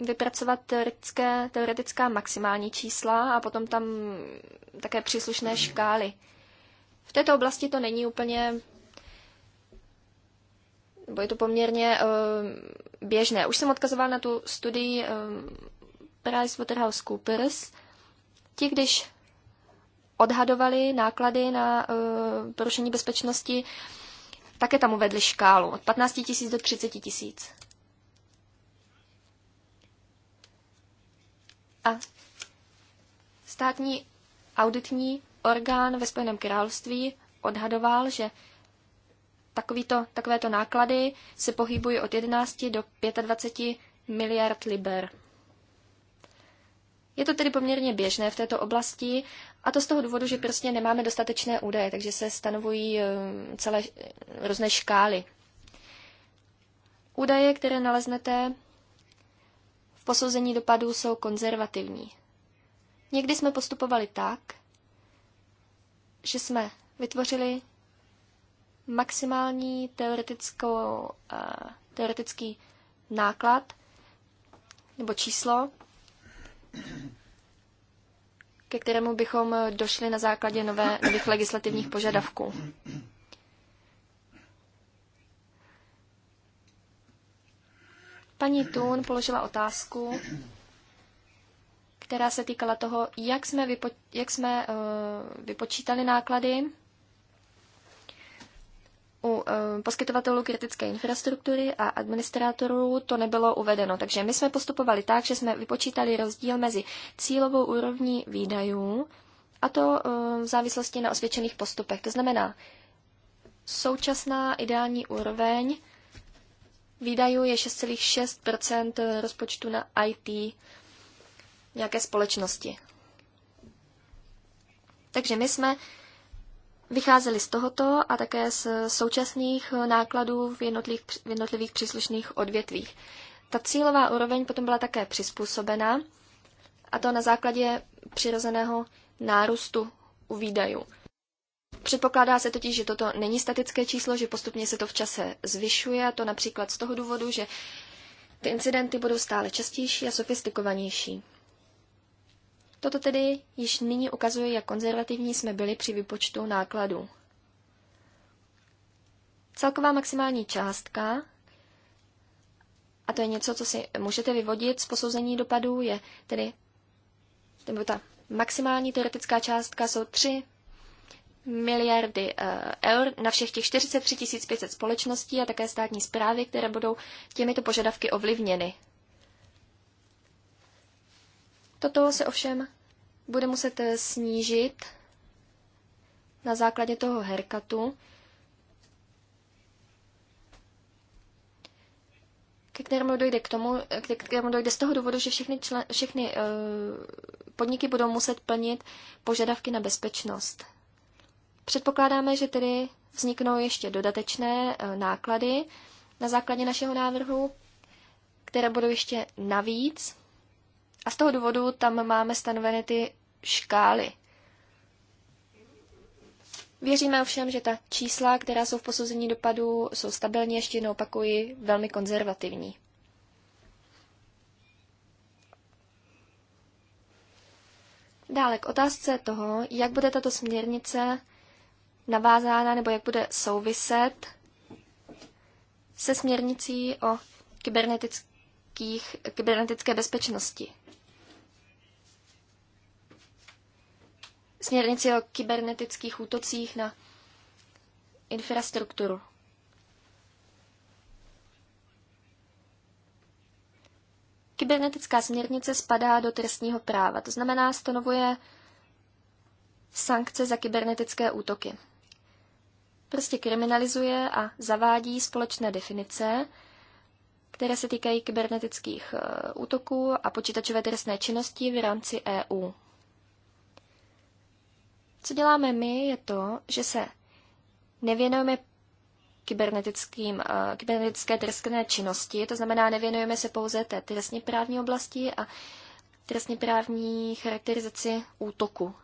vypracovat teoretické, teoretická maximální čísla a potom tam také příslušné škály. V této oblasti to není úplně, nebo je to poměrně uh, běžné. Už jsem odkazoval na tu studii uh, PricewaterhouseCoopers, ti, když odhadovali náklady na uh, porušení bezpečnosti, také tam uvedli škálu od 15 tisíc do 30 tisíc. A státní auditní orgán ve Spojeném království odhadoval, že takovýto, takovéto náklady se pohybují od 11 do 25 miliard liber. Je to tedy poměrně běžné v této oblasti a to z toho důvodu, že prostě nemáme dostatečné údaje, takže se stanovují eh, celé eh, různé škály. Údaje, které naleznete v posouzení dopadů, jsou konzervativní. Někdy jsme postupovali tak, že jsme vytvořili maximální teoretickou, eh, teoretický náklad nebo číslo, ke kterému bychom došli na základě nové, nových legislativních požadavků. Paní Tun položila otázku, která se týkala toho, jak jsme, vypo, jak jsme uh, vypočítali náklady u eh, poskytovatelů kritické infrastruktury a administrátorů to nebylo uvedeno. Takže my jsme postupovali tak, že jsme vypočítali rozdíl mezi cílovou úrovní výdajů a to eh, v závislosti na osvědčených postupech. To znamená, současná ideální úroveň výdajů je 6,6 rozpočtu na IT nějaké společnosti. Takže my jsme vycházeli z tohoto a také z současných nákladů v jednotlivých, v jednotlivých příslušných odvětvích. Ta cílová úroveň potom byla také přizpůsobena, a to na základě přirozeného nárůstu u výdajů. Předpokládá se totiž, že toto není statické číslo, že postupně se to v čase zvyšuje, a to například z toho důvodu, že ty incidenty budou stále častější a sofistikovanější. Toto tedy již nyní ukazuje, jak konzervativní jsme byli při vypočtu nákladů. Celková maximální částka, a to je něco, co si můžete vyvodit z posouzení dopadů, je tedy nebo ta maximální teoretická částka jsou 3 miliardy eh, eur na všech těch 43 500 společností a také státní zprávy, které budou těmito požadavky ovlivněny. Toto se ovšem bude muset eh, snížit na základě toho herkatu, ke kterému dojde k tomu, eh, ke kterému dojde z toho důvodu, že všechny, člen, všechny uh, podniky budou muset plnit požadavky na bezpečnost. Předpokládáme, že tedy vzniknou ještě dodatečné uh, náklady na základě našeho návrhu, které budou ještě navíc a z toho důvodu tam máme stanoveny ty škály. Věříme ovšem, že ta čísla, která jsou v posouzení dopadu, jsou stabilní, ještě jednou opakuji, velmi konzervativní. Dále k otázce toho, jak bude tato směrnice navázána nebo jak bude souviset se směrnicí o kybernetických, kybernetické bezpečnosti. směrnici o kybernetických útocích na infrastrukturu. Kybernetická směrnice spadá do trestního práva, to znamená stanovuje sankce za kybernetické útoky. Prostě kriminalizuje a zavádí společné definice, které se týkají kybernetických eh, útoků a počítačové trestné činnosti v rámci EU. Co děláme my, je to, že se nevěnujeme kybernetickým, eh, kybernetické trestné činnosti, to znamená, nevěnujeme se pouze té trestně právní oblasti a trestně právní charakterizaci útoku.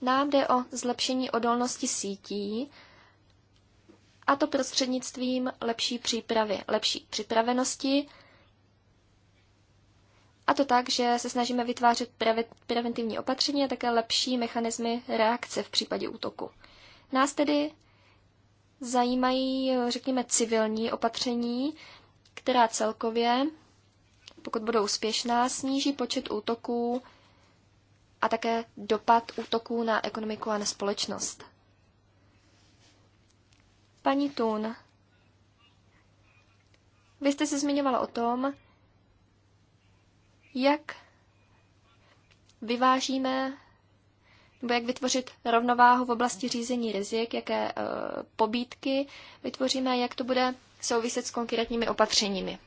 Nám jde o zlepšení odolnosti sítí, a to prostřednictvím lepší přípravy, lepší připravenosti a to tak, že se snažíme vytvářet preventivní opatření a také lepší mechanismy reakce v případě útoku. Nás tedy zajímají, řekněme, civilní opatření, která celkově, pokud budou úspěšná, sníží počet útoků a také dopad útoků na ekonomiku a na společnost. Paní Tun, vy jste se zmiňovala o tom, jak vyvážíme nebo jak vytvořit rovnováhu v oblasti řízení rizik, jaké e, pobídky vytvoříme, jak to bude souviset s konkrétními opatřeními.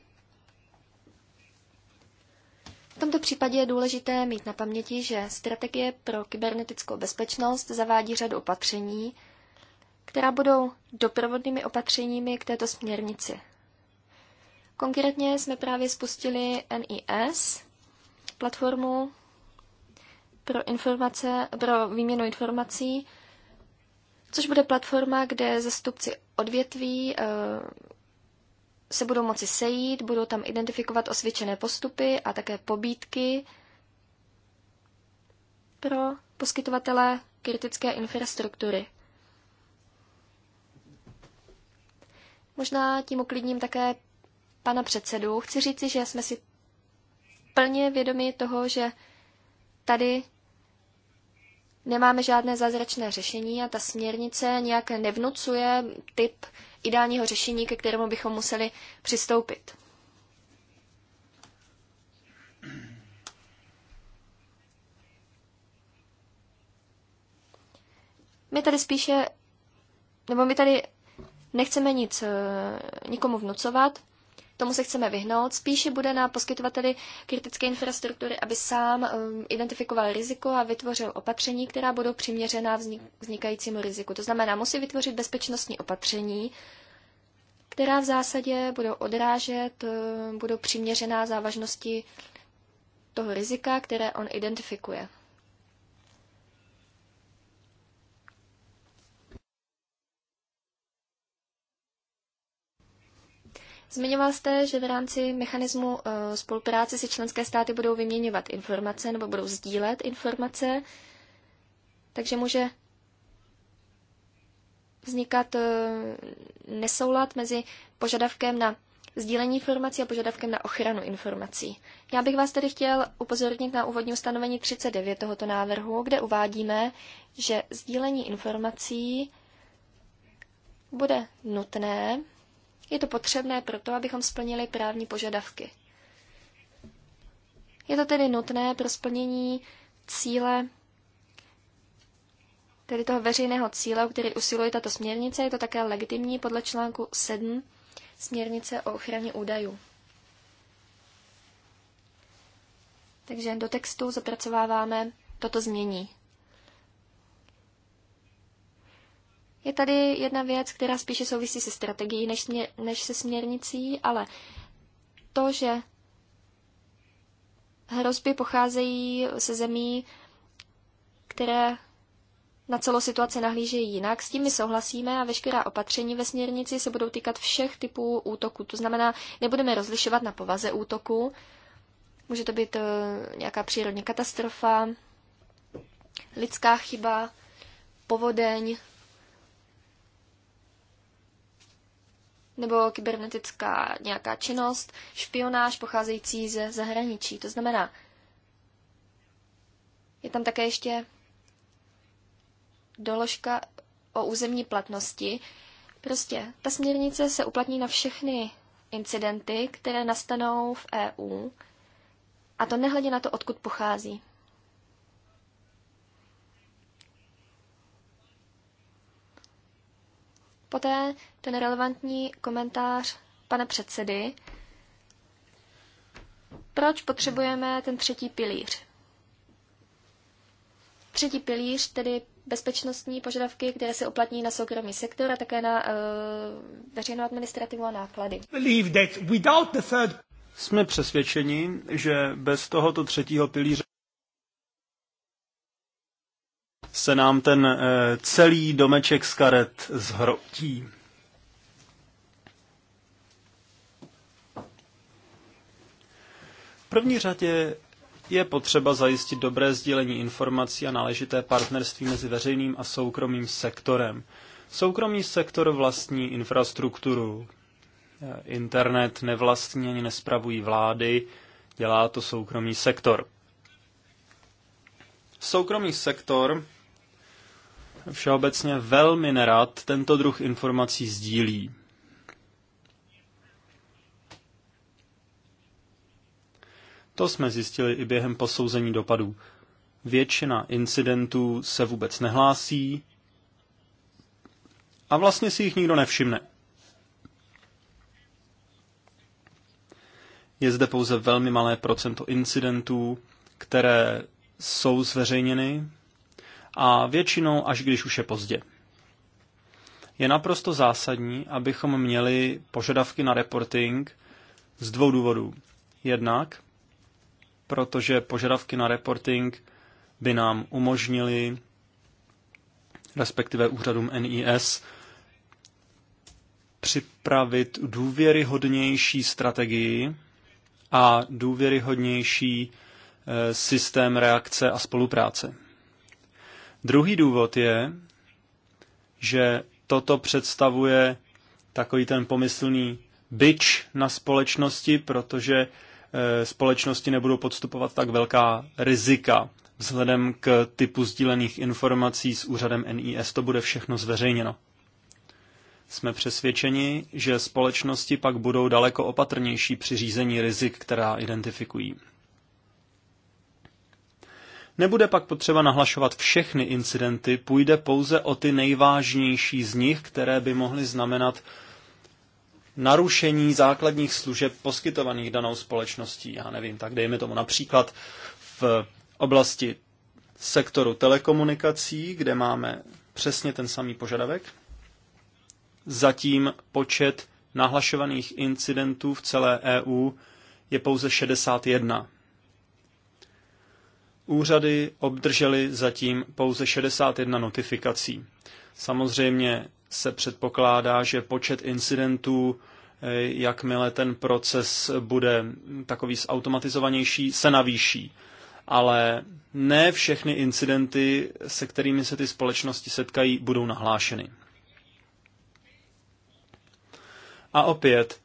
V tomto případě je důležité mít na paměti, že strategie pro kybernetickou bezpečnost zavádí řadu opatření, která budou doprovodnými opatřeními k této směrnici. Konkrétně jsme právě spustili NIS, platformu pro, informace, pro výměnu informací, což bude platforma, kde zastupci odvětví eh, se budou moci sejít, budou tam identifikovat osvědčené postupy a také pobídky pro poskytovatele kritické infrastruktury. Možná tím uklidním také pana předsedu. Chci říci, že jsme si plně vědomi toho, že tady nemáme žádné zázračné řešení a ta směrnice nějak nevnucuje typ ideálního řešení, ke kterému bychom museli přistoupit. My tady spíše, nebo my tady nechceme nic eh, nikomu vnucovat, Tomu se chceme vyhnout. Spíše bude na poskytovateli kritické infrastruktury, aby sám um, identifikoval riziko a vytvořil opatření, která budou přiměřená vznik- vznikajícímu riziku. To znamená, musí vytvořit bezpečnostní opatření, která v zásadě budou odrážet, uh, budou přiměřená závažnosti toho rizika, které on identifikuje. Zmiňoval jste, že v rámci mechanismu eh, spolupráce si členské státy budou vyměňovat informace nebo budou sdílet informace, takže může vznikat eh, nesoulad mezi požadavkem na sdílení informací a požadavkem na ochranu informací. Já bych vás tedy chtěl upozornit na úvodní ustanovení 39 tohoto návrhu, kde uvádíme, že sdílení informací bude nutné je to potřebné proto, abychom splnili právní požadavky. Je to tedy nutné pro splnění cíle, tedy toho veřejného cíle, o který usiluje tato směrnice, je to také legitimní podle článku 7 směrnice o ochraně údajů. Takže do textu zapracováváme toto změní. Je tady jedna věc, která spíše souvisí se strategií než, směr, než se směrnicí, ale to, že hrozby pocházejí ze zemí, které na celou situaci nahlížejí jinak. S tím my souhlasíme a veškerá opatření ve směrnici se budou týkat všech typů útoků. To znamená, nebudeme rozlišovat na povaze útoku. Může to být eh, nějaká přírodní katastrofa, lidská chyba, povodeň, nebo kybernetická nějaká činnost, špionáž pocházející ze zahraničí. To znamená, je tam také ještě doložka o územní platnosti. Prostě ta směrnice se uplatní na všechny incidenty, které nastanou v EU, a to nehledě na to, odkud pochází. Poté ten relevantní komentář pana předsedy. Proč potřebujeme ten třetí pilíř? Třetí pilíř, tedy bezpečnostní požadavky, které se uplatní na soukromý sektor a také na uh, veřejnou administrativu a náklady. Jsme přesvědčeni, že bez tohoto třetího pilíře se nám ten eh, celý domeček z karet zhroutí. V první řadě je potřeba zajistit dobré sdílení informací a náležité partnerství mezi veřejným a soukromým sektorem. Soukromý sektor vlastní infrastrukturu. Eh, internet nevlastní ani nespravují vlády, dělá to soukromý sektor. Soukromý sektor všeobecně velmi nerad tento druh informací sdílí. To jsme zjistili i během posouzení dopadů. Většina incidentů se vůbec nehlásí a vlastně si jich nikdo nevšimne. Je zde pouze velmi malé procento incidentů, které jsou zveřejněny a většinou až když už je pozdě. Je naprosto zásadní, abychom měli požadavky na reporting z dvou důvodů. Jednak, protože požadavky na reporting by nám umožnili, respektive úřadům NIS, připravit důvěryhodnější strategii a důvěryhodnější eh, systém reakce a spolupráce. Druhý důvod je, že toto představuje takový ten pomyslný byč na společnosti, protože e, společnosti nebudou podstupovat tak velká rizika vzhledem k typu sdílených informací s úřadem NIS. To bude všechno zveřejněno. Jsme přesvědčeni, že společnosti pak budou daleko opatrnější při řízení rizik, která identifikují. Nebude pak potřeba nahlašovat všechny incidenty, půjde pouze o ty nejvážnější z nich, které by mohly znamenat narušení základních služeb poskytovaných danou společností. Já nevím, tak dejme tomu například v oblasti sektoru telekomunikací, kde máme přesně ten samý požadavek. Zatím počet nahlašovaných incidentů v celé EU je pouze 61. Úřady obdržely zatím pouze 61 notifikací. Samozřejmě se předpokládá, že počet incidentů, eh, jakmile ten proces bude takový zautomatizovanější, se navýší. Ale ne všechny incidenty, se kterými se ty společnosti setkají, budou nahlášeny. A opět,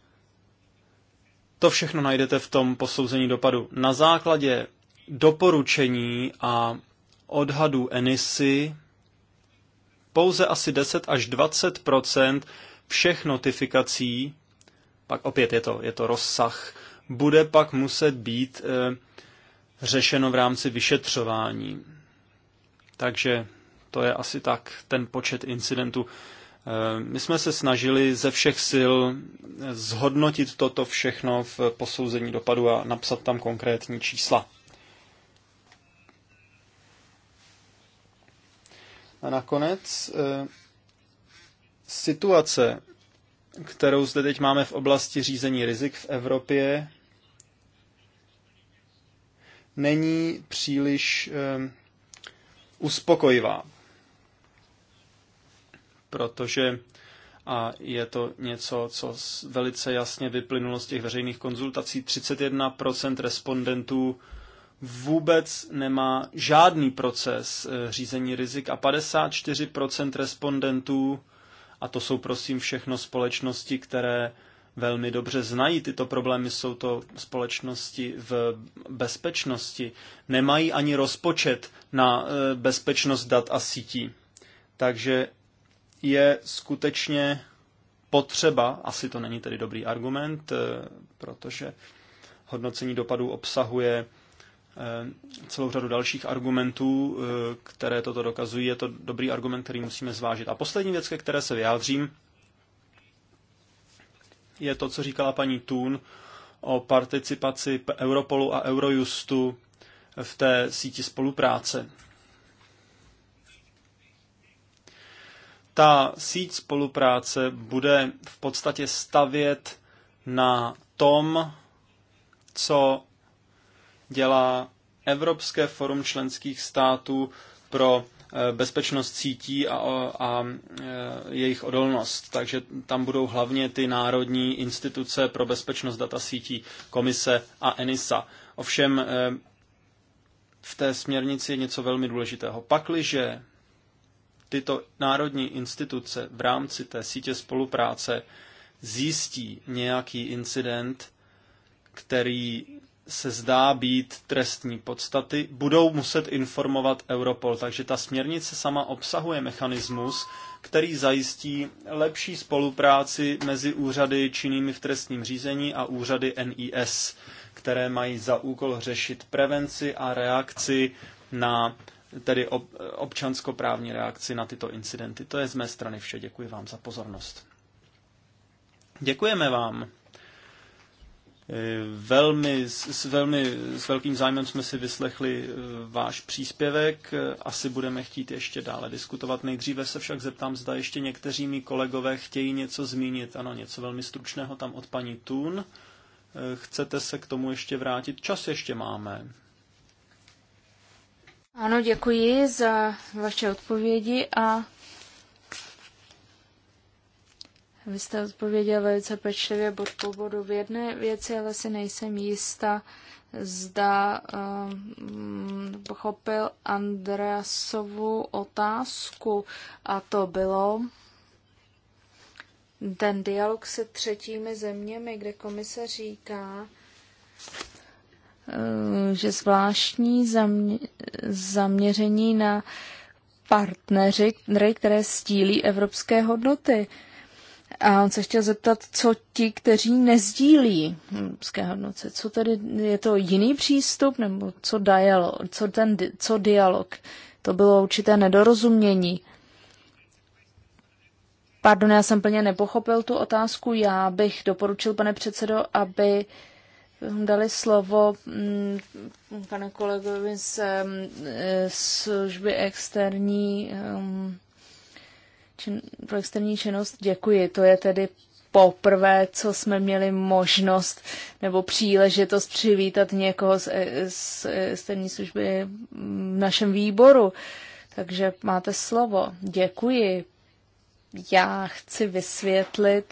to všechno najdete v tom posouzení dopadu. Na základě doporučení a odhadů ENISY pouze asi 10 až 20 všech notifikací, pak opět je to, je to rozsah, bude pak muset být e, řešeno v rámci vyšetřování. Takže to je asi tak ten počet incidentů. Eh, my jsme se snažili ze všech sil eh, zhodnotit toto všechno v posouzení dopadu a napsat tam konkrétní čísla. A nakonec eh, situace, kterou zde teď máme v oblasti řízení rizik v Evropě, není příliš eh, uspokojivá. Protože a je to něco, co velice jasně vyplynulo z těch veřejných konzultací. 31% respondentů vůbec nemá žádný proces eh, řízení rizik a 54% respondentů, a to jsou prosím všechno společnosti, které velmi dobře znají tyto problémy, jsou to společnosti v bezpečnosti, nemají ani rozpočet na eh, bezpečnost dat a sítí. Takže je skutečně potřeba, asi to není tedy dobrý argument, eh, protože hodnocení dopadů obsahuje Eh, celou řadu dalších argumentů, eh, které toto dokazují. Je to dobrý argument, který musíme zvážit. A poslední věc, ke které se vyjádřím, je to, co říkala paní Thun o participaci Europolu a Eurojustu v té síti spolupráce. Ta síť spolupráce bude v podstatě stavět na tom, co dělá Evropské forum členských států pro eh, bezpečnost sítí a, a eh, jejich odolnost. Takže tam budou hlavně ty národní instituce pro bezpečnost data sítí, komise a ENISA. Ovšem eh, v té směrnici je něco velmi důležitého. Pakliže tyto národní instituce v rámci té sítě spolupráce zjistí nějaký incident, který se zdá být trestní podstaty, budou muset informovat Europol. Takže ta směrnice sama obsahuje mechanismus, který zajistí lepší spolupráci mezi úřady činnými v trestním řízení a úřady NIS, které mají za úkol řešit prevenci a reakci na tedy občanskoprávní reakci na tyto incidenty. To je z mé strany vše. Děkuji vám za pozornost. Děkujeme vám. Velmi s, velmi, s velkým zájmem jsme si vyslechli eh, váš příspěvek. Asi budeme chtít ještě dále diskutovat. Nejdříve se však zeptám, zda ještě někteří mý kolegové chtějí něco zmínit. Ano, něco velmi stručného tam od paní Tun. Eh, chcete se k tomu ještě vrátit? Čas ještě máme. Ano, děkuji za vaše odpovědi a Vy jste odpověděl velice pečlivě bod po bodu v jedné věci, ale si nejsem jista, zda uh, pochopil Andreasovu otázku a to bylo ten dialog se třetími zeměmi, kde komise říká, ehm, že zvláštní zamě- zaměření na partneři, které stílí evropské hodnoty. Uh, a on se chtěl zeptat, co ti, kteří nezdílí evropské hodnoty, co tedy je to jiný přístup, nebo co, dialog, co, ten, co dialog? To bylo určité nedorozumění. Pardon, já jsem plně nepochopil tu otázku. Já bych doporučil, pane předsedo, aby dali slovo mm, pane kolegovi z mm, eh, služby externí um, čin, pro externí činnost děkuji. To je tedy poprvé, co jsme měli možnost nebo příležitost přivítat někoho z, z externí služby v našem výboru. Takže máte slovo. Děkuji. Já chci vysvětlit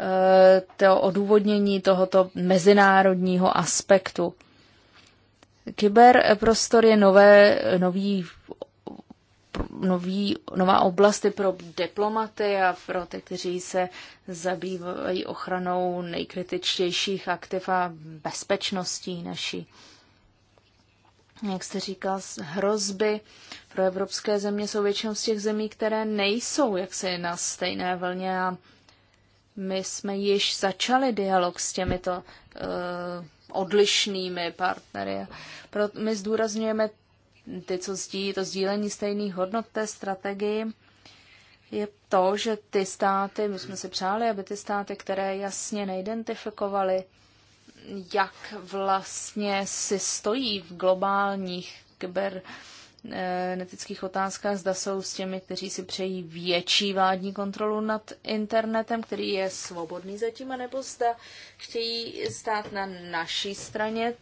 eh, to odůvodnění tohoto mezinárodního aspektu. Kyberprostor je nové, nový nový, nová oblasti pro diplomaty a pro ty, kteří se zabývají ochranou nejkritičtějších aktiv a bezpečností naší. Jak jste říkal, hrozby pro evropské země jsou většinou z těch zemí, které nejsou jaksi na stejné vlně a my jsme již začali dialog s těmito uh, odlišnými partnery. Pro, my zdůrazňujeme ty, co sdílí to sdílení stejných hodnot té strategii, je to, že ty státy, my jsme si přáli, aby ty státy, které jasně neidentifikovaly, jak vlastně si stojí v globálních kyber eh, netických otázkách, zda jsou s těmi, kteří si přejí větší vládní kontrolu nad internetem, který je svobodný zatím, anebo zda chtějí stát na naší straně,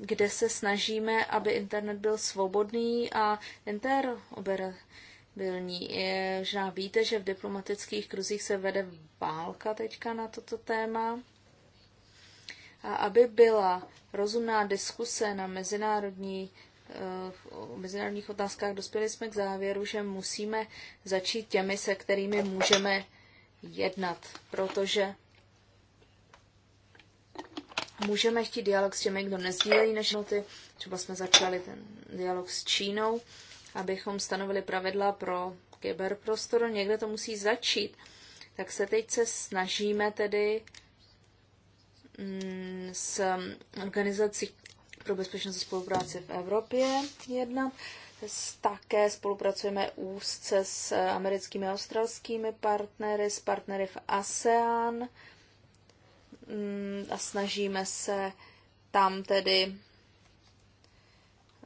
kde se snažíme, aby internet byl svobodný a interoperabilní. Možná víte, že v diplomatických kruzích se vede válka teďka na toto téma. A aby byla rozumná diskuse na mezinárodní eh, v mezinárodních otázkách dospěli jsme k závěru, že musíme začít těmi, se kterými můžeme jednat, protože Můžeme chtít dialog s těmi, kdo nezdílejí naše hodnoty. Třeba jsme začali ten dialog s Čínou, abychom stanovili pravidla pro kyberprostor. Někde to musí začít. Tak se teď se snažíme tedy mm, s organizací pro bezpečnost a spolupráci v Evropě jednat. Také spolupracujeme úzce s americkými a australskými partnery, s partnery v ASEAN Mm, a snažíme se tam tedy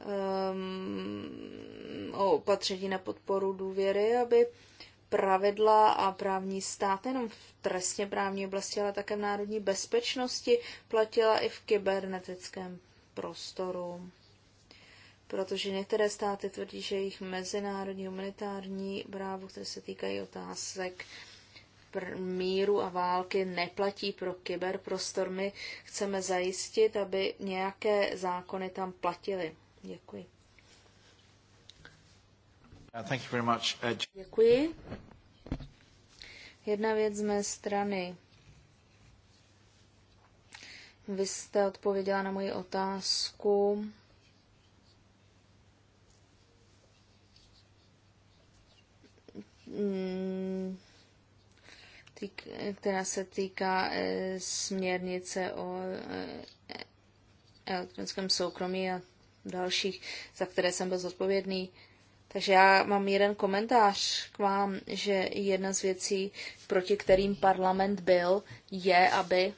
um, o opatření na podporu důvěry, aby pravidla a právní stát nejenom v trestně právní oblasti, ale také v národní bezpečnosti platila i v kybernetickém prostoru. Protože některé státy tvrdí, že jejich mezinárodní humanitární právo, které se týkají otázek míru a války neplatí pro kyberprostor. My chceme zajistit, aby nějaké zákony tam platily. Děkuji. Uh, thank you very much. Uh, Děkuji. Jedna věc z mé strany. Vy jste odpověděla na moji otázku. Hmm týk, která se týká e, směrnice o e, elektronickém soukromí a dalších, za které jsem byl zodpovědný. Takže já mám jeden komentář k vám, že jedna z věcí, proti kterým parlament byl, je, aby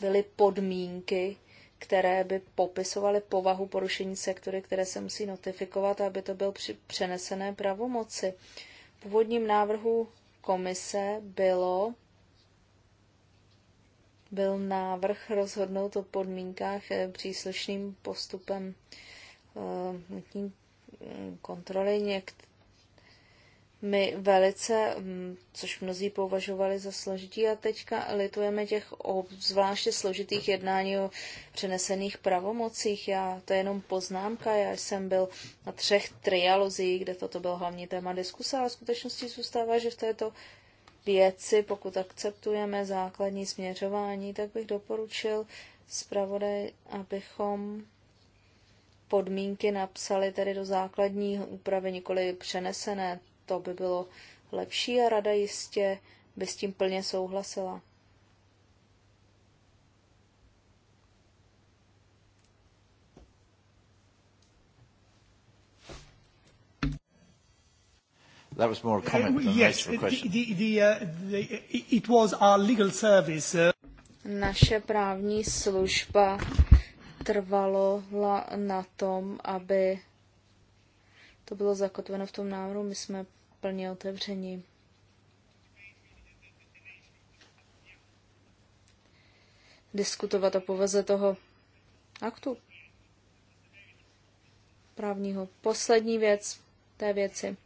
byly podmínky, které by popisovaly povahu porušení sektory, které se musí notifikovat, aby to byl přenesené pravomoci. V původním návrhu komise bylo, byl návrh rozhodnout o podmínkách eh, příslušným postupem eh, kontroly. Něk- my velice, mm, což mnozí považovali za složitý, a teďka litujeme těch zvláště složitých jednání o přenesených pravomocích. Já, to je jenom poznámka, já jsem byl na třech trialozích, kde toto byl hlavní téma diskuse, ale skutečností zůstává, že v této věci, pokud akceptujeme základní směřování, tak bych doporučil zpravodaj, abychom podmínky napsali tedy do základní úpravy, nikoli přenesené to by bylo lepší a rada jistě by s tím plně souhlasila. That was more a comment than yes, a question. The, the, uh, the, it was our legal service. Uh... Naše právní služba trvalo na tom, aby to bylo zakotveno v tom návrhu, my jsme plně otevřeni. Diskutovat o povaze toho aktu právního. Poslední věc té věci.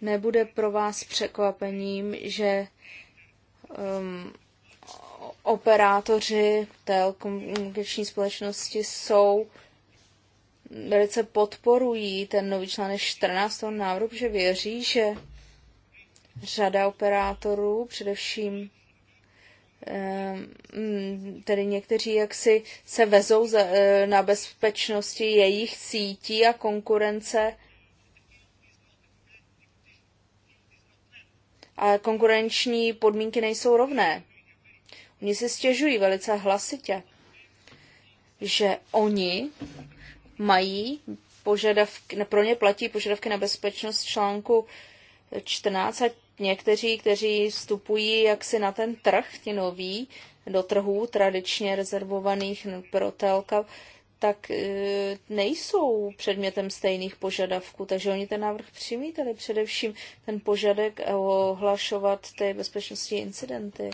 Nebude pro vás překvapením, že um, operátoři telekomunikační společnosti jsou velice podporují ten nový článek 14 návrhu, že věří, že řada operátorů, především ehm, mm, tedy někteří jaksi se vezou e, na bezpečnosti jejich sítí a konkurence a konkurenční podmínky nejsou rovné. Oni se stěžují velice hlasitě, že oni mají požadavky, pro ně platí požadavky na bezpečnost článku 14 a někteří, kteří vstupují jaksi na ten trh, ti noví, do trhů tradičně rezervovaných pro telka, tak e, nejsou předmětem stejných požadavků, takže oni ten návrh přimítali, především ten požadek ohlašovat ty bezpečnostní incidenty.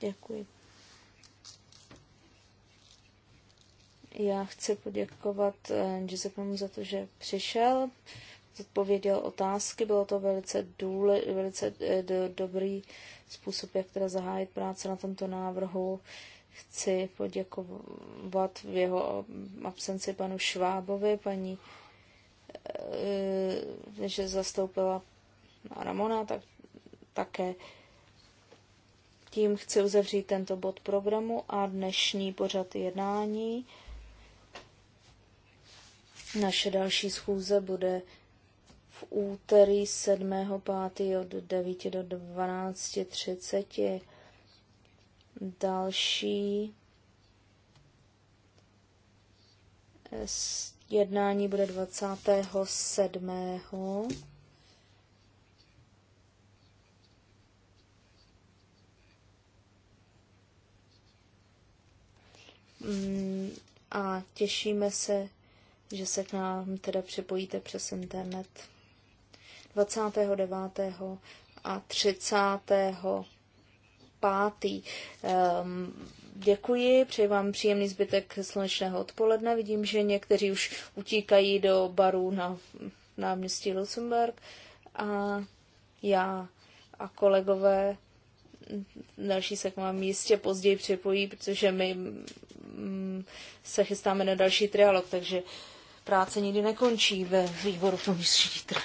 Děkuji. Já chci poděkovat eh, Giuseppemu za to, že přišel, zodpověděl otázky. Bylo to velice, důle, velice eh, do, dobrý způsob, jak teda zahájit práce na tomto návrhu. Chci poděkovat v jeho absenci panu Švábovi, paní, eh, že zastoupila Ramona, tak také tím chci uzavřít tento bod programu a dnešní pořad jednání. Naše další schůze bude v úterý 7.5. od 9 do 12.30. Další eh, jednání bude 27. Mm, a těšíme se že se k nám teda připojíte přes internet 29. a 30. 5. Um, děkuji, přeji vám příjemný zbytek slunečného odpoledne. Vidím, že někteří už utíkají do barů na náměstí Luxemburg a já a kolegové další se k vám jistě později připojí, protože my mm, se chystáme na další trialog, takže práce nikdy nekončí ve výboru pro vnitřní trh.